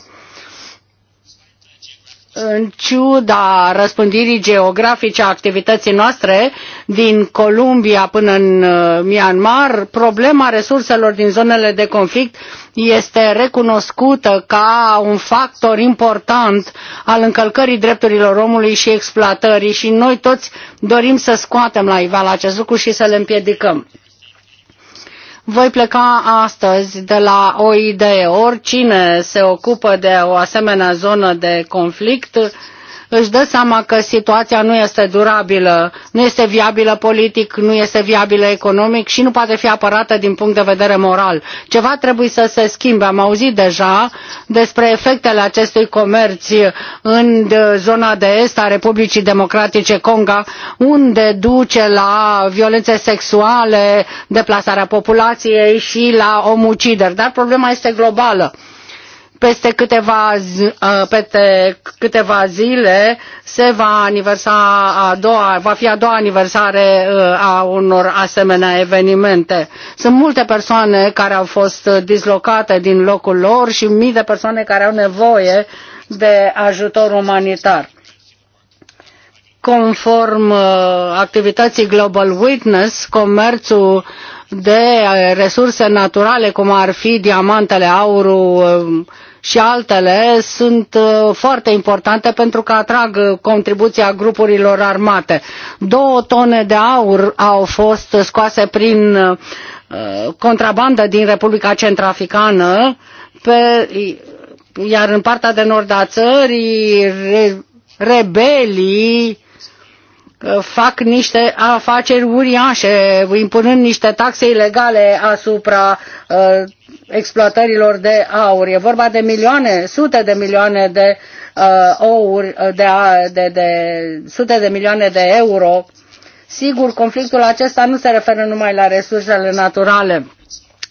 Speaker 2: în ciuda răspândirii geografice a activității noastre din Columbia până în uh, Myanmar, problema resurselor din zonele de conflict este recunoscută ca un factor important al încălcării drepturilor omului și exploatării și noi toți dorim să scoatem la iveală acest lucru și să le împiedicăm. Voi pleca astăzi de la o idee. Oricine se ocupă de o asemenea zonă de conflict, își dă seama că situația nu este durabilă, nu este viabilă politic, nu este viabilă economic și nu poate fi apărată din punct de vedere moral. Ceva trebuie să se schimbe. Am auzit deja despre efectele acestui comerț în zona de est a Republicii Democratice Conga, unde duce la violențe sexuale, deplasarea populației și la omucideri. Dar problema este globală peste câteva, zi, ă, peste câteva zile se va aniversa a doua, va fi a doua aniversare ă, a unor asemenea evenimente. Sunt multe persoane care au fost dislocate din locul lor și mii de persoane care au nevoie de ajutor umanitar. Conform ă, activității Global Witness, comerțul de resurse naturale, cum ar fi diamantele, aurul, și altele sunt uh, foarte importante pentru că atrag uh, contribuția grupurilor armate. Două tone de aur au fost scoase prin uh, contrabandă din Republica Centrafricană, pe, iar în partea de nord a țării re, rebelii fac niște afaceri uriașe, impunând niște taxe ilegale asupra uh, exploatărilor de aur. E vorba de milioane, sute de milioane de uh, ouri, uh, de, de, de, sute de milioane de euro. Sigur, conflictul acesta nu se referă numai la resursele naturale,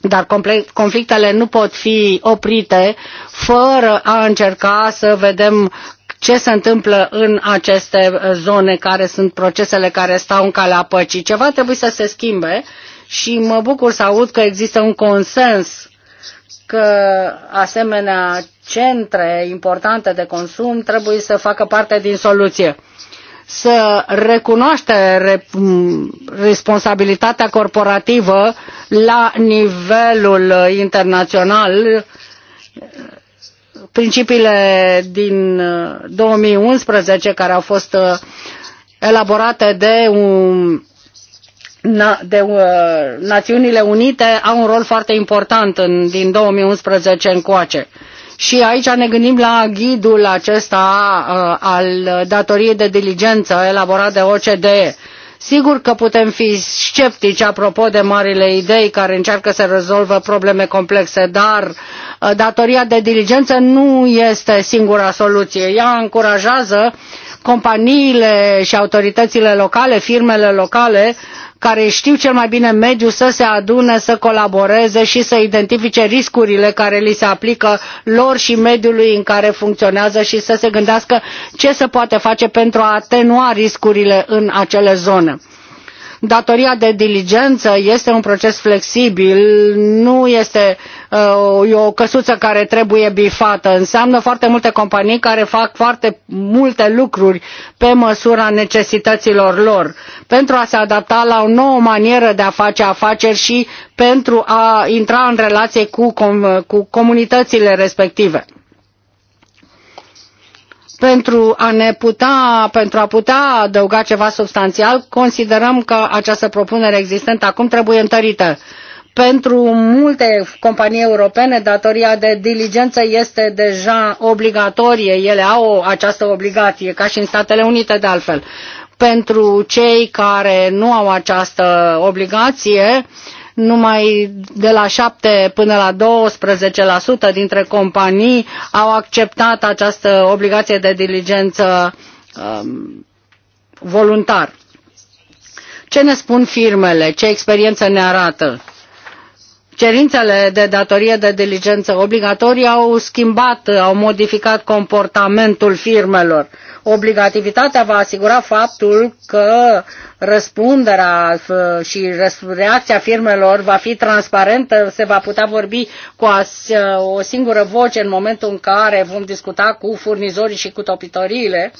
Speaker 2: dar conflictele nu pot fi oprite fără a încerca să vedem ce se întâmplă în aceste uh, zone, care sunt procesele care stau în calea păcii. Ceva trebuie să se schimbe și mă bucur să aud că există un consens că asemenea centre importante de consum trebuie să facă parte din soluție să recunoaște responsabilitatea corporativă la nivelul internațional principiile din 2011 uh, care au fost uh, elaborate de un de uh, Națiunile Unite au un rol foarte important în, din 2011 încoace. Și aici ne gândim la ghidul acesta al datoriei de diligență elaborat de OCDE. Sigur că putem fi sceptici apropo de marile idei care încearcă să rezolve probleme complexe, dar uh, datoria de diligență nu este singura soluție. Ea încurajează companiile și autoritățile locale, firmele locale care știu cel mai bine mediul să se adune, să colaboreze și să identifice riscurile care li se aplică lor și mediului în care funcționează și să se gândească ce se poate face pentru a atenua riscurile în acele zone. Datoria de diligență este un proces flexibil, nu este uh, o căsuță care trebuie bifată. Înseamnă foarte multe companii care fac foarte multe lucruri pe măsura necesităților lor pentru a se adapta la o nouă manieră de a face afaceri și pentru a intra în relație cu comunitățile respective pentru a ne putea, pentru a putea adăuga ceva substanțial, considerăm că această propunere existentă acum trebuie întărită. Pentru multe companii europene, datoria de diligență este deja obligatorie. Ele au această obligație, ca și în Statele Unite de altfel. Pentru cei care nu au această obligație, numai de la 7 până la 12% dintre companii au acceptat această obligație de diligență um, voluntar. Ce ne spun firmele? Ce experiență ne arată? cerințele de datorie de diligență obligatorie au schimbat, au modificat comportamentul firmelor. Obligativitatea va asigura faptul că răspunderea uh, și reacția firmelor va fi transparentă, se va putea vorbi cu uh, o singură voce în momentul în care vom discuta cu furnizorii și cu topitoriile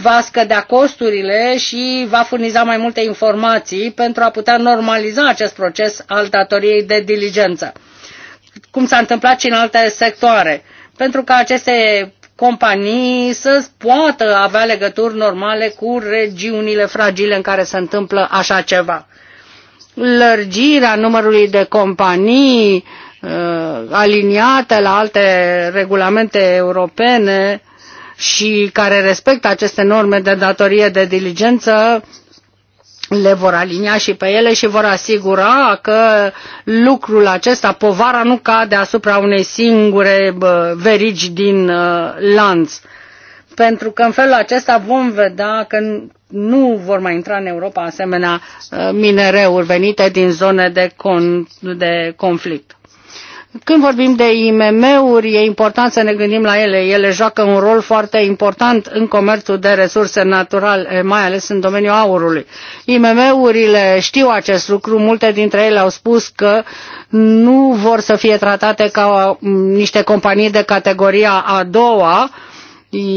Speaker 2: va scădea costurile și va furniza mai multe informații pentru a putea normaliza acest proces al datoriei de diligență, cum s-a întâmplat și în alte sectoare, pentru că aceste companii să poată avea legături normale cu regiunile fragile în care se întâmplă așa ceva. Lărgirea numărului de companii uh, aliniate la alte regulamente europene și care respectă aceste norme de datorie de diligență le vor alinia și pe ele și vor asigura că lucrul acesta, povara nu cade asupra unei singure verigi din uh, lanț. Pentru că în felul acesta vom vedea că nu vor mai intra în Europa asemenea uh, minereuri venite din zone de, con, de conflict. Când vorbim de IMM-uri, e important să ne gândim la ele. Ele joacă un rol foarte important în comerțul de resurse naturale, mai ales în domeniul aurului. IMM-urile știu acest lucru, multe dintre ele au spus că nu vor să fie tratate ca mm, niște companii de categoria a doua,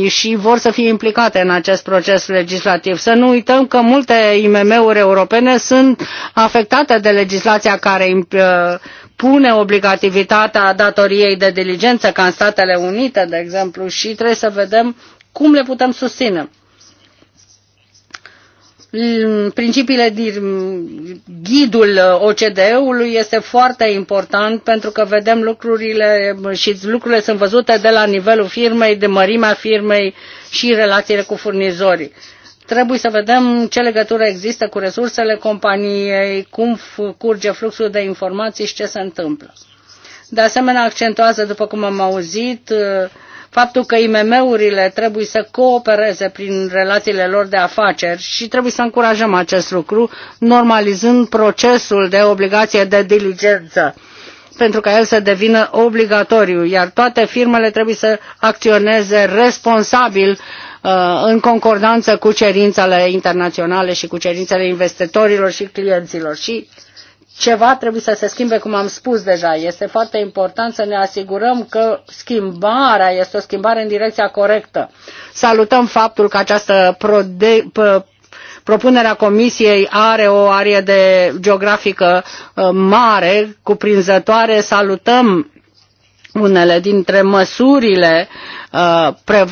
Speaker 2: și vor să fie implicate în acest proces legislativ. Să nu uităm că multe IMM-uri europene sunt afectate de legislația care uh, pune obligativitatea datoriei de diligență ca în Statele Unite, de exemplu, și trebuie să vedem cum le putem susține. Principiile ghidul OCDE-ului este foarte important pentru că vedem lucrurile și lucrurile sunt văzute de la nivelul firmei, de mărimea firmei și relațiile cu furnizorii. Trebuie să vedem ce legătură există cu resursele companiei, cum curge fluxul de informații și ce se întâmplă. De asemenea, accentuează, după cum am auzit, uh, faptul că IMM-urile trebuie să coopereze prin relațiile lor de afaceri și trebuie să încurajăm acest lucru, normalizând procesul de obligație de diligență pentru ca el să devină obligatoriu, iar toate firmele trebuie să acționeze responsabil Uh, în concordanță cu cerințele internaționale și cu cerințele investitorilor și clienților. Și ceva trebuie să se schimbe, cum am spus deja. Este foarte important să ne asigurăm că schimbarea este o schimbare în direcția corectă. Salutăm faptul că această propunerea comisiei are o arie de geografică uh, mare, cuprinzătoare. Salutăm unele dintre măsurile uh, pre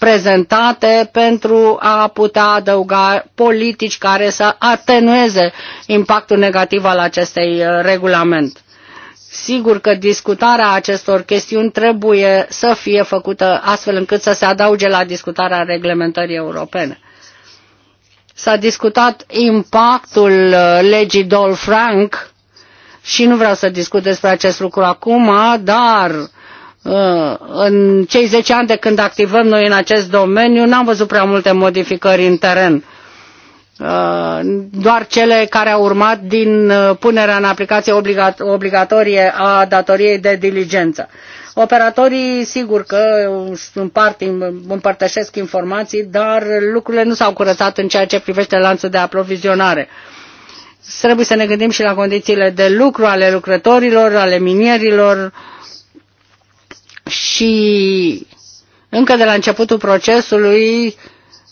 Speaker 2: prezentate pentru a putea adăuga politici care să atenueze impactul negativ al acestei uh, regulament. Sigur că discutarea acestor chestiuni trebuie să fie făcută astfel încât să se adauge la discutarea reglementării europene. S-a discutat impactul uh, legii Doll Frank și nu vreau să discut despre acest lucru acum, dar Uh, în cei 10 ani de când activăm noi în acest domeniu, n-am văzut prea multe modificări în teren. Uh, doar cele care au urmat din uh, punerea în aplicație obligatorie a datoriei de diligență. Operatorii, sigur că împart, împărtășesc informații, dar lucrurile nu s-au curățat în ceea ce privește lanțul de aprovizionare trebuie să ne gândim și la condițiile de lucru ale lucrătorilor, ale minierilor, și încă de la începutul procesului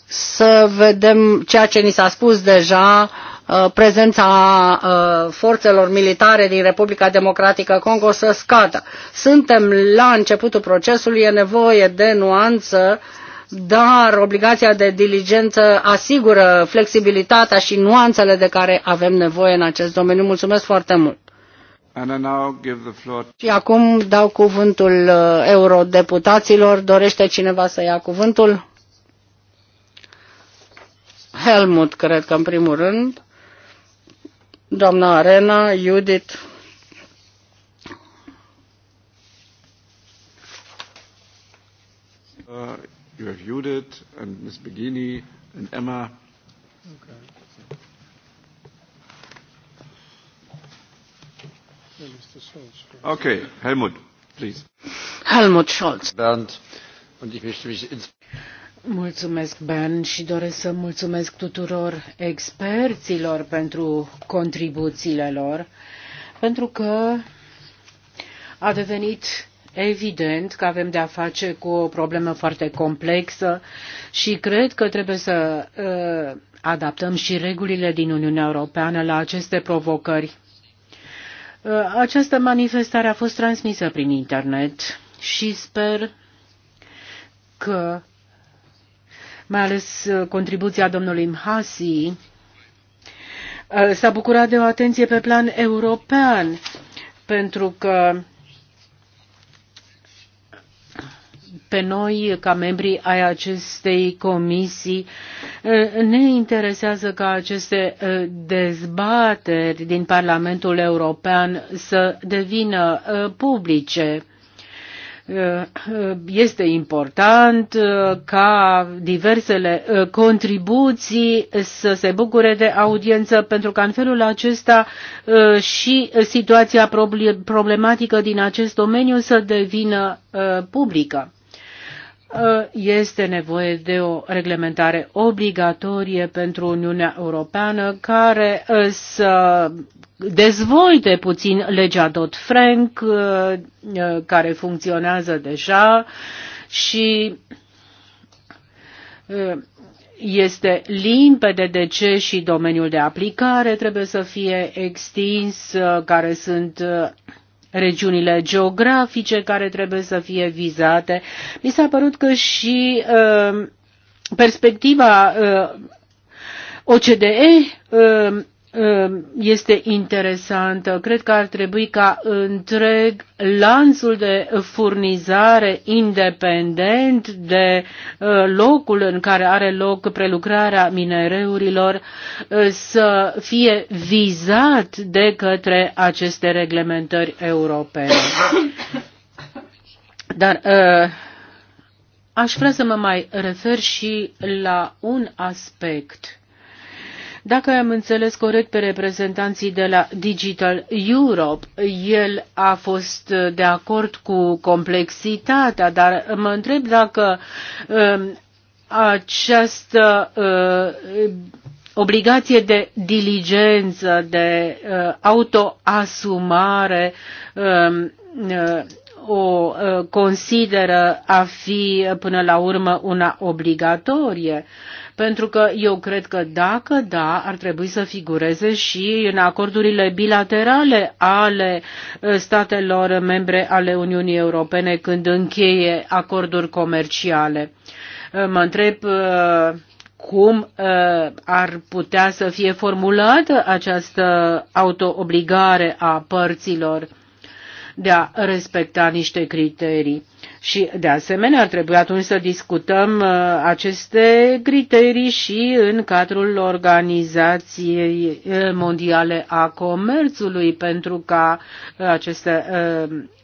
Speaker 2: să vedem ceea ce ni s-a spus deja, uh, prezența uh, forțelor militare din Republica Democratică Congo să scadă. Suntem la începutul procesului, e nevoie de nuanță, dar obligația de diligență asigură flexibilitatea și nuanțele de care avem nevoie în acest domeniu. Mulțumesc foarte mult! Și acum dau cuvântul uh, eurodeputaților. Dorește cineva să ia cuvântul? Helmut, cred că în primul rând, doamna Arena, Judith.
Speaker 1: Uh, you have Judith and Miss Begini and Emma. Okay. Okay, Helmut, please. Helmut Scholz. Bernd, und ich möchte mich Mulțumesc, Ben, și doresc să mulțumesc tuturor experților pentru contribuțiile lor, pentru că a devenit evident că avem de-a face cu o problemă foarte complexă și cred că trebuie să uh, adaptăm și regulile din Uniunea Europeană la aceste provocări Uh, această manifestare a fost transmisă prin internet și sper că mai ales uh, contribuția domnului Mhasi, uh, s-a bucurat de o atenție pe plan european, pentru că pe noi, ca membrii ai acestei comisii, eh, ne interesează ca aceste eh, dezbateri din Parlamentul European să devină eh, publice este important ca diversele contribuții să se bucure de audiență, pentru că în felul acesta și situația problematică din acest domeniu să devină publică. Ă, este nevoie de o reglementare obligatorie pentru Uniunea Europeană care ă, să dezvolte puțin legea Dodd-Frank ă, care funcționează deja și este limpede de ce și domeniul de aplicare trebuie să fie extins, care sunt regiunile geografice care trebuie să fie vizate. Mi s-a părut că și uh, perspectiva uh, OCDE uh, Ehm, este interesantă. Cred că ar trebui ca întreg lanțul de furnizare independent de eh, locul în care are loc prelucrarea minereurilor eh, să fie vizat de către aceste reglementări europene. Dar eh, aș vrea să mă mai refer și la un aspect dacă am înțeles corect pe reprezentanții de la Digital Europe, el a fost de acord cu complexitatea, dar mă întreb dacă um, această uh, obligație de diligență, de uh, autoasumare um, uh, o consideră a fi până la urmă una obligatorie. Pentru că eu cred că dacă da, ar trebui să figureze și în acordurile bilaterale ale eh, statelor membre ale Uniunii Europene când încheie acorduri comerciale. Eh, mă întreb eh, cum ar putea să fie formulată această autoobligare a părților de a respecta niște criterii. Și, de asemenea, ar trebui atunci să discutăm uh, aceste criterii și în cadrul Organizației uh, Mondiale a Comerțului, pentru ca uh, aceste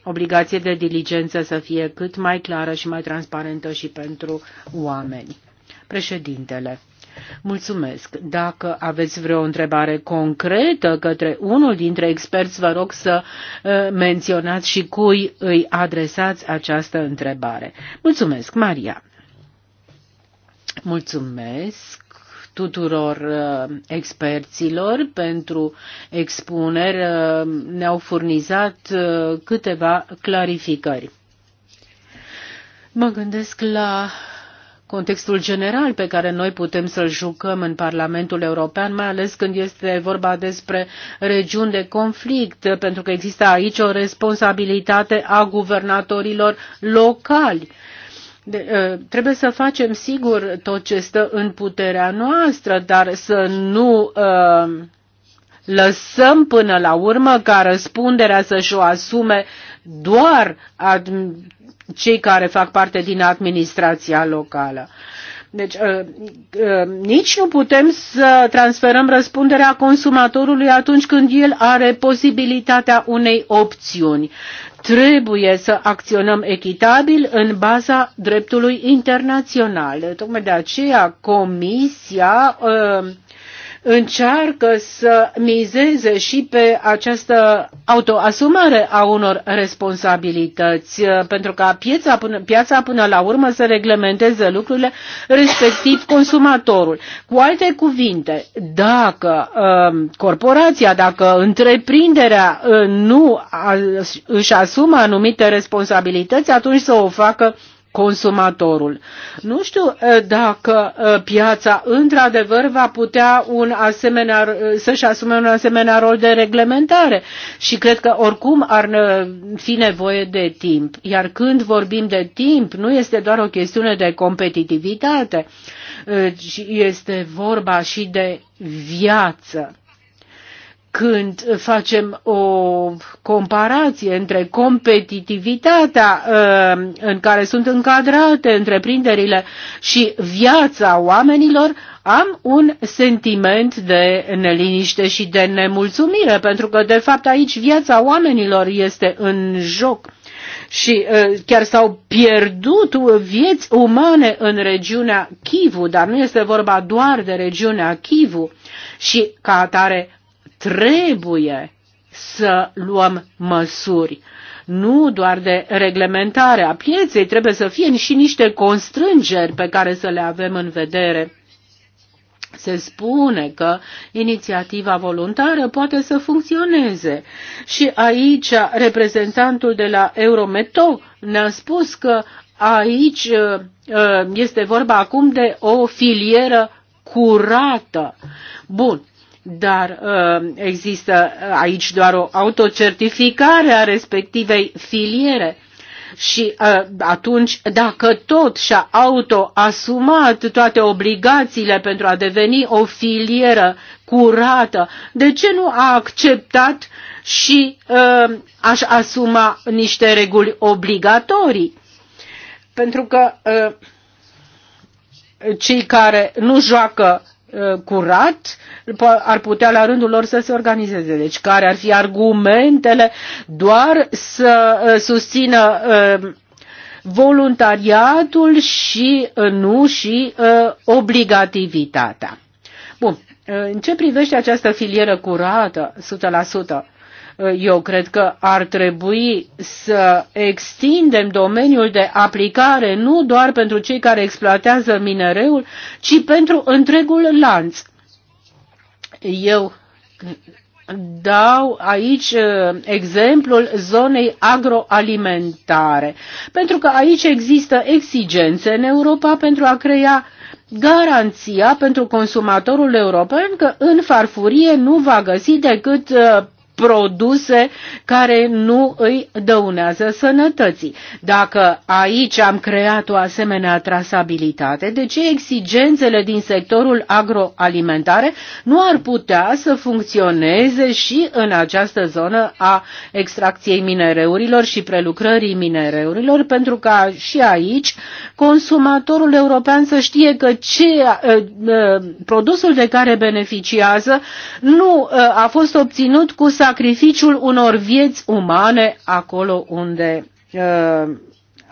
Speaker 1: obligație de diligență să fie cât mai clară și mai transparentă și pentru oameni. Președintele. Mulțumesc. Dacă aveți vreo întrebare concretă către unul dintre experți, vă rog să uh, menționați și cui îi adresați această întrebare. Mulțumesc, Maria. Mulțumesc tuturor uh, experților pentru expuneri. Uh, ne-au furnizat uh, câteva clarificări. Mă gândesc la contextul general pe care noi putem să-l jucăm în Parlamentul European, mai ales când este vorba despre regiuni de conflict, pentru că există aici o responsabilitate a guvernatorilor locali. De, ă, trebuie să facem sigur tot ce stă în puterea noastră, dar să nu uh, lăsăm până la urmă ca răspunderea să-și o asume doar cei care fac parte din administrația locală. Deci uh, uh, nici nu putem să transferăm răspunderea consumatorului atunci când el are posibilitatea unei opțiuni. Trebuie să acționăm echitabil în baza dreptului internațional. Tocmai de aceea Comisia uh, încearcă să mizeze și pe această autoasumare a unor responsabilități, uh, pentru ca piața până, piața până la urmă să reglementeze lucrurile, respectiv consumatorul. Cu alte cuvinte, dacă uh, corporația, dacă întreprinderea uh, nu a, își asumă anumite responsabilități, atunci să o facă uh, consumatorul. Nu știu eh, dacă eh, piața într-adevăr va putea un asemenea, eh, să-și asume un asemenea rol de reglementare și cred că oricum ar fi nevoie de timp. Iar când vorbim de timp, nu este doar o chestiune de competitivitate, ci este vorba și de viață când facem o comparație între competitivitatea uh, în care sunt încadrate întreprinderile și viața oamenilor, am un sentiment de neliniște și de nemulțumire, pentru că, de fapt, aici viața oamenilor este în joc. Și uh, chiar s-au pierdut vieți umane în regiunea Kivu, dar nu este vorba doar de regiunea Kivu. Și, ca atare, trebuie să luăm măsuri. Nu doar de reglementare a pieței, trebuie să fie și niște constrângeri pe care să le avem în vedere. Se spune că inițiativa voluntară poate să funcționeze. Și aici reprezentantul de la Eurometo ne-a spus că aici uh, uh, este vorba acum de o filieră curată. Bun, dar uh, există uh, aici doar o autocertificare a respectivei filiere. Și uh, atunci, dacă tot și-a autoasumat toate obligațiile pentru a deveni o filieră curată, de ce nu a acceptat și aș asuma niște reguli obligatorii? Pentru că cei care nu joacă Uh, curat ar putea la rândul lor să se organizeze. Deci care ar fi argumentele doar să uh, susțină uh, voluntariatul și nu și obligativitatea. Bun. În ce privește această filieră curată, eu cred că ar trebui să extindem domeniul de aplicare nu doar pentru cei care exploatează minereul, ci pentru întregul lanț. Eu dau aici uh, exemplul zonei agroalimentare, pentru că aici există exigențe în Europa pentru a crea garanția pentru consumatorul european că în farfurie nu va găsi decât uh, produse care nu îi dăunează sănătății. Dacă aici am creat o asemenea trasabilitate, de ce exigențele din sectorul agroalimentare nu ar putea să funcționeze și în această zonă a extracției minereurilor și prelucrării minereurilor, pentru ca și aici consumatorul european să știe că ce, eh, eh, produsul de care beneficiază nu eh, a fost obținut cu sacrificiul unor vieți umane acolo unde uh,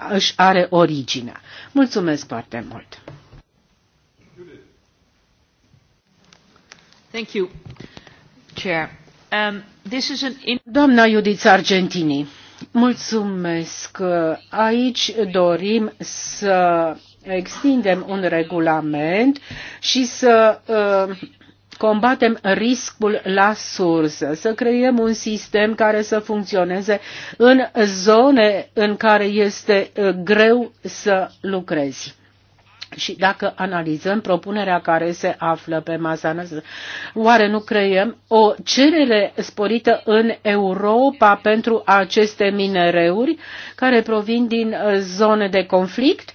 Speaker 1: își are originea. Mulțumesc foarte mult! Thank you, Chair. Um, this is an... Doamna Iudiță Argentini, mulțumesc. Aici dorim să extindem un regulament și să uh, combatem riscul la sursă, să creăm un sistem care să funcționeze în zone în care este uh, greu să lucrezi. Și dacă analizăm propunerea care se află pe masa noastră, oare nu creăm o cerere sporită în Europa pentru aceste minereuri care provin din uh, zone de conflict?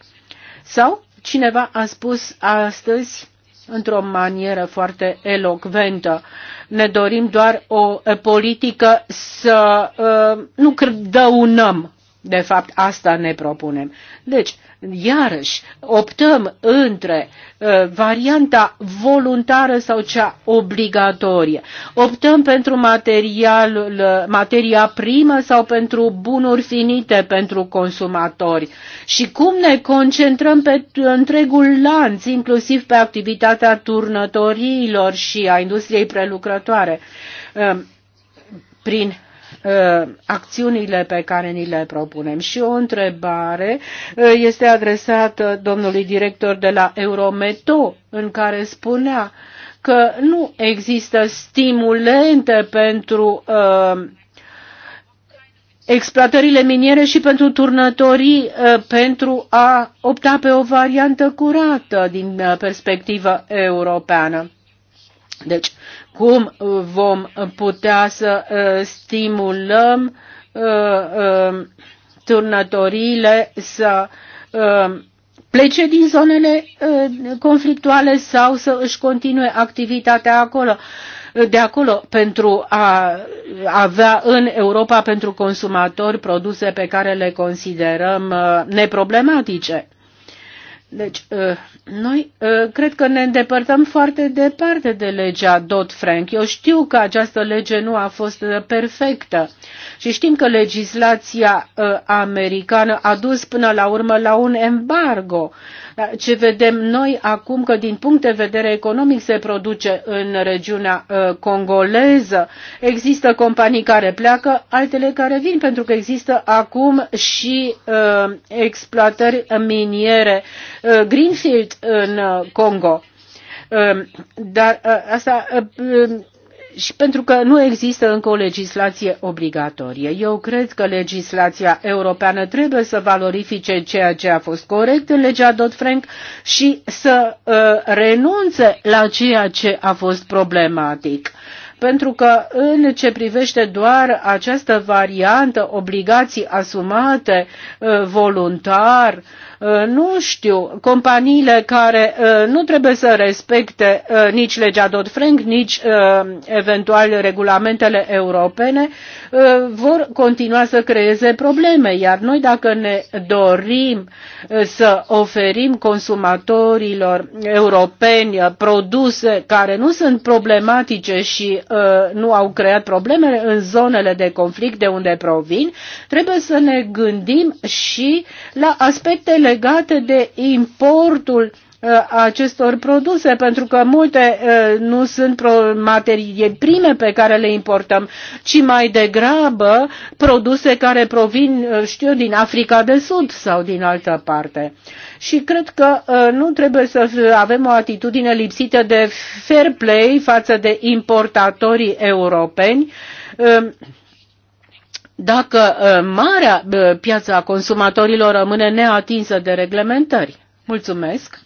Speaker 1: Sau cineva a spus astăzi într-o manieră foarte elocventă. Ne dorim doar o eh, politică să eh, nu dăunăm de fapt, asta ne propunem. Deci, iarăși, optăm între uh, varianta voluntară sau cea obligatorie. Optăm pentru materialul, uh, materia primă sau pentru bunuri finite pentru consumatori. Și cum ne concentrăm pe întregul lanț, inclusiv pe activitatea turnătorilor și a industriei prelucrătoare. Uh, prin Uh, acțiunile pe care ni le propunem. Și o întrebare uh, este adresată domnului director de la Eurometo, în care spunea că nu există stimulente pentru uh, exploatările miniere și pentru turnătorii pentru a opta pe o variantă curată din perspectivă europeană. Deci, cum uh, vom putea să uh, stimulăm uh, turnătorile să plece din zonele conflictuale sau să își continue activitatea acolo, de acolo pentru a avea în Europa pentru consumatori produse pe care le considerăm neproblematice. Deci noi ă, cred că ne îndepărtăm foarte departe de legea Dodd-Frank. Eu știu că această lege nu a fost ă, perfectă și știm că legislația ă, americană a dus până la urmă la un embargo ce vedem noi acum că din punct de vedere economic se produce în regiunea uh, congoleză? Există companii care pleacă, altele care vin, pentru că există acum și uh, exploatări miniere uh, Greenfield în Congo dar asta și pentru că nu există încă o legislație obligatorie. Eu cred că legislația europeană trebuie să valorifice ceea ce a fost corect în legea Dodd-Frank și să uh, renunțe la ceea ce a fost problematic. Uh, pentru că în ce privește doar această variantă obligații asumate uh, voluntar, uh, nu știu, companiile care uh, nu trebuie să respecte nici legea Dodd-Frank, nici eventual regulamentele europene, vor continua să creeze probleme, iar noi dacă ne dorim să oferim consumatorilor europeni produse care nu sunt problematice și Uh, nu au creat probleme în zonele de conflict de unde provin, trebuie să ne gândim și la aspecte legate de importul Uh, acestor produse, pentru că multe uh, nu sunt materii prime pe care le importăm, ci mai degrabă produse care provin, uh, știu, din Africa de Sud sau din altă parte. Și cred că nu trebuie să avem o atitudine lipsită de fair play față de importatorii europeni, dacă marea piață a consumatorilor rămâne neatinsă de reglementări. Mulțumesc!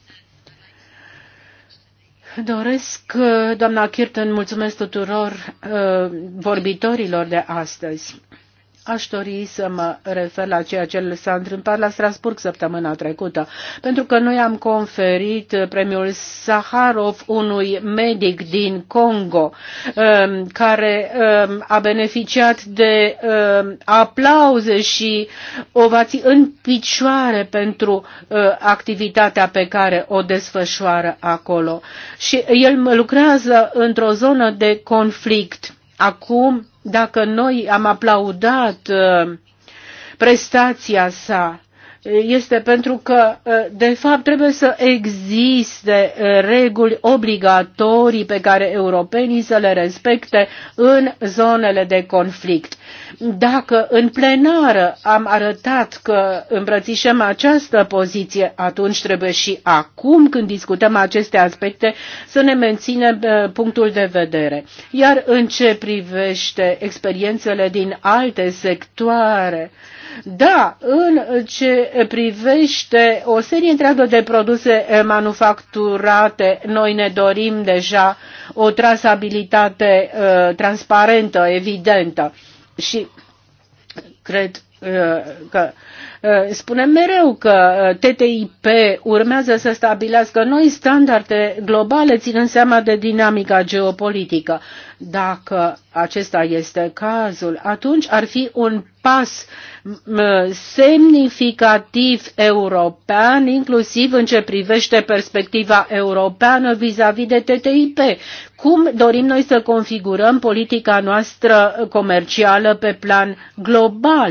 Speaker 1: Doresc, doamna Kirten, mulțumesc tuturor uh, vorbitorilor de astăzi. Aș dori să mă refer la ceea ce s-a întâmplat la Strasburg săptămâna trecută, pentru că noi am conferit premiul Saharov unui medic din Congo um, care um, a beneficiat de um, aplauze și ovații în picioare pentru uh, activitatea pe care o desfășoară acolo. Și el lucrează într-o zonă de conflict. Acum dacă noi am aplaudat uh, prestația sa, este pentru că, uh, de fapt, trebuie să existe uh, reguli obligatorii pe care europenii să le respecte în zonele de conflict. Dacă în plenară am arătat că îmbrățișăm această poziție, atunci trebuie și acum, când discutăm aceste aspecte, să ne menținem uh, punctul de vedere. Iar în ce privește experiențele din alte sectoare, da, în ce privește o serie întreagă de produse eh, manufacturate, noi ne dorim deja o trasabilitate uh, transparentă, evidentă și cred Uh, că uh, spunem mereu că uh, TTIP urmează să stabilească noi standarde globale, ținând seama de dinamica geopolitică. Dacă acesta este cazul, atunci ar fi un pas semnificativ european, inclusiv în ce privește perspectiva europeană vis-a-vis -vis de TTIP. Cum dorim noi să configurăm politica noastră comercială pe plan global?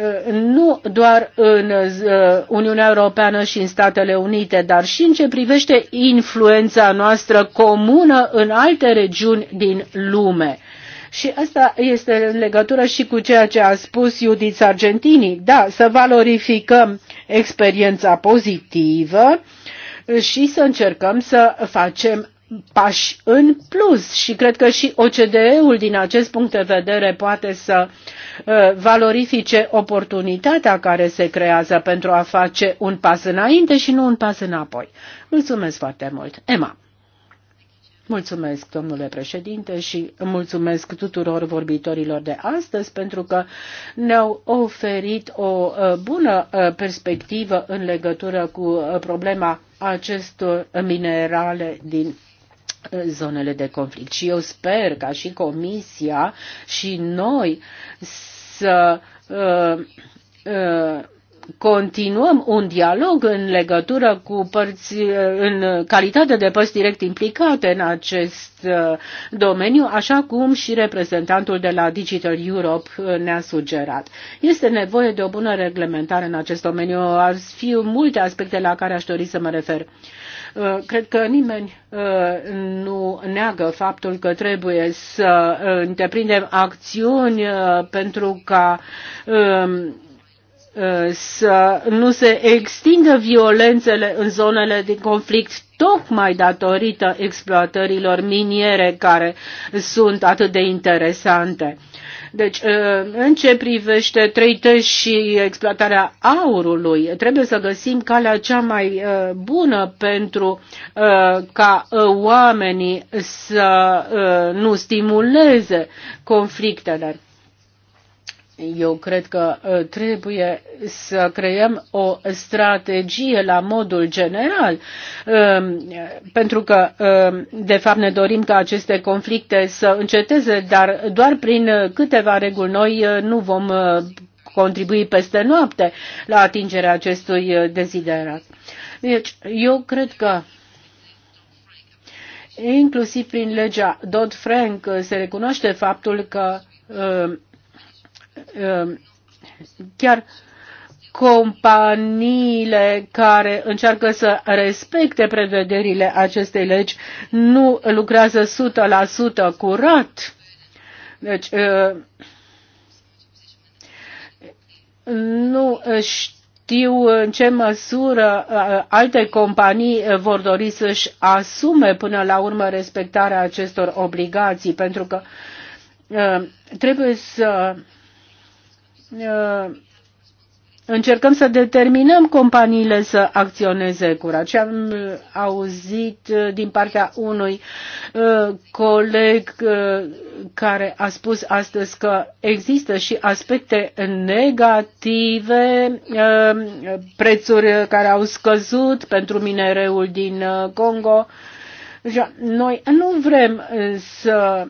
Speaker 1: Uh, nu doar în uh, Uniunea Europeană și în Statele Unite, dar și în ce privește influența noastră comună în alte regiuni din lume. Și asta este în legătură și cu ceea ce a spus Judith Argentini. Da, să valorificăm experiența pozitivă și să încercăm să facem pași în plus și cred că și OCDE-ul din acest punct de vedere poate să Uh, valorifice oportunitatea care se creează pentru a face un pas înainte și nu un pas înapoi. Mulțumesc foarte mult. Emma. Mulțumesc, domnule președinte, și mulțumesc tuturor vorbitorilor de astăzi pentru că ne-au oferit o uh, bună uh, perspectivă în legătură cu problema acestor minerale din zonele de conflict. Și eu sper ca și Comisia și noi să uh, uh, continuăm un dialog în legătură cu părți, în calitate de părți direct implicate în acest ă, domeniu, așa cum și reprezentantul de la Digital Europe ne-a sugerat. Este nevoie de o bună reglementare în acest domeniu. Ar fi multe aspecte la care aș dori să mă refer. Uh, cred că nimeni uh, nu neagă faptul că trebuie să întreprindem acțiuni uh, pentru ca um, să nu se extindă violențele în zonele de conflict tocmai datorită exploatărilor miniere care sunt atât de interesante. Deci, ă, în ce privește trei și exploatarea aurului, trebuie să găsim calea cea mai ă, bună pentru ă, ca oamenii să nu stimuleze conflictele. Eu cred că uh, trebuie să creăm o strategie la modul general, um, pentru că, um, de fapt, ne dorim ca aceste conflicte să înceteze, dar doar prin câteva reguli noi uh, nu vom uh, contribui peste noapte la atingerea acestui deziderat. Deci, eu cred că inclusiv prin legea Dodd-Frank se recunoaște faptul că um, Ehm, chiar companiile care încearcă să respecte prevederile acestei legi nu lucrează 100% curat. Deci, ehm, nu știu în ce măsură ehm, alte companii vor dori să-și asume până la urmă respectarea acestor obligații, pentru că trebuie să Uh, încercăm să determinăm companiile să acționeze curat. Ce am uh, auzit uh, din partea unui coleg care a spus astăzi că există și aspecte negative, prețuri care au scăzut pentru minereul din Congo. Noi nu vrem să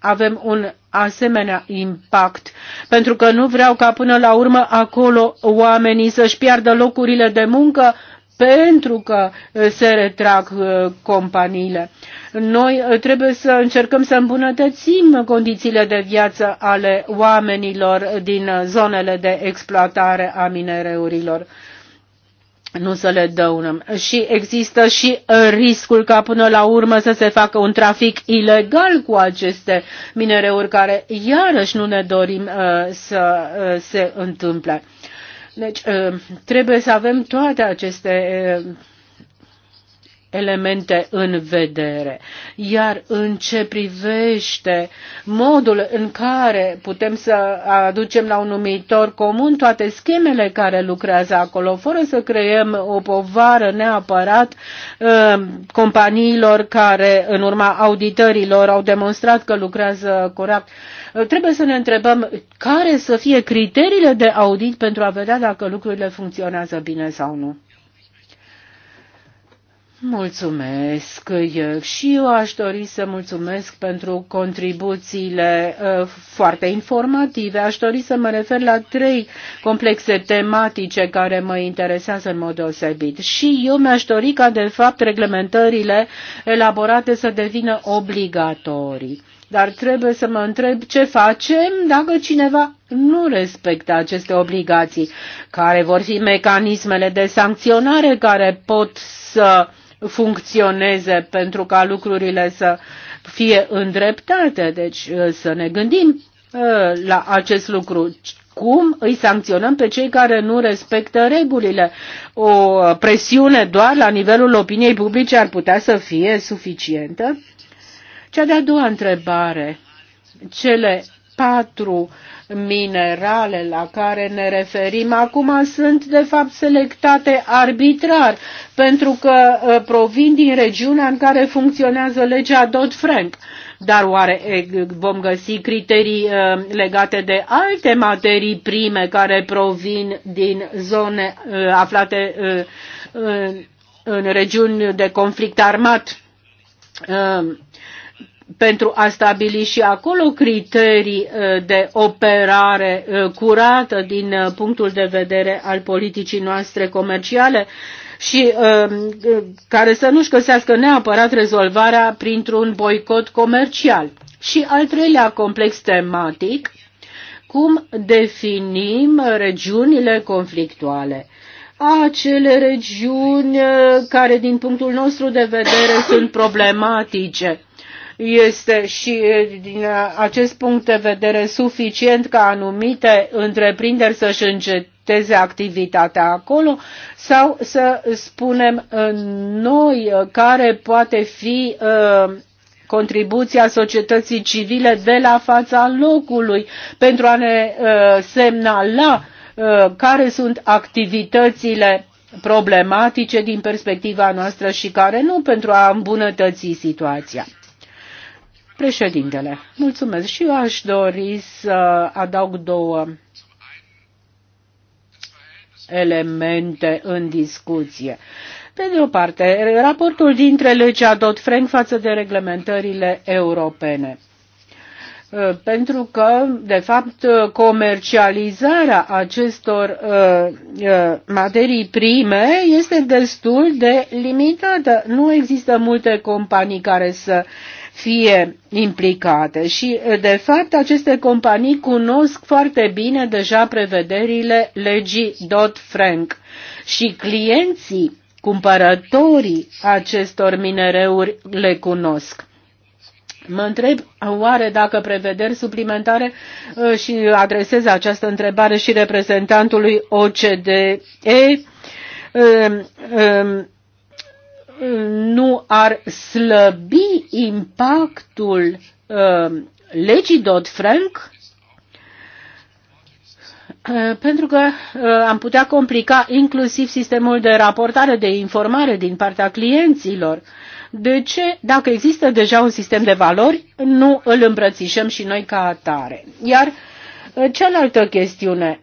Speaker 1: avem un asemenea impact, pentru că nu vreau ca până la urmă acolo oamenii să-și piardă locurile de muncă pentru că se retrag companiile. Noi trebuie să încercăm să îmbunătățim condițiile de viață ale oamenilor din zonele de exploatare a minereurilor nu să le dăunăm. Și există și riscul ca până la urmă să se facă un trafic ilegal cu aceste minereuri care iarăși nu ne dorim uh, să uh, se întâmple. Deci uh, trebuie să avem toate aceste uh, elemente în vedere. Iar în ce privește modul în care putem să aducem la un numitor comun toate schemele care lucrează acolo, fără să creăm o povară neapărat uh, companiilor care în urma auditărilor au demonstrat că lucrează corect. Uh, trebuie să ne întrebăm care să fie criteriile de audit pentru a vedea dacă lucrurile funcționează bine sau nu. Mulțumesc. Iac. și eu aș dori să mulțumesc pentru contribuțiile uh, foarte informative. Aș dori să mă refer la trei complexe tematice care mă interesează în mod deosebit. Și eu mi-aș dori ca, de fapt, reglementările elaborate să devină obligatorii. Dar trebuie să mă întreb ce facem dacă cineva nu respectă aceste obligații, care vor fi mecanismele de sancționare care pot să funcționeze pentru ca lucrurile să fie îndreptate. Deci uh, să ne gândim uh, la acest lucru. Cum îi sancționăm pe cei care nu respectă regulile? O presiune doar la nivelul opiniei publice ar putea să fie suficientă? Cea de-a doua întrebare. Cele patru uh, minerale la care ne referim acum sunt de fapt selectate arbitrar pentru că uh, provin din regiunea în care funcționează legea Dodd-Frank. Dar oare vom găsi criterii uh, legate de alte materii prime care provin din zone uh, aflate în regiuni de conflict armat? pentru a stabili și acolo criterii uh, de operare uh, curată din uh, punctul de vedere al politicii noastre comerciale și care să nu-și găsească neapărat rezolvarea printr-un boicot comercial. Și al treilea complex tematic, cum definim regiunile conflictuale acele regiuni care, din punctul nostru de vedere, sunt problematice. Este și din acest punct de vedere suficient ca anumite întreprinderi să-și înceteze activitatea acolo sau să spunem noi care poate fi contribuția societății civile de la fața locului pentru a ne semnala care sunt activitățile problematice din perspectiva noastră și care nu pentru a îmbunătăți situația. Președintele, mulțumesc și eu aș dori să adaug două elemente în discuție. Pe de o parte, raportul dintre legea Dodd-Frank față de reglementările europene pentru că, de fapt, comercializarea acestor uh, uh, materii prime este destul de limitată. Nu există multe companii care să fie implicate. Și, de fapt, aceste companii cunosc foarte bine deja prevederile legii Dodd-Frank și clienții, cumpărătorii acestor minereuri le cunosc. Mă întreb oare dacă prevederi suplimentare uh, și adresez această întrebare și reprezentantului OCDE um, um, nu ar slăbi impactul uh, legii Dodd-Frank? Uh, pentru că uh, am putea complica inclusiv sistemul de raportare, de informare din partea clienților. De ce, dacă există deja un sistem de valori, nu îl îmbrățișăm și noi ca atare? Iar uh, cealaltă chestiune,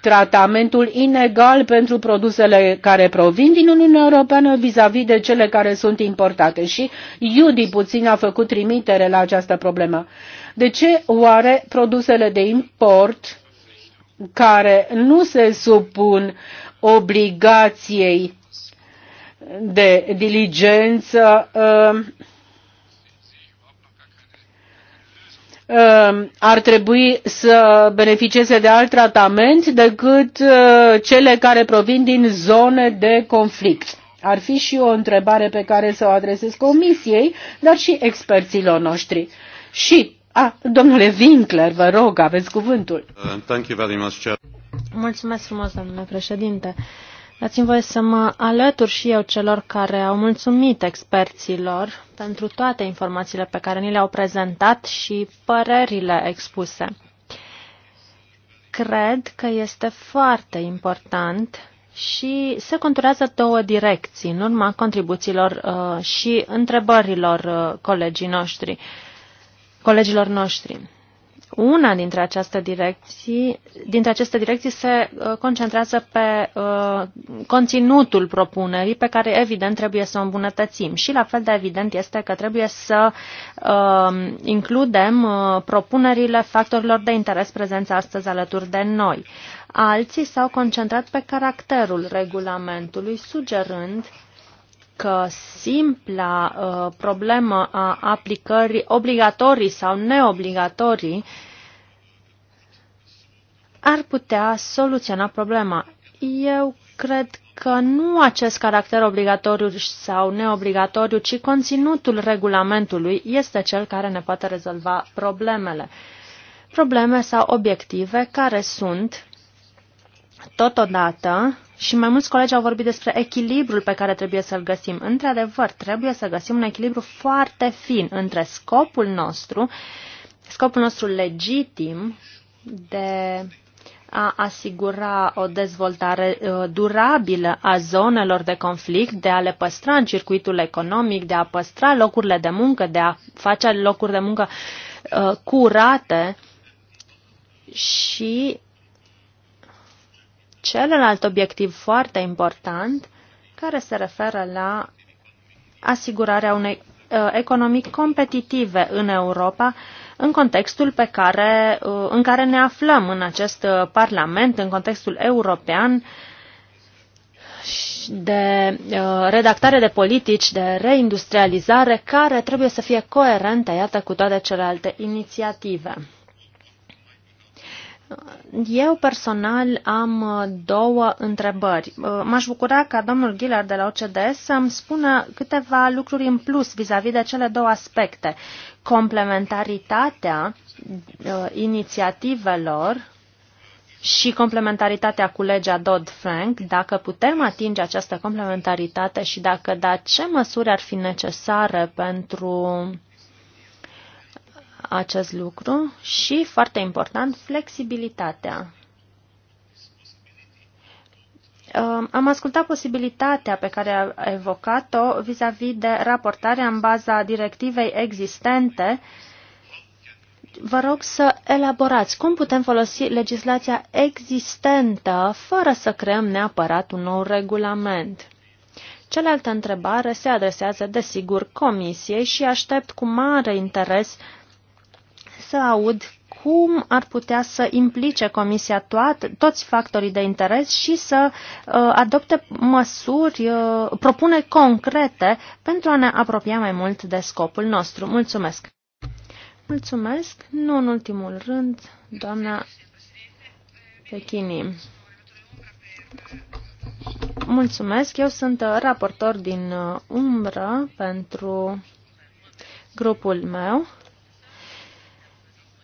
Speaker 1: tratamentul inegal pentru produsele care provin din Uniunea Europeană vis-a-vis -vis de cele care sunt importate. Și Iudi puțin a făcut trimitere la această problemă. De ce oare produsele de import care nu se supun obligației de diligență uh, Um, ar trebui să beneficieze de alt tratament decât uh, cele care provin din zone de conflict. Ar fi și o întrebare pe care să o adresez comisiei, dar și experților noștri. Și, a, domnule Winkler, vă rog, aveți cuvântul. Uh,
Speaker 3: Mulțumesc frumos, domnule președinte. Dați-mi voie să mă alătur și eu celor care au mulțumit experților pentru toate informațiile pe care ni le-au prezentat și părerile expuse. Cred că este foarte important și se conturează două direcții în urma contribuțiilor uh, și întrebărilor uh, colegii noștri, colegilor noștri. Una dintre aceste direcții, dintre aceste direcții se uh, concentrează pe uh, conținutul propunerii pe care evident trebuie să o îmbunătățim și la fel de evident este că trebuie să uh, includem uh, propunerile factorilor de interes prezenți astăzi alături de noi. Alții s-au concentrat pe caracterul regulamentului, sugerând că simpla uh, problemă a aplicării obligatorii sau neobligatorii ar putea soluționa problema. Eu cred că nu acest caracter obligatoriu sau neobligatoriu, ci conținutul regulamentului este cel care ne poate rezolva problemele. Probleme sau obiective care sunt totodată și mai mulți colegi au vorbit despre echilibrul pe care trebuie să-l găsim. Într-adevăr, trebuie să găsim un echilibru foarte fin între scopul nostru, scopul nostru legitim de a asigura o dezvoltare uh, durabilă a zonelor de conflict, de a le păstra în circuitul economic, de a păstra locurile de muncă, de a face locuri de muncă uh, curate și celălalt obiectiv foarte important care se referă la asigurarea unei uh, economii competitive în Europa, uh, în contextul pe care, uh, în care ne aflăm în acest uh, Parlament, în contextul european de uh, redactare de politici, de reindustrializare, care trebuie să fie coerentă, iată, cu toate celelalte inițiative. Eu personal am două întrebări. M-aș bucura ca domnul Ghilar de la OCDE să-mi spună câteva lucruri în plus vis-a-vis -vis de cele două aspecte complementaritatea uh, inițiativelor și complementaritatea cu legea Dodd-Frank, dacă putem atinge această complementaritate și dacă da, ce măsuri ar fi necesare pentru acest lucru și, foarte important, flexibilitatea. Am ascultat posibilitatea pe care a evocat-o vis-a-vis de raportarea în baza directivei existente. Vă rog să elaborați cum putem folosi legislația existentă fără să creăm neapărat un nou regulament. Cealaltă întrebare se adresează, desigur, Comisiei și aștept cu mare interes să aud cum ar putea să implice Comisia toat, toți factorii de interes și să uh, adopte măsuri, uh, propune concrete pentru a ne apropia mai mult de scopul nostru. Mulțumesc! Mulțumesc, nu în ultimul rând, doamna Pechini. Mulțumesc, eu sunt raportor din uh, umbră pentru grupul meu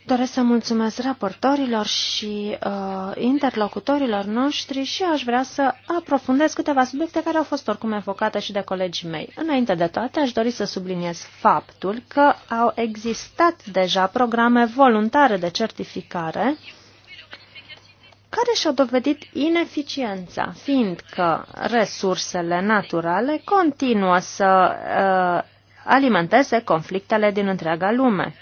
Speaker 3: Doresc să mulțumesc raportorilor și uh, interlocutorilor noștri și aș vrea să aprofundez câteva subiecte care au fost oricum evocate și de colegii mei. Înainte de toate, aș dori să subliniez faptul că au existat deja programe voluntare de certificare care și-au dovedit ineficiența, fiindcă resursele naturale continuă să uh, alimenteze conflictele din întreaga lume.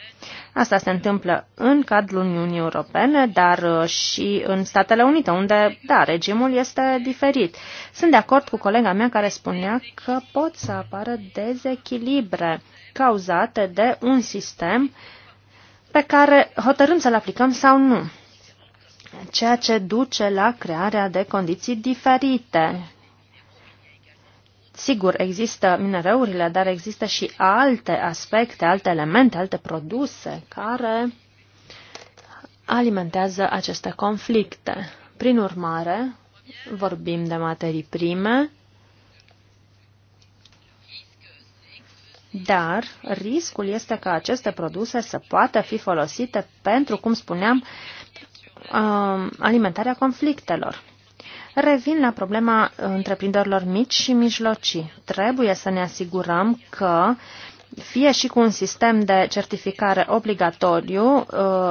Speaker 3: Asta se întâmplă în cadrul Uniunii Europene, dar uh, și în Statele Unite, unde, da, regimul este diferit. Sunt de acord cu colega mea care spunea că pot să apară dezechilibre cauzate de un sistem pe care hotărâm să-l aplicăm sau nu, ceea ce duce la crearea de condiții diferite Sigur, există minereurile, dar există și alte aspecte, alte elemente, alte produse care alimentează aceste conflicte. Prin urmare, vorbim de materii prime, dar riscul este ca aceste produse să poată fi folosite pentru, cum spuneam, um, alimentarea conflictelor. Revin la problema întreprinderilor mici și mijlocii. Trebuie să ne asigurăm că fie și cu un sistem de certificare obligatoriu, uh,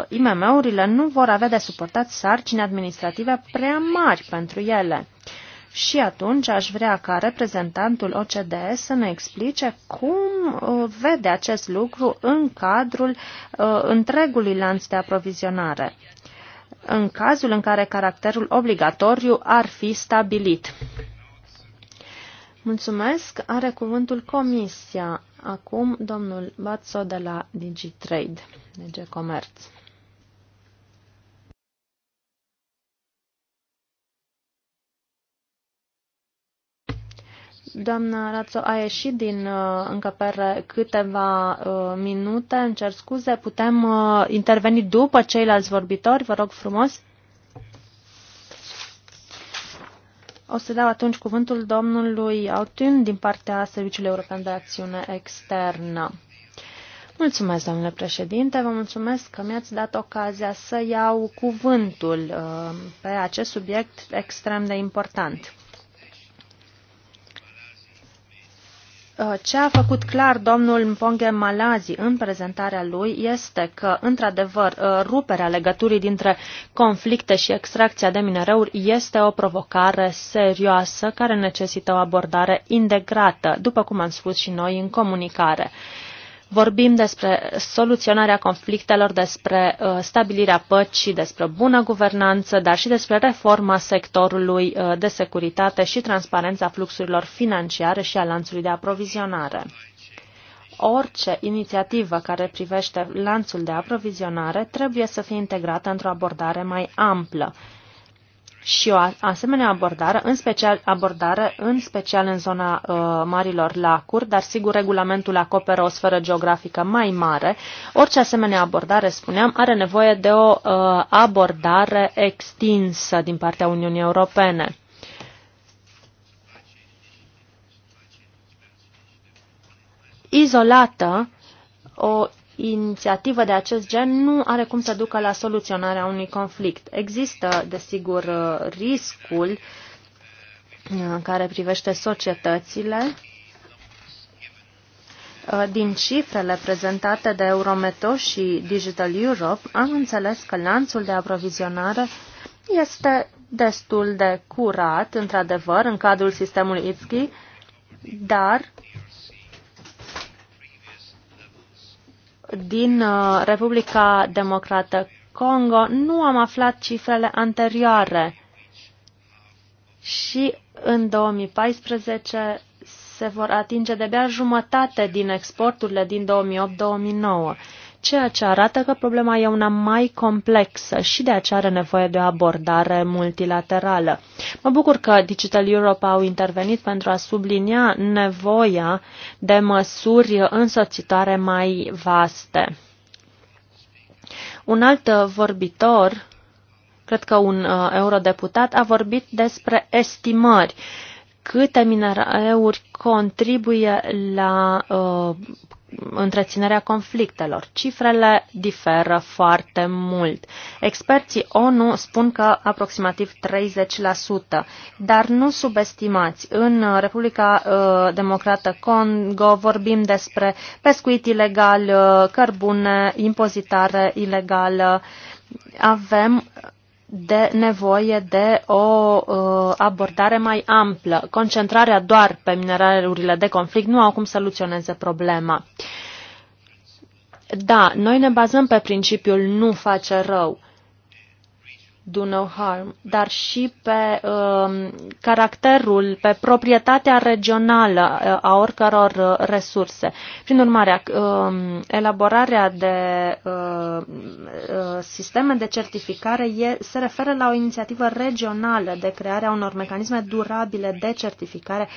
Speaker 3: IMM-urile nu vor avea de suportat sarcini administrative prea mari pentru ele. Și atunci aș vrea ca reprezentantul OCDE să ne explice cum uh, vede acest lucru în cadrul uh, întregului lanț de aprovizionare în cazul în care caracterul obligatoriu ar fi stabilit. Mulțumesc. Are cuvântul Comisia. Acum domnul Batso de la DigiTrade, DG Comerț. Doamna Rațo, a ieșit din uh, încăpere câteva uh, minute, îmi cer scuze, putem uh, interveni după ceilalți vorbitori, vă rog frumos. O să dau atunci cuvântul domnului Autun din partea Serviciului European de Acțiune Externă. Mulțumesc, domnule președinte, vă mulțumesc că mi-ați dat ocazia să iau cuvântul uh, pe acest subiect extrem de important. Uh, ce a făcut clar domnul Mponghe Malazi în prezentarea lui este că, într-adevăr, uh, ruperea legăturii dintre conflicte și extracția de minereuri este o provocare serioasă care necesită o abordare integrată, după cum am spus și noi în comunicare. Vorbim despre soluționarea conflictelor, despre uh, stabilirea păcii, despre bună guvernanță, dar și despre reforma sectorului uh, de securitate și transparența fluxurilor financiare și a lanțului de aprovizionare. Orice inițiativă care privește lanțul de aprovizionare trebuie să fie integrată într-o abordare mai amplă și o asemenea abordare, în special, abordare, în special în zona uh, marilor lacuri, dar sigur regulamentul acoperă o sferă geografică mai mare. Orice asemenea abordare, spuneam, are nevoie de o uh, abordare extinsă din partea Uniunii Europene. Izolată, o inițiativă de acest gen nu are cum să ducă la soluționarea unui conflict. Există, desigur, riscul uh, care privește societățile. Uh, din cifrele prezentate de Eurometo și Digital Europe, am înțeles că lanțul de aprovizionare este destul de curat, într-adevăr, în cadrul sistemului ITSCI, dar din uh, Republica Democrată Congo nu am aflat cifrele anterioare și în 2014 se vor atinge de bea jumătate din exporturile din 2008-2009 ceea ce arată că problema e una mai complexă și de aceea are nevoie de o abordare multilaterală. Mă bucur că Digital Europe au intervenit pentru a sublinia nevoia de măsuri însoțitoare mai vaste. Un alt vorbitor, cred că un uh, eurodeputat, a vorbit despre estimări câte minereuri contribuie la uh, întreținerea conflictelor. Cifrele diferă foarte mult. Experții ONU spun că aproximativ 30%, dar nu subestimați. În Republica uh, Democrată Congo vorbim despre pescuit ilegal, uh, cărbune, impozitare ilegală. Avem de nevoie de o uh, abordare mai amplă. Concentrarea doar pe mineralurile de conflict nu au cum soluționeze problema. Da, noi ne bazăm pe principiul nu face rău. Uh, do no harm, dar și pe uh, caracterul, pe proprietatea regională uh, a oricăror uh, resurse. Prin urmare, uh, elaborarea de uh, uh, sisteme de certificare e, se referă la o inițiativă regională de crearea unor mecanisme durabile de certificare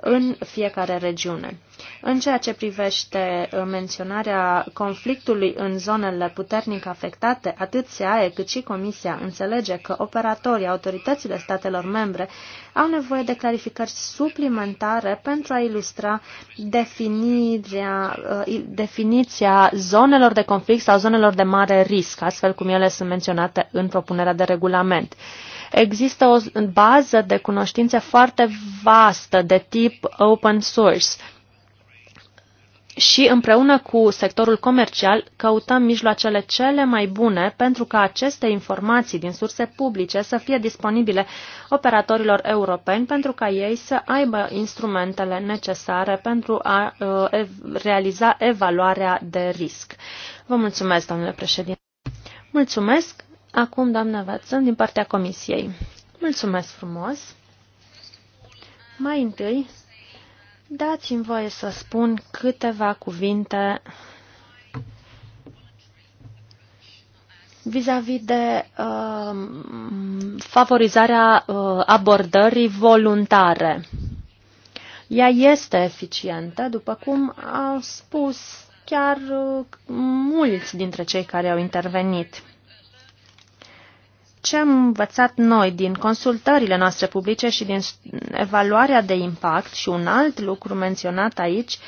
Speaker 3: în fiecare regiune. În ceea ce privește uh, menționarea conflictului în zonele puternic afectate, atât SAE cât și Comisia înțelege că operatorii, autoritățile statelor membre au nevoie de clarificări suplimentare pentru a ilustra definiția, uh, definiția zonelor de conflict sau zonelor de mare risc, astfel cum ele sunt menționate în propunerea de regulament. Există o bază de cunoștințe foarte vastă de tip open source și împreună cu sectorul comercial căutăm mijloacele cele mai bune pentru ca aceste informații din surse publice să fie disponibile operatorilor europeni pentru ca ei să aibă instrumentele necesare pentru a uh, realiza evaluarea de risc. Vă mulțumesc, domnule președinte. Mulțumesc. Acum, doamna Watson, din partea Comisiei. Mulțumesc frumos! Mai întâi, dați-mi voie să spun câteva cuvinte vis-a-vis -vis de uh, favorizarea uh, abordării voluntare. Ea este eficientă, după cum au spus chiar uh, mulți dintre cei care au intervenit ce am învățat noi din consultările noastre publice și din evaluarea de impact și un alt lucru menționat aici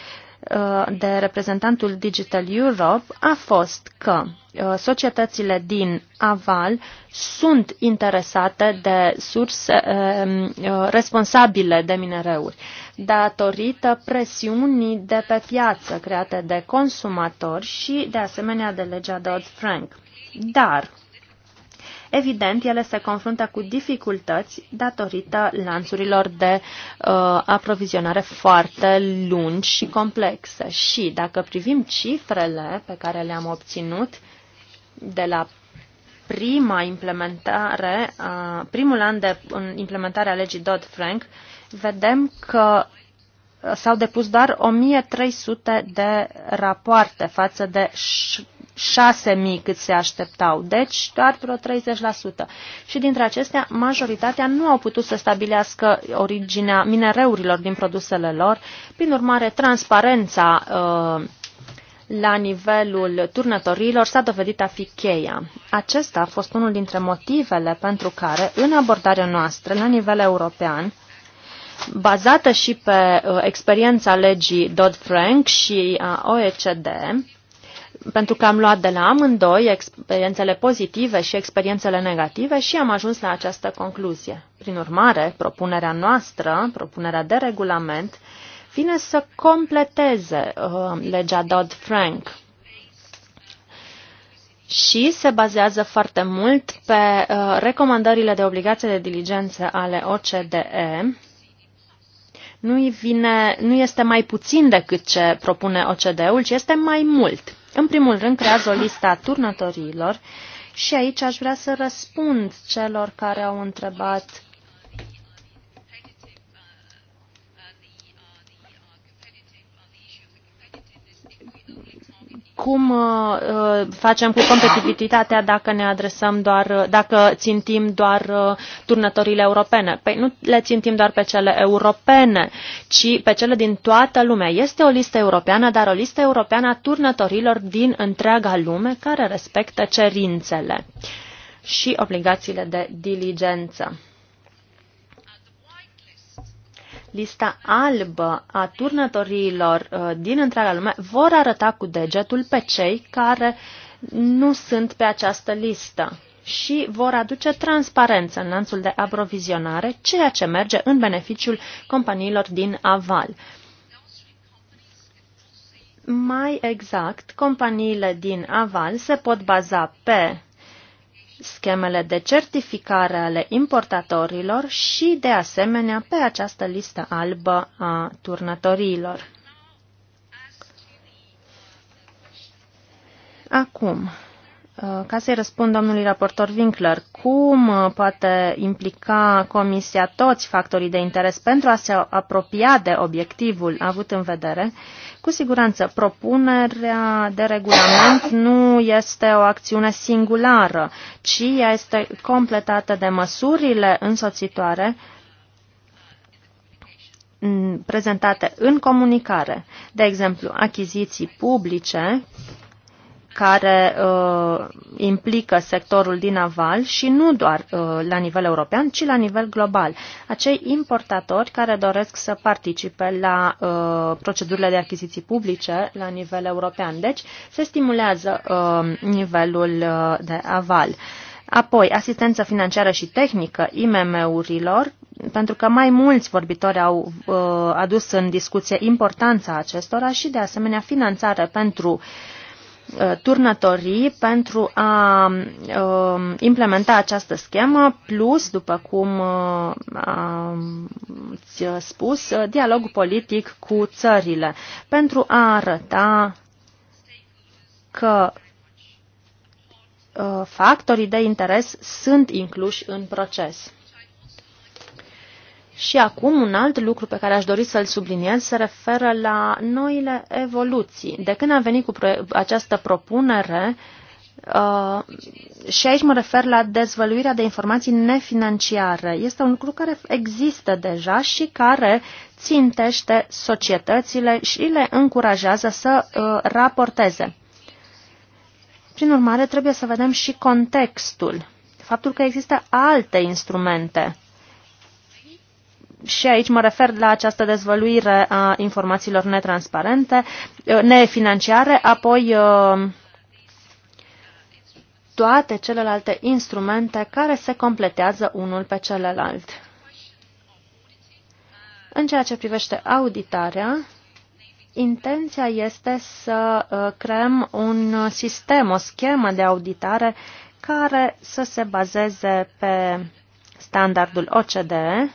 Speaker 3: uh, de reprezentantul Digital Europe a fost că uh, societățile din aval sunt interesate de surse um, uh, responsabile de minereuri datorită presiunii de pe piață create de consumatori și de asemenea de legea Dodd-Frank. Dar Evident, ele se confruntă cu dificultăți datorită lanțurilor de uh, aprovizionare foarte lungi și complexe. Și dacă privim cifrele pe care le-am obținut de la prima implementare, uh, primul an de implementare a legii Dodd-Frank, vedem că s-au depus doar 1300 de rapoarte față de 6.000 cât se așteptau, deci doar vreo 30%. Și dintre acestea, majoritatea nu au putut să stabilească originea minereurilor din produsele lor, prin urmare, transparența uh, la nivelul turnătorilor s-a dovedit a fi cheia. Acesta a fost unul dintre motivele pentru care, în abordarea noastră la nivel european, bazată și pe uh, experiența legii Dodd-Frank și a OECD, pentru că am luat de la amândoi experiențele pozitive și experiențele negative și am ajuns la această concluzie. Prin urmare, propunerea noastră, propunerea de regulament, vine să completeze uh, legea Dodd-Frank și se bazează foarte mult pe uh, recomandările de obligație de diligență ale OCDE. Nu, vine, nu este mai puțin decât ce propune OCDE-ul, ci este mai mult. În primul rând, creează o listă a turnătorilor și aici aș vrea să răspund celor care au întrebat cum uh, uh, facem cu competitivitatea dacă ne adresăm doar, uh, dacă țintim doar turnătorile europene. Păi nu le țintim doar pe cele europene, ci pe cele din toată lumea. Este o listă europeană, dar o listă europeană a turnătorilor din întreaga lume care respectă cerințele și obligațiile de diligență lista albă a turnătorilor uh, din întreaga lume vor arăta cu degetul pe cei care nu sunt pe această listă și vor aduce transparență în lanțul de aprovizionare, ceea ce merge în beneficiul companiilor din aval. Mai exact, companiile din aval se pot baza pe schemele de certificare ale importatorilor și, de asemenea, pe această listă albă a turnătorilor. Acum, Uh, ca să-i răspund domnului raportor Winkler, cum uh, poate implica Comisia toți factorii de interes pentru a se apropia de obiectivul avut în vedere? Cu siguranță, propunerea de regulament nu este o acțiune singulară, ci ea este completată de măsurile însoțitoare mm, prezentate în comunicare, de exemplu, achiziții publice, care uh, implică sectorul din aval și nu doar uh, la nivel european, ci la nivel global. Acei importatori care doresc să participe la uh, procedurile de achiziții publice la nivel european. Deci se stimulează uh, nivelul uh, de aval. Apoi, asistență financiară și tehnică IMM-urilor, pentru că mai mulți vorbitori au uh, adus în discuție importanța acestora și, de asemenea, finanțare pentru uh, Uh, turnătorii pentru a um, implementa această schemă, plus, după cum s-a uh, spus, uh, dialogul politic cu țările, pentru a arăta că factorii de interes sunt incluși în proces. Și acum, un alt lucru pe care aș dori să-l subliniez se referă la noile evoluții. De când am venit cu această propunere, Uh, și aici mă refer la dezvăluirea de informații nefinanciare. Este un lucru care există deja și care țintește societățile și le încurajează să uh, raporteze. Prin urmare, trebuie să vedem și contextul, faptul că există alte instrumente și aici mă refer la această dezvăluire a informațiilor netransparente, eh, nefinanciare, apoi eh, toate celelalte instrumente care se completează unul pe celălalt. În ceea ce privește auditarea, intenția este să eh, creăm un sistem, o schemă de auditare care să se bazeze pe standardul OCDE,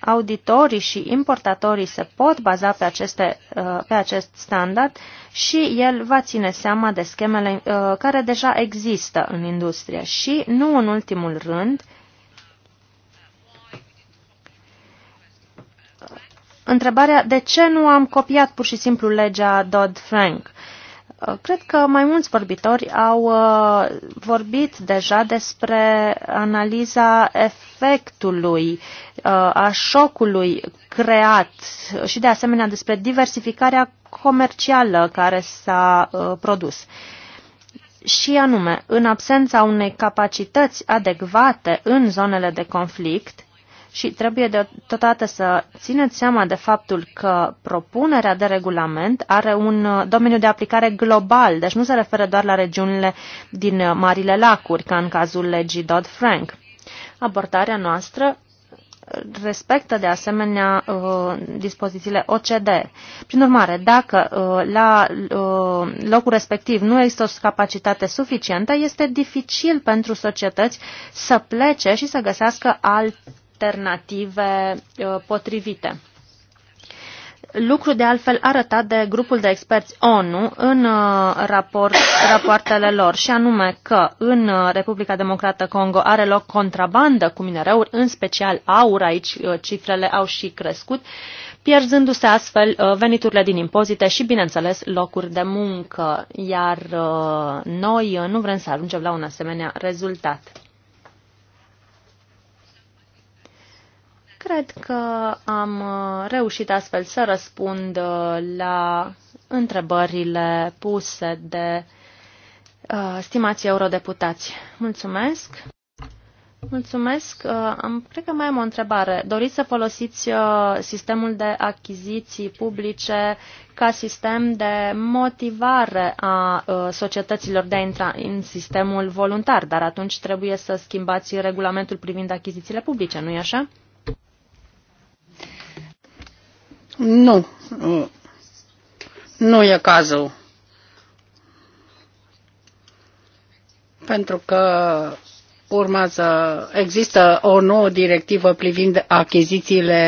Speaker 3: auditorii și importatorii se pot baza pe, aceste, uh, pe acest standard și el va ține seama de schemele uh, care deja există în industrie. Și, nu în ultimul rând, întrebarea de ce nu am copiat pur și simplu legea Dodd-Frank. Uh, cred că mai mulți vorbitori au uh, vorbit deja despre analiza efectului, uh, a șocului creat și de asemenea despre diversificarea comercială care s-a produs. Și anume, în absența unei capacități adecvate în zonele de conflict, și trebuie de totodată să țineți seama de faptul că propunerea de regulament are un uh, domeniu de aplicare global, deci nu se referă doar la regiunile din uh, Marile Lacuri, ca în cazul legii Dodd-Frank. Abordarea noastră uh, respectă de asemenea uh, dispozițiile OCD. Prin urmare, dacă uh, la uh, locul respectiv nu există o capacitate suficientă, este dificil pentru societăți să plece și să găsească alt alternative uh, potrivite. Lucru de altfel arătat de grupul de experți ONU în uh, raport, rapoartele lor, și anume că în uh, Republica Democrată Congo are loc contrabandă cu minereuri, în special aur, aici cifrele au și crescut, pierzându-se astfel veniturile din impozite și, bineînțeles, locuri de muncă, iar noi nu vrem să ajungem la un asemenea rezultat. Cred că am uh, reușit astfel să răspund uh, la întrebările puse de uh, stimații eurodeputați. Mulțumesc! Mulțumesc. Uh, am, cred că mai am o întrebare. Doriți să folosiți sistemul de achiziții publice ca sistem de motivare a societăților de a intra în sistemul voluntar, dar atunci trebuie să schimbați regulamentul privind achizițiile publice, nu-i așa?
Speaker 2: Nu. Nu e cazul. Pentru că urmează, există o nouă directivă privind achizițiile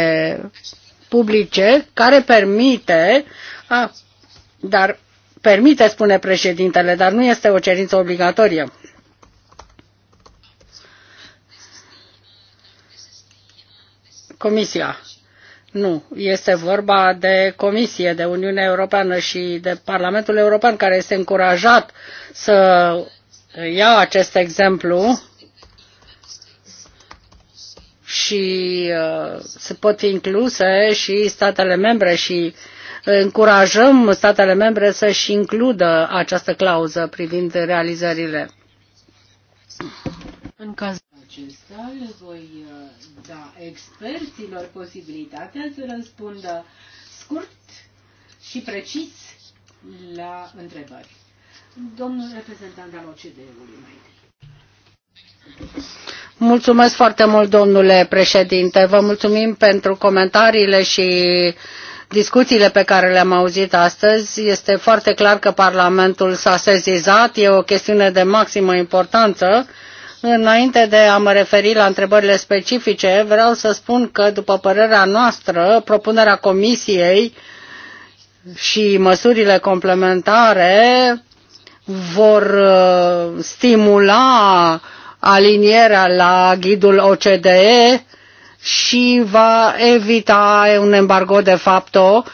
Speaker 2: publice care permite, a, dar permite, spune președintele, dar nu este o cerință obligatorie. Comisia. Nu, este vorba de Comisie, de Uniunea Europeană și de Parlamentul European care este încurajat să ia acest exemplu și uh, se pot fi incluse și statele membre și încurajăm statele membre să-și includă această clauză privind realizările. În cazul
Speaker 1: acesta le voi uh, lăsa experților posibilitatea să răspundă scurt și precis la întrebări. Domnul reprezentant al OCDE-ului mai întâi.
Speaker 2: Mulțumesc foarte mult, domnule președinte. Vă mulțumim pentru comentariile și discuțiile pe care le-am auzit astăzi. Este foarte clar că Parlamentul s-a sezizat, e o chestiune de maximă importanță. Uh, Înainte de a mă referi la întrebările specifice, vreau să spun că, după părerea noastră, propunerea Comisiei și măsurile complementare vor uh, stimula alinierea la ghidul OCDE și va evita un embargo de facto.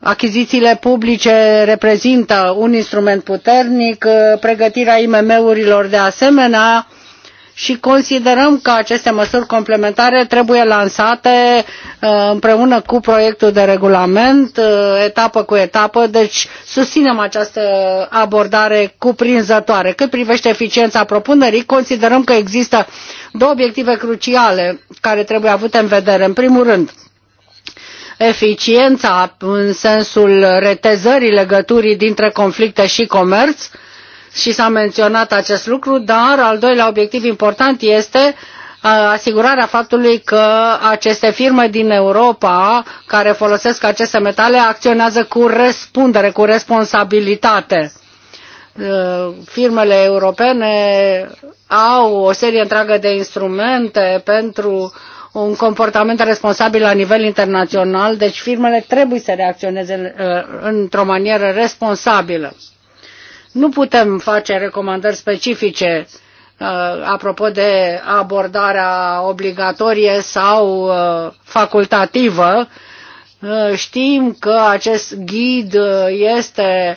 Speaker 2: Achizițiile publice reprezintă un instrument puternic, uh, pregătirea IMM-urilor de asemenea și considerăm că aceste măsuri complementare trebuie lansate uh, împreună cu proiectul de regulament, uh, etapă cu etapă, deci susținem această abordare cuprinzătoare. Cât privește eficiența propunerii, considerăm că există două obiective cruciale care trebuie avute în vedere. În primul rând, eficiența în sensul retezării legăturii dintre conflicte și comerț, și s-a menționat acest lucru, dar al doilea obiectiv important este uh, asigurarea faptului că aceste firme din Europa care folosesc aceste metale acționează cu răspundere, cu responsabilitate. Uh, firmele europene au o serie întreagă de instrumente pentru un comportament responsabil la nivel internațional, deci firmele trebuie să reacționeze uh, într-o manieră responsabilă. Nu putem face recomandări specifice uh, apropo de abordarea obligatorie sau uh, facultativă. Uh, știm că acest ghid este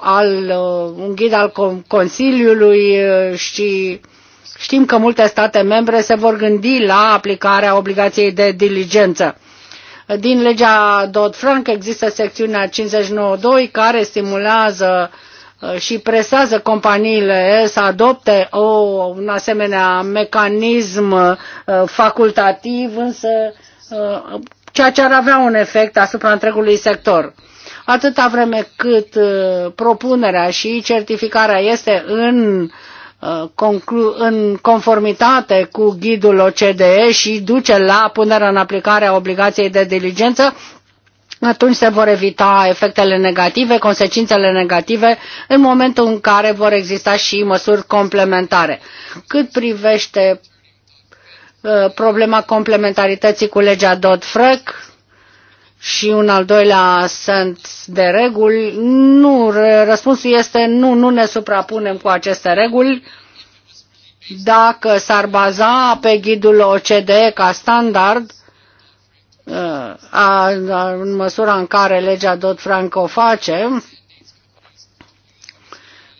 Speaker 2: al, un ghid al Consiliului și știm că multe state membre se vor gândi la aplicarea obligației de diligență. Din legea Dodd-Frank există secțiunea 59.2 care stimulează uh, Uh, și presează companiile să adopte o, un asemenea mecanism uh, facultativ, însă uh, ceea ce ar avea un efect asupra întregului sector. Atâta vreme cât propunerea și certificarea este în, în conformitate cu ghidul OCDE și duce la punerea în aplicare a obligației de diligență, atunci se vor evita efectele negative, consecințele negative, în momentul în care vor exista și măsuri complementare. Cât privește uh, problema complementarității cu legea Dodd-Frank, și un al doilea sunt de reguli. Nu, răspunsul este nu, nu ne suprapunem cu aceste reguli. Dacă s-ar baza pe ghidul OCDE ca standard, a, a, în măsura în care legea Dodd-Frank o face,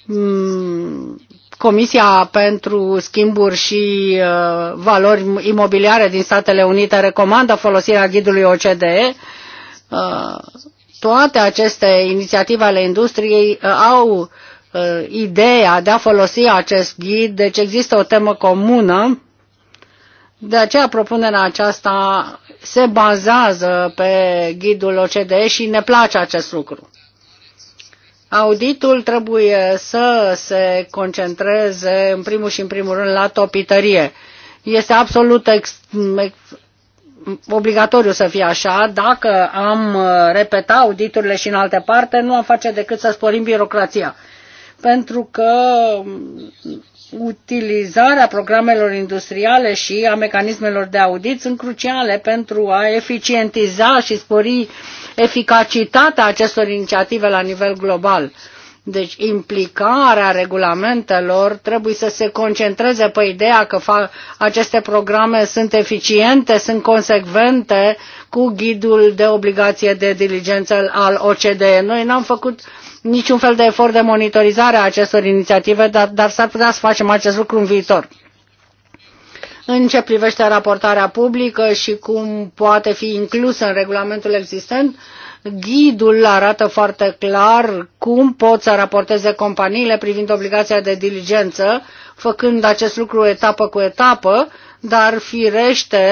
Speaker 2: mm, Comisia pentru Schimburi și uh, Valori Imobiliare din Statele Unite recomandă folosirea ghidului OCDE. Uh, toate aceste inițiative ale industriei uh, au uh, ideea de a folosi acest ghid, deci există o temă comună. De aceea propunerea aceasta se bazează pe ghidul OCDE și ne place acest lucru. Auditul trebuie să se concentreze în primul și în primul rând la topitărie. Este absolut ex, ex, obligatoriu să fie așa. Dacă am repeta auditurile și în alte parte, nu am face decât să sporim birocrația. Pentru că utilizarea programelor industriale și a mecanismelor de audit sunt cruciale pentru a eficientiza și spori eficacitatea acestor inițiative la nivel global. Deci implicarea regulamentelor trebuie să se concentreze pe ideea că aceste programe sunt eficiente, sunt consecvente cu ghidul de obligație de diligență al OCDE. Noi n-am făcut uh, niciun fel de efort de monitorizare a acestor inițiative, dar, dar s-ar putea să facem acest lucru în viitor. În ce privește raportarea publică și cum poate fi inclusă în regulamentul existent, ghidul arată foarte clar cum pot să raporteze companiile privind obligația de diligență, făcând acest lucru etapă cu etapă, dar firește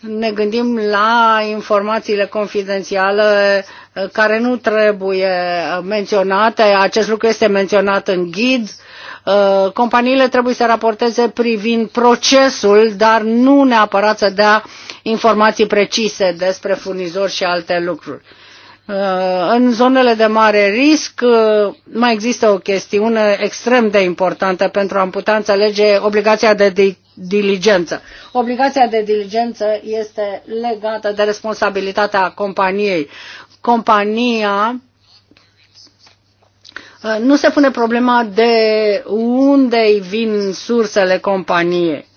Speaker 2: ne gândim la informațiile confidențiale eh, care nu trebuie eh, menționate. Acest lucru este menționat în ghid. Eh, companiile trebuie să raporteze privind procesul, dar nu neapărat să dea informații precise despre furnizori și alte lucruri. În zonele de mare risc mai există o chestiune extrem de importantă pentru a putea înțelege obligația de diligență. Obligația de diligență este legată de responsabilitatea companiei. Compania uh, nu se pune problema de unde vin sursele companiei.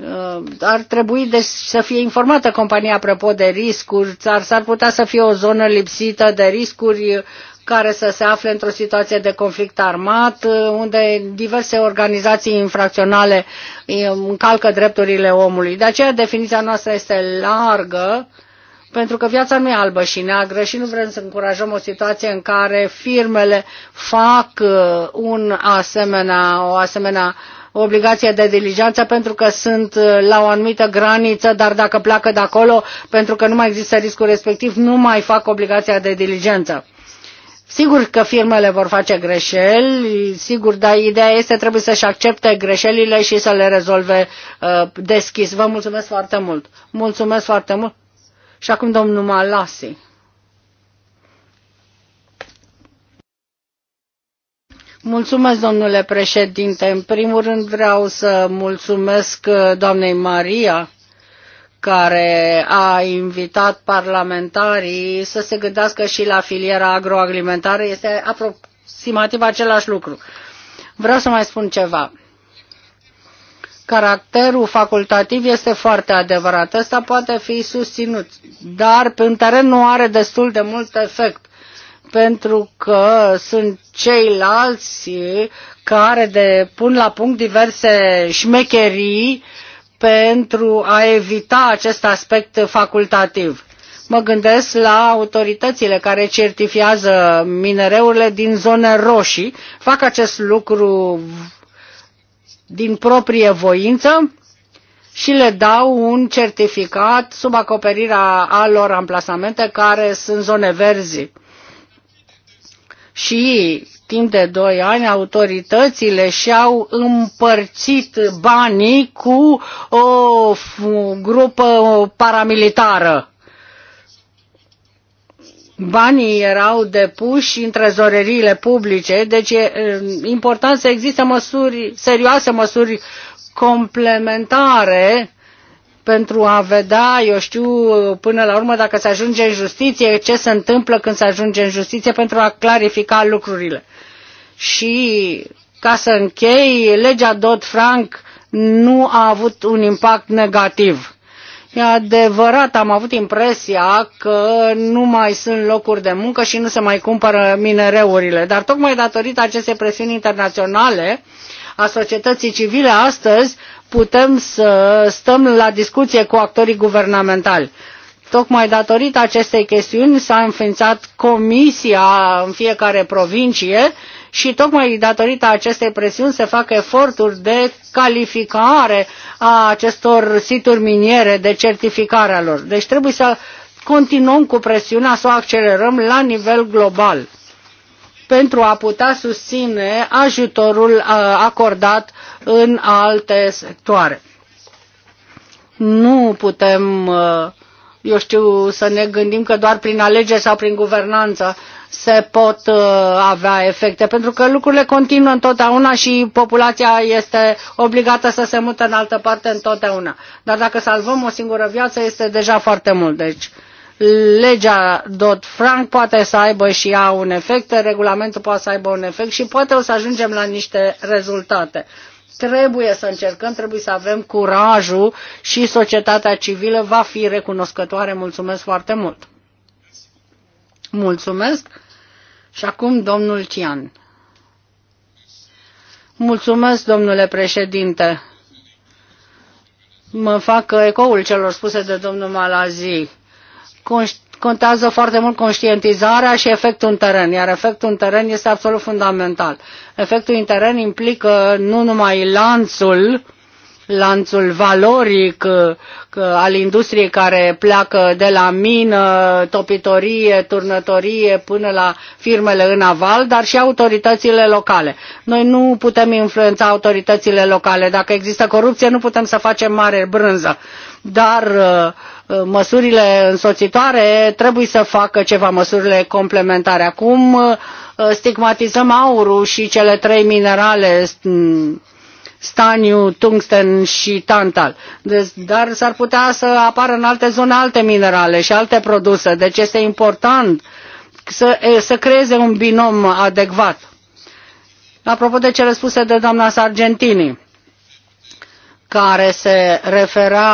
Speaker 2: Uh, ar trebui de deci, să fie informată compania apropo de riscuri, dar s-ar putea să fie o zonă lipsită de riscuri care să se afle într-o situație de conflict armat, uh, unde diverse organizații infracționale uh, încalcă drepturile omului. De aceea definiția noastră este largă, pentru că viața nu e albă și neagră și nu vrem să încurajăm o situație în care firmele fac uh, un asemenea, o asemenea obligație de diligență pentru că sunt la o anumită graniță, dar dacă pleacă de acolo, pentru că nu mai există riscul respectiv, nu mai fac obligația de diligență. Sigur că firmele vor face greșeli, sigur, dar ideea este trebuie să-și accepte greșelile și să le rezolve uh, deschis. Vă mulțumesc foarte mult. Mulțumesc foarte mult. Și acum domnul Malasi. Mulțumesc, domnule președinte. În primul rând vreau să mulțumesc uh, doamnei Maria care a invitat parlamentarii să se gândească și la filiera agroalimentară este aproximativ același lucru. Vreau să mai spun ceva. Caracterul facultativ este foarte adevărat. Ăsta poate fi susținut, dar pe un teren nu are destul de mult efect pentru că sunt ceilalți care de pun la punct diverse șmecherii uh, pentru a evita acest aspect facultativ. Mă gândesc la autoritățile care certifiază minereurile din zone roșii, fac acest lucru din proprie voință și le dau un certificat sub acoperirea alor amplasamente care sunt zone verzi și timp de doi ani autoritățile și-au împărțit banii cu o grupă paramilitară. Banii erau depuși în trezoreriile publice, deci e important să existe măsuri, serioase măsuri complementare pentru a vedea, eu știu, până la urmă dacă se ajunge în justiție, ce se întâmplă când se ajunge în justiție pentru a clarifica lucrurile. Și ca să închei, legea Dodd-Frank nu a avut un impact negativ. E adevărat, am avut impresia că nu mai sunt locuri de muncă și nu se mai cumpără minereurile, dar tocmai datorită acestei presiuni internaționale a societății civile astăzi, putem să stăm la discuție cu actorii guvernamentali. Tocmai datorită acestei chestiuni s-a înființat comisia în fiecare provincie și tocmai datorită acestei presiuni se fac eforturi de calificare a acestor situri miniere, de a lor. Deci trebuie să continuăm cu presiunea, să o accelerăm la nivel global pentru a putea susține ajutorul uh, acordat în alte sectoare. Nu putem, uh, eu știu, să ne gândim că doar prin alegeri sau prin guvernanță se pot uh, avea efecte, pentru că lucrurile continuă întotdeauna și populația este obligată să se mute în altă parte întotdeauna. Dar dacă salvăm o singură viață, este deja foarte mult. Deci, legea Dodd-Frank poate să aibă și ea un efect, regulamentul poate să aibă un efect și poate o să ajungem la niște rezultate. Trebuie să încercăm, trebuie să avem curajul și societatea civilă va fi recunoscătoare. Mulțumesc foarte mult! Mulțumesc! Și acum domnul Cian. Mulțumesc, domnule președinte. Mă fac ecoul celor spuse de domnul Malazi contează foarte mult conștientizarea și efectul în teren, iar efectul în teren este absolut fundamental. Efectul în teren implică nu numai lanțul, lanțul valoric al industriei care pleacă de la mină, topitorie, turnătorie până la firmele în aval, dar și autoritățile locale. Noi nu putem influența autoritățile locale. Dacă există corupție, nu putem să facem mare brânză. Dar uh, măsurile însoțitoare trebuie să facă ceva măsurile complementare. Acum uh, stigmatizăm aurul și cele trei minerale mm, staniu, tungsten și tantal. Deci, dar s-ar putea să apară în alte zone alte minerale și alte produse. Deci este important să, să creeze un binom adecvat. Apropo de cele spuse de doamna Sargentini, care se refera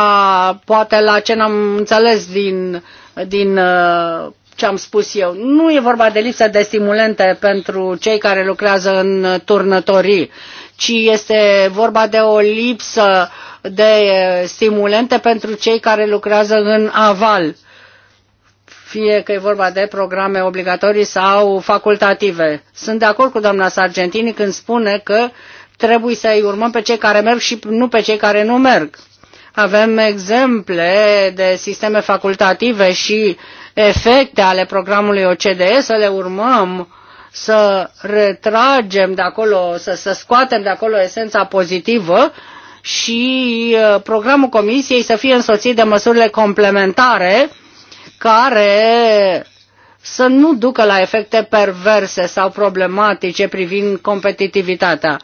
Speaker 2: poate la ce n-am înțeles din, din uh, ce am spus eu. Nu e vorba de lipsă de stimulente pentru cei care lucrează în turnătorii, ci este vorba de o lipsă de stimulente pentru cei care lucrează în aval fie că e vorba de programe obligatorii sau facultative. Sunt de acord cu doamna Sargentini când spune că uh, trebuie să-i urmăm pe cei care merg și nu pe cei care nu merg. Avem exemple de sisteme facultative și efecte ale programului OCDE, să le urmăm, să retragem de acolo, să, să scoatem de acolo esența pozitivă și uh, programul comisiei să fie însoțit de măsurile complementare care să nu ducă la efecte perverse sau problematice privind competitivitatea.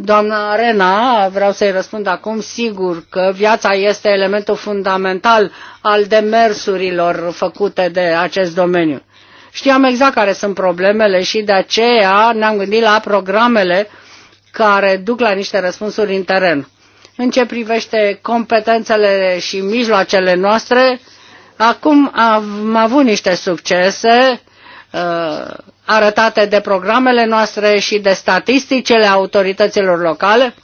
Speaker 2: Doamna Arena, vreau să-i răspund acum, sigur că viața este elementul fundamental al demersurilor făcute de acest domeniu. Știam exact care sunt problemele și de aceea ne-am gândit la programele care duc la niște răspunsuri în teren. În ce privește competențele și mijloacele noastre, acum am avut niște succese, uh, arătate de programele noastre și de statisticele autorităților locale,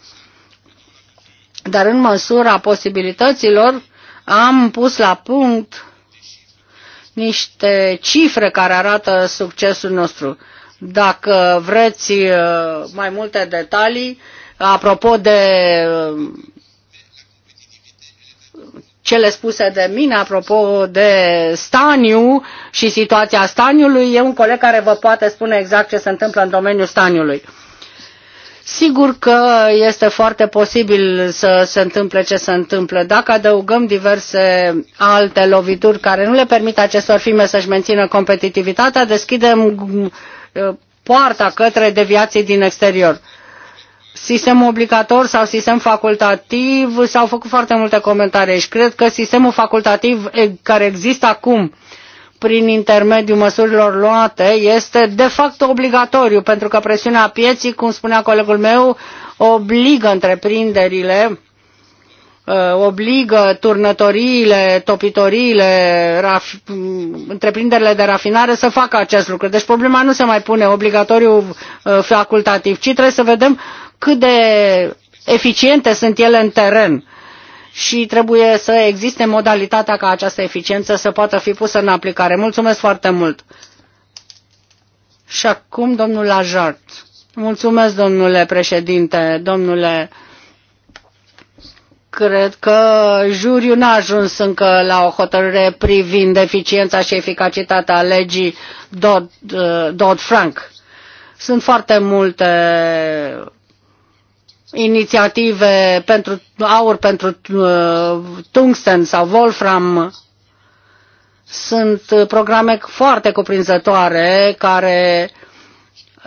Speaker 2: dar în măsura posibilităților am pus la punct niște cifre care arată succesul nostru. Dacă vreți uh, mai multe detalii, apropo de uh, cele spuse de mine apropo de staniu și situația staniului. E un coleg care vă poate spune exact ce se întâmplă în domeniul staniului. Sigur că este foarte posibil să se întâmple ce se întâmplă. Dacă adăugăm diverse alte lovituri care nu le permit acestor firme să-și mențină competitivitatea, deschidem uh, poarta către deviații din exterior sistem obligator sau sistem facultativ, s-au făcut foarte multe comentarii și cred că sistemul facultativ care există acum prin intermediul măsurilor luate este de fapt obligatoriu, pentru că presiunea pieții, cum spunea colegul meu, obligă întreprinderile uh, obligă turnătoriile, topitoriile, raf, întreprinderile de rafinare să facă acest lucru. Deci problema nu se mai pune obligatoriu uh, facultativ, ci trebuie să vedem cât de eficiente sunt ele în teren și trebuie să existe modalitatea ca această eficiență să poată fi pusă în aplicare. Mulțumesc foarte mult! Și acum domnul Lajart. Mulțumesc, domnule președinte, domnule cred că juriul n-a ajuns încă la o hotărâre privind eficiența și eficacitatea legii uh, Dodd-Frank. Sunt foarte multe inițiative pentru aur, pentru uh, tungsten sau wolfram. Sunt programe foarte cuprinzătoare care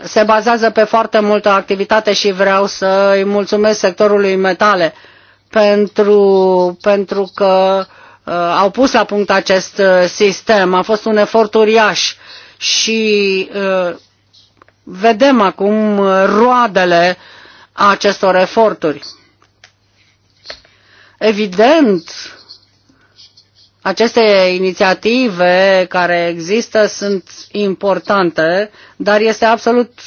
Speaker 2: se bazează pe foarte multă activitate și vreau să îi mulțumesc sectorului metale pentru, pentru că uh, au pus la punct acest uh, sistem. A fost un efort uriaș și uh, vedem acum roadele uh, a acestor eforturi. Evident, aceste inițiative care există sunt importante, dar este absolut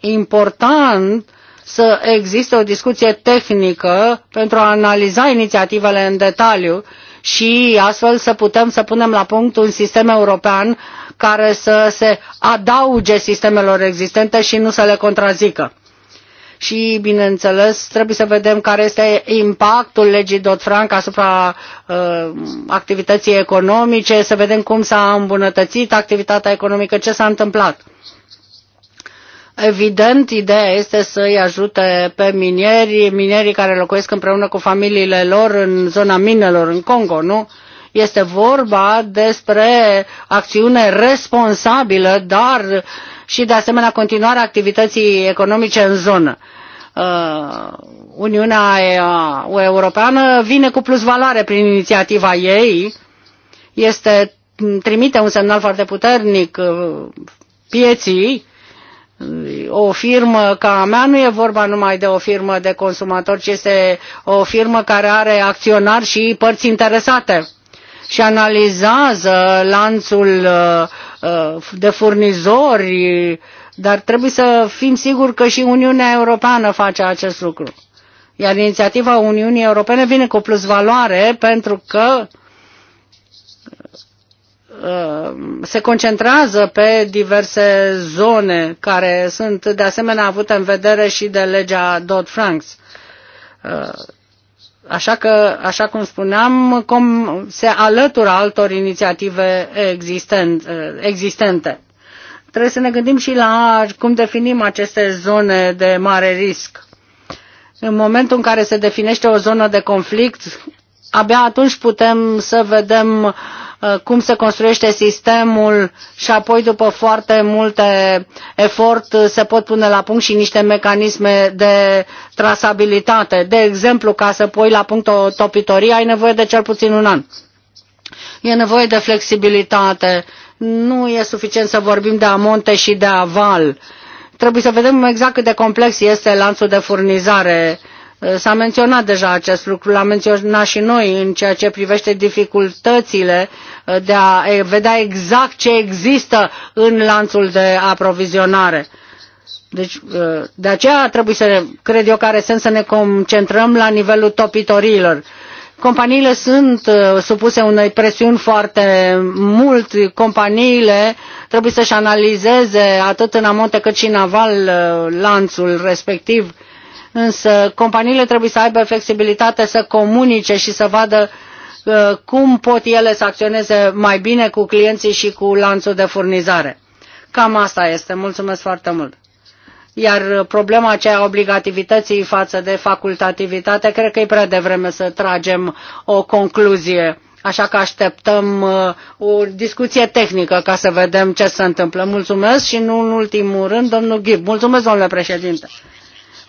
Speaker 2: important să existe o discuție tehnică pentru a analiza inițiativele în detaliu și astfel să putem să punem la punct un sistem european care să se adauge sistemelor existente și nu să le contrazică și, bineînțeles, trebuie să vedem care este impactul legii Dodd-Frank asupra uh, activității economice, să vedem cum s-a îmbunătățit activitatea economică, ce s-a întâmplat. Evident, ideea este să-i ajute pe minieri, minerii care locuiesc împreună cu familiile lor în zona minelor în Congo, nu? Uh, este vorba despre acțiune responsabilă, dar și de asemenea continuarea activității economice în zonă. Uh, Uniunea Europeană vine cu plus valoare prin inițiativa ei, este, trimite un semnal foarte puternic uh, pieții, o firmă ca a mea nu e vorba numai de o firmă de consumator, ci este o firmă care are acționari și părți interesate și analizează lanțul uh, uh, de furnizori, dar trebuie să fim siguri că și Uniunea Europeană face acest lucru. Iar inițiativa Uniunii Europene vine cu plus valoare pentru că uh, se concentrează pe diverse zone care sunt de asemenea avute în vedere și de legea Dodd-Franks Așa că, așa cum spuneam, com, se alătură altor inițiative existent, existente. Trebuie să ne gândim și la cum definim aceste zone de mare risc. În momentul în care se definește o zonă de conflict, abia atunci putem să vedem uh, Uh, cum se construiește sistemul și apoi după foarte mult efort uh, se pot pune la punct și niște mecanisme de trasabilitate. De exemplu, ca să pui la punct o topitorie ai nevoie de cel puțin un an. E nevoie de flexibilitate. Nu e suficient să vorbim de amonte și de aval. Trebuie să vedem exact cât de complex este lanțul de furnizare Eh, s-a menționat deja acest lucru, l-am menționat și noi în ceea ce privește dificultățile eh, de a vedea exact ce există în lanțul de aprovizionare. Deci, eh, de aceea trebuie să, cred eu, care sens să ne concentrăm la nivelul topitoriilor. Companiile sunt supuse unei presiuni foarte mult, companiile trebuie să-și analizeze atât în amonte cât și în aval lanțul respectiv Însă companiile trebuie să aibă flexibilitate să comunice și să vadă uh, cum pot ele să acționeze mai bine cu clienții și cu lanțul de furnizare. Cam asta este. Mulțumesc foarte mult. Iar problema aceea a obligativității față de facultativitate, cred că e prea devreme să tragem o concluzie. Așa că așteptăm uh, o discuție tehnică ca să vedem ce se întâmplă. Mulțumesc și nu în ultimul rând, domnul Ghib. Mulțumesc, domnule președinte.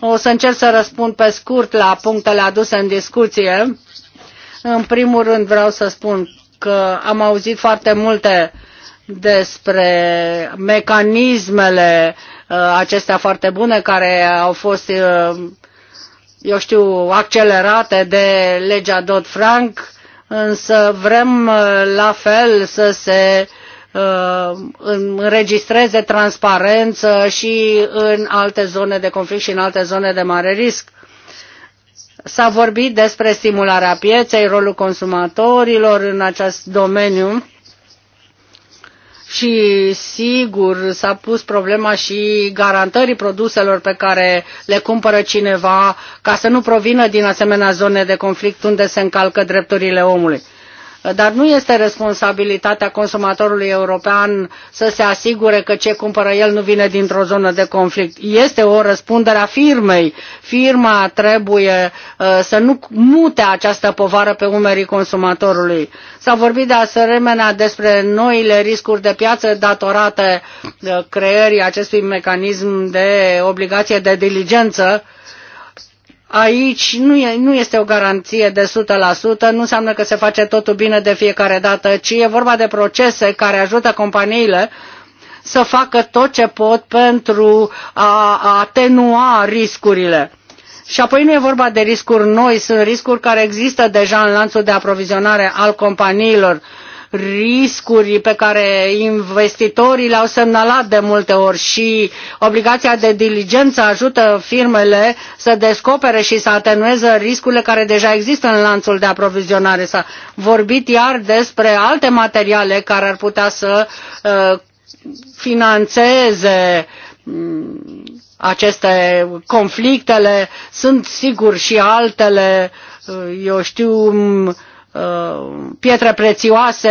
Speaker 2: O să încerc să răspund pe scurt la punctele aduse în discuție. În primul rând vreau să spun că am auzit foarte multe despre mecanismele uh, acestea foarte bune care au fost, uh, eu știu, accelerate de legea Dodd-Frank, însă vrem uh, la fel să se Uh, înregistreze transparență și în alte zone de conflict și în alte zone de mare risc. S-a vorbit despre stimularea pieței, rolul consumatorilor în acest domeniu și sigur s-a pus problema și garantării produselor pe care le cumpără cineva ca să nu provină din asemenea zone de conflict unde se încalcă drepturile omului dar nu este responsabilitatea consumatorului european să se asigure că ce cumpără el nu vine dintr-o zonă de conflict. Este o răspundere a firmei. Firma trebuie uh, să nu mute această povară pe umerii consumatorului. S-a vorbit de asemenea despre noile riscuri de piață datorate uh, creării acestui mecanism de obligație de diligență Aici nu, e, nu este o garanție de 100%, nu înseamnă că se face totul bine de fiecare dată, ci e vorba de procese care ajută companiile să facă tot ce pot pentru a, a atenua riscurile. Și apoi nu e vorba de riscuri noi, sunt riscuri care există deja în lanțul de aprovizionare al companiilor riscuri pe care investitorii le-au semnalat de multe ori și obligația de diligență ajută firmele să descopere și să atenueze riscurile care deja există în lanțul de aprovizionare. S-a vorbit iar despre alte materiale care ar putea să uh, financeze mm, aceste conflictele, sunt sigur și altele, uh, eu știu, mm, Uh, pietre prețioase,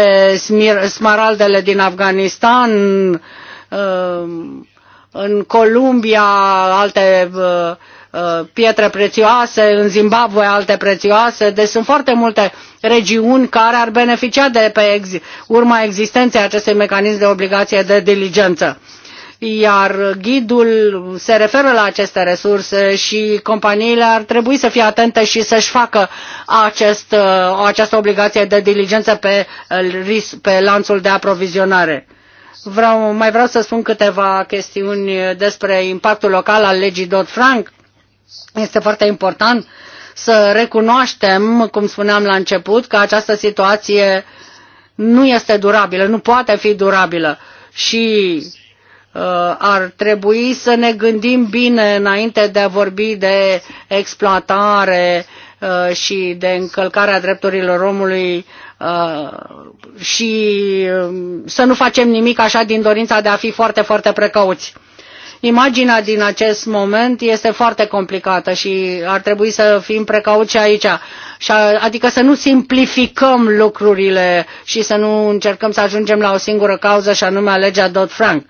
Speaker 2: smaraldele din Afganistan, uh, în Columbia alte uh, pietre prețioase, în Zimbabwe alte prețioase, deci sunt foarte multe regiuni care ar beneficia de pe urma existenței acestui mecanism de obligație de diligență iar ghidul se referă la aceste resurse și companiile ar trebui să fie atente și să-și facă acest, uh, această obligație de diligență pe, uh, pe lanțul de aprovizionare. Vreau, mai vreau să spun câteva chestiuni despre impactul local al legii Dodd-Frank. Este foarte important să recunoaștem, cum spuneam la început, că această situație nu este durabilă, nu poate fi durabilă și Uh, ar trebui să ne gândim bine înainte de a vorbi de exploatare uh, și de încălcarea drepturilor omului uh, și um, să nu facem nimic așa din dorința de a fi foarte, foarte precauți. Imaginea din acest moment este foarte complicată și ar trebui să fim precauți aici. Și adică să nu simplificăm lucrurile și să nu încercăm să ajungem la o singură cauză și anume legea Dodd-Frank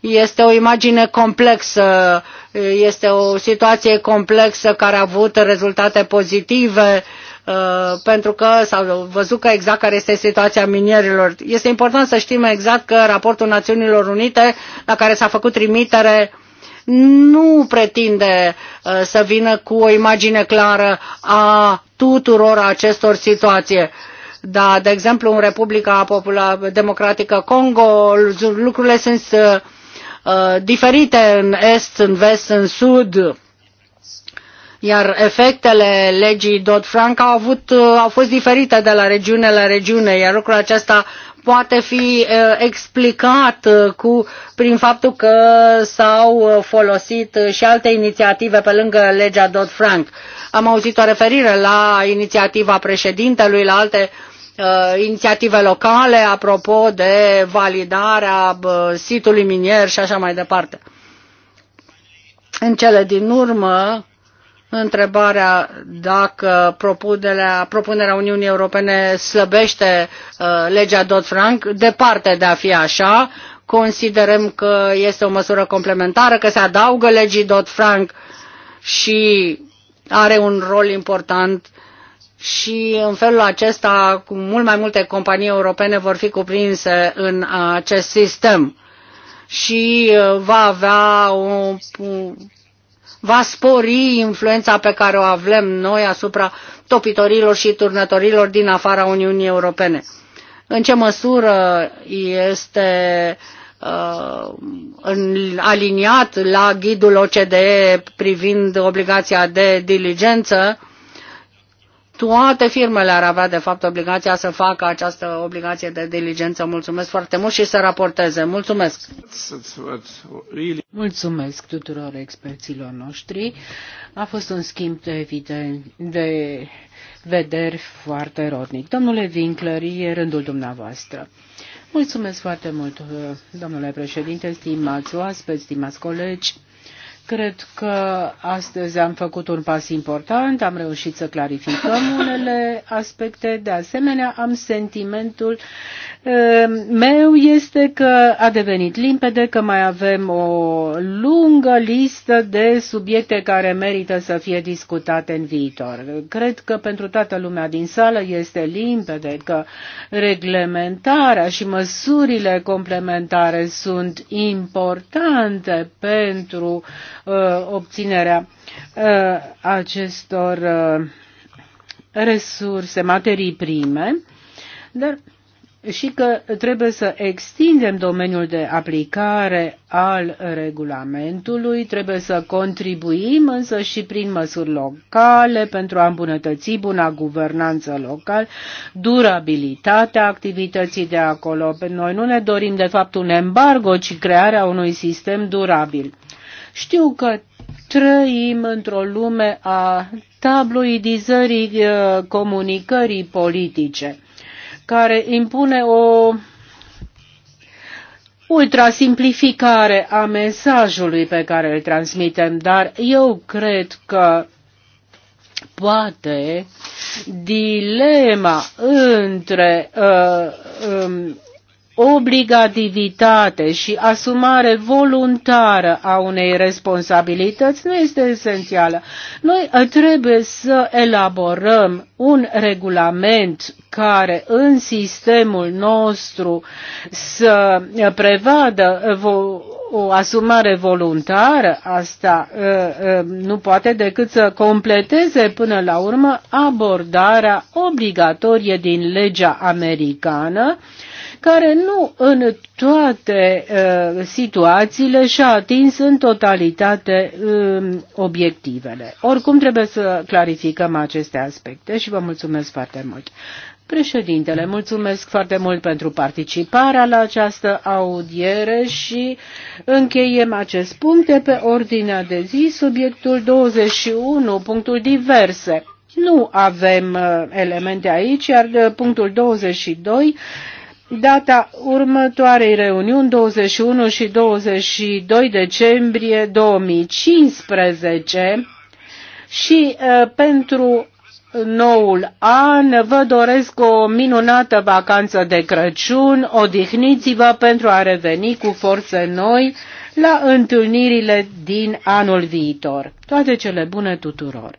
Speaker 2: este o imagine complexă, este o situație complexă care a avut rezultate pozitive uh, pentru că s a văzut că exact care este situația minierilor. Este important să știm exact că raportul Națiunilor Unite la care s-a făcut trimitere nu pretinde uh, să vină cu o imagine clară a tuturor acestor situații. Da, de exemplu, în Republica Popular Democratică Congo lucrurile sunt uh, Uh, diferite în est, în vest, în sud, iar efectele legii Dodd-Frank au, avut, uh, au fost diferite de la regiune la regiune, iar lucrul acesta poate fi uh, explicat cu, prin faptul că s-au folosit și alte inițiative pe lângă legea Dodd-Frank. Am auzit o referire la inițiativa președintelui, la alte Uh, inițiative locale, apropo de validarea uh, sitului minier și așa mai departe. În cele din urmă, întrebarea dacă propunerea, propunerea Uniunii Europene slăbește uh, legea Dodd-Frank, departe de a fi așa, considerăm că este o măsură complementară, că se adaugă legii Dodd-Frank și are un rol important și în felul acesta cu mult mai multe companii europene vor fi cuprinse în acest sistem și uh, va avea o, va spori influența pe care o avem noi asupra topitorilor și turnătorilor din afara Uniunii Europene. În ce măsură este uh, în, aliniat la ghidul OCDE privind obligația de diligență toate firmele ar avea de fapt obligația să facă această obligație de diligență. Mulțumesc foarte mult și să raporteze. Mulțumesc!
Speaker 1: Mulțumesc tuturor experților noștri. A fost un schimb de evident de vederi foarte rodnic. Domnule Winkler, e rândul dumneavoastră. Mulțumesc foarte mult, domnule președinte, stimați oaspeți, stimați colegi. Cred că astăzi am făcut un pas important, am reușit să clarificăm unele aspecte. De asemenea, am sentimentul Ehm, meu este că a devenit limpede că mai avem o lungă listă de subiecte care merită să fie discutate în viitor. Cred că pentru toată lumea din sală este limpede că reglementarea și măsurile complementare sunt importante pentru uh, obținerea uh, acestor uh, resurse, materii prime, dar și că trebuie să extindem domeniul de aplicare al regulamentului, trebuie să contribuim însă și prin măsuri locale pentru a îmbunătăți buna guvernanță locală, durabilitatea activității de acolo. Noi nu ne dorim de fapt un embargo, ci crearea unui sistem durabil. Știu că trăim într-o lume a tabloidizării uh, comunicării politice care impune o ultrasimplificare a mesajului pe care îl transmitem, dar eu cred că poate dilema între uh, um, obligativitate și asumare voluntară a unei responsabilități nu este esențială. Noi uh, trebuie să elaborăm un regulament care în sistemul nostru să uh, prevadă uh, o asumare voluntară, asta nu poate decât să completeze până la urmă abordarea obligatorie din legea americană, care nu în toate uh, situațiile și-a atins în totalitate uh, obiectivele. Oricum trebuie să clarificăm aceste aspecte și vă mulțumesc foarte mult. Președintele, mulțumesc foarte mult pentru participarea la această audiere și încheiem acest punct de pe ordinea de zi, subiectul 21, punctul diverse. Nu avem uh, elemente aici, iar uh, punctul 22 data următoarei reuniuni, 21 și 22 decembrie 2015 și uh, pentru noul an. Vă doresc o minunată vacanță de Crăciun, odihniți-vă pentru a reveni cu forțe noi la întâlnirile din anul viitor. Toate cele bune tuturor!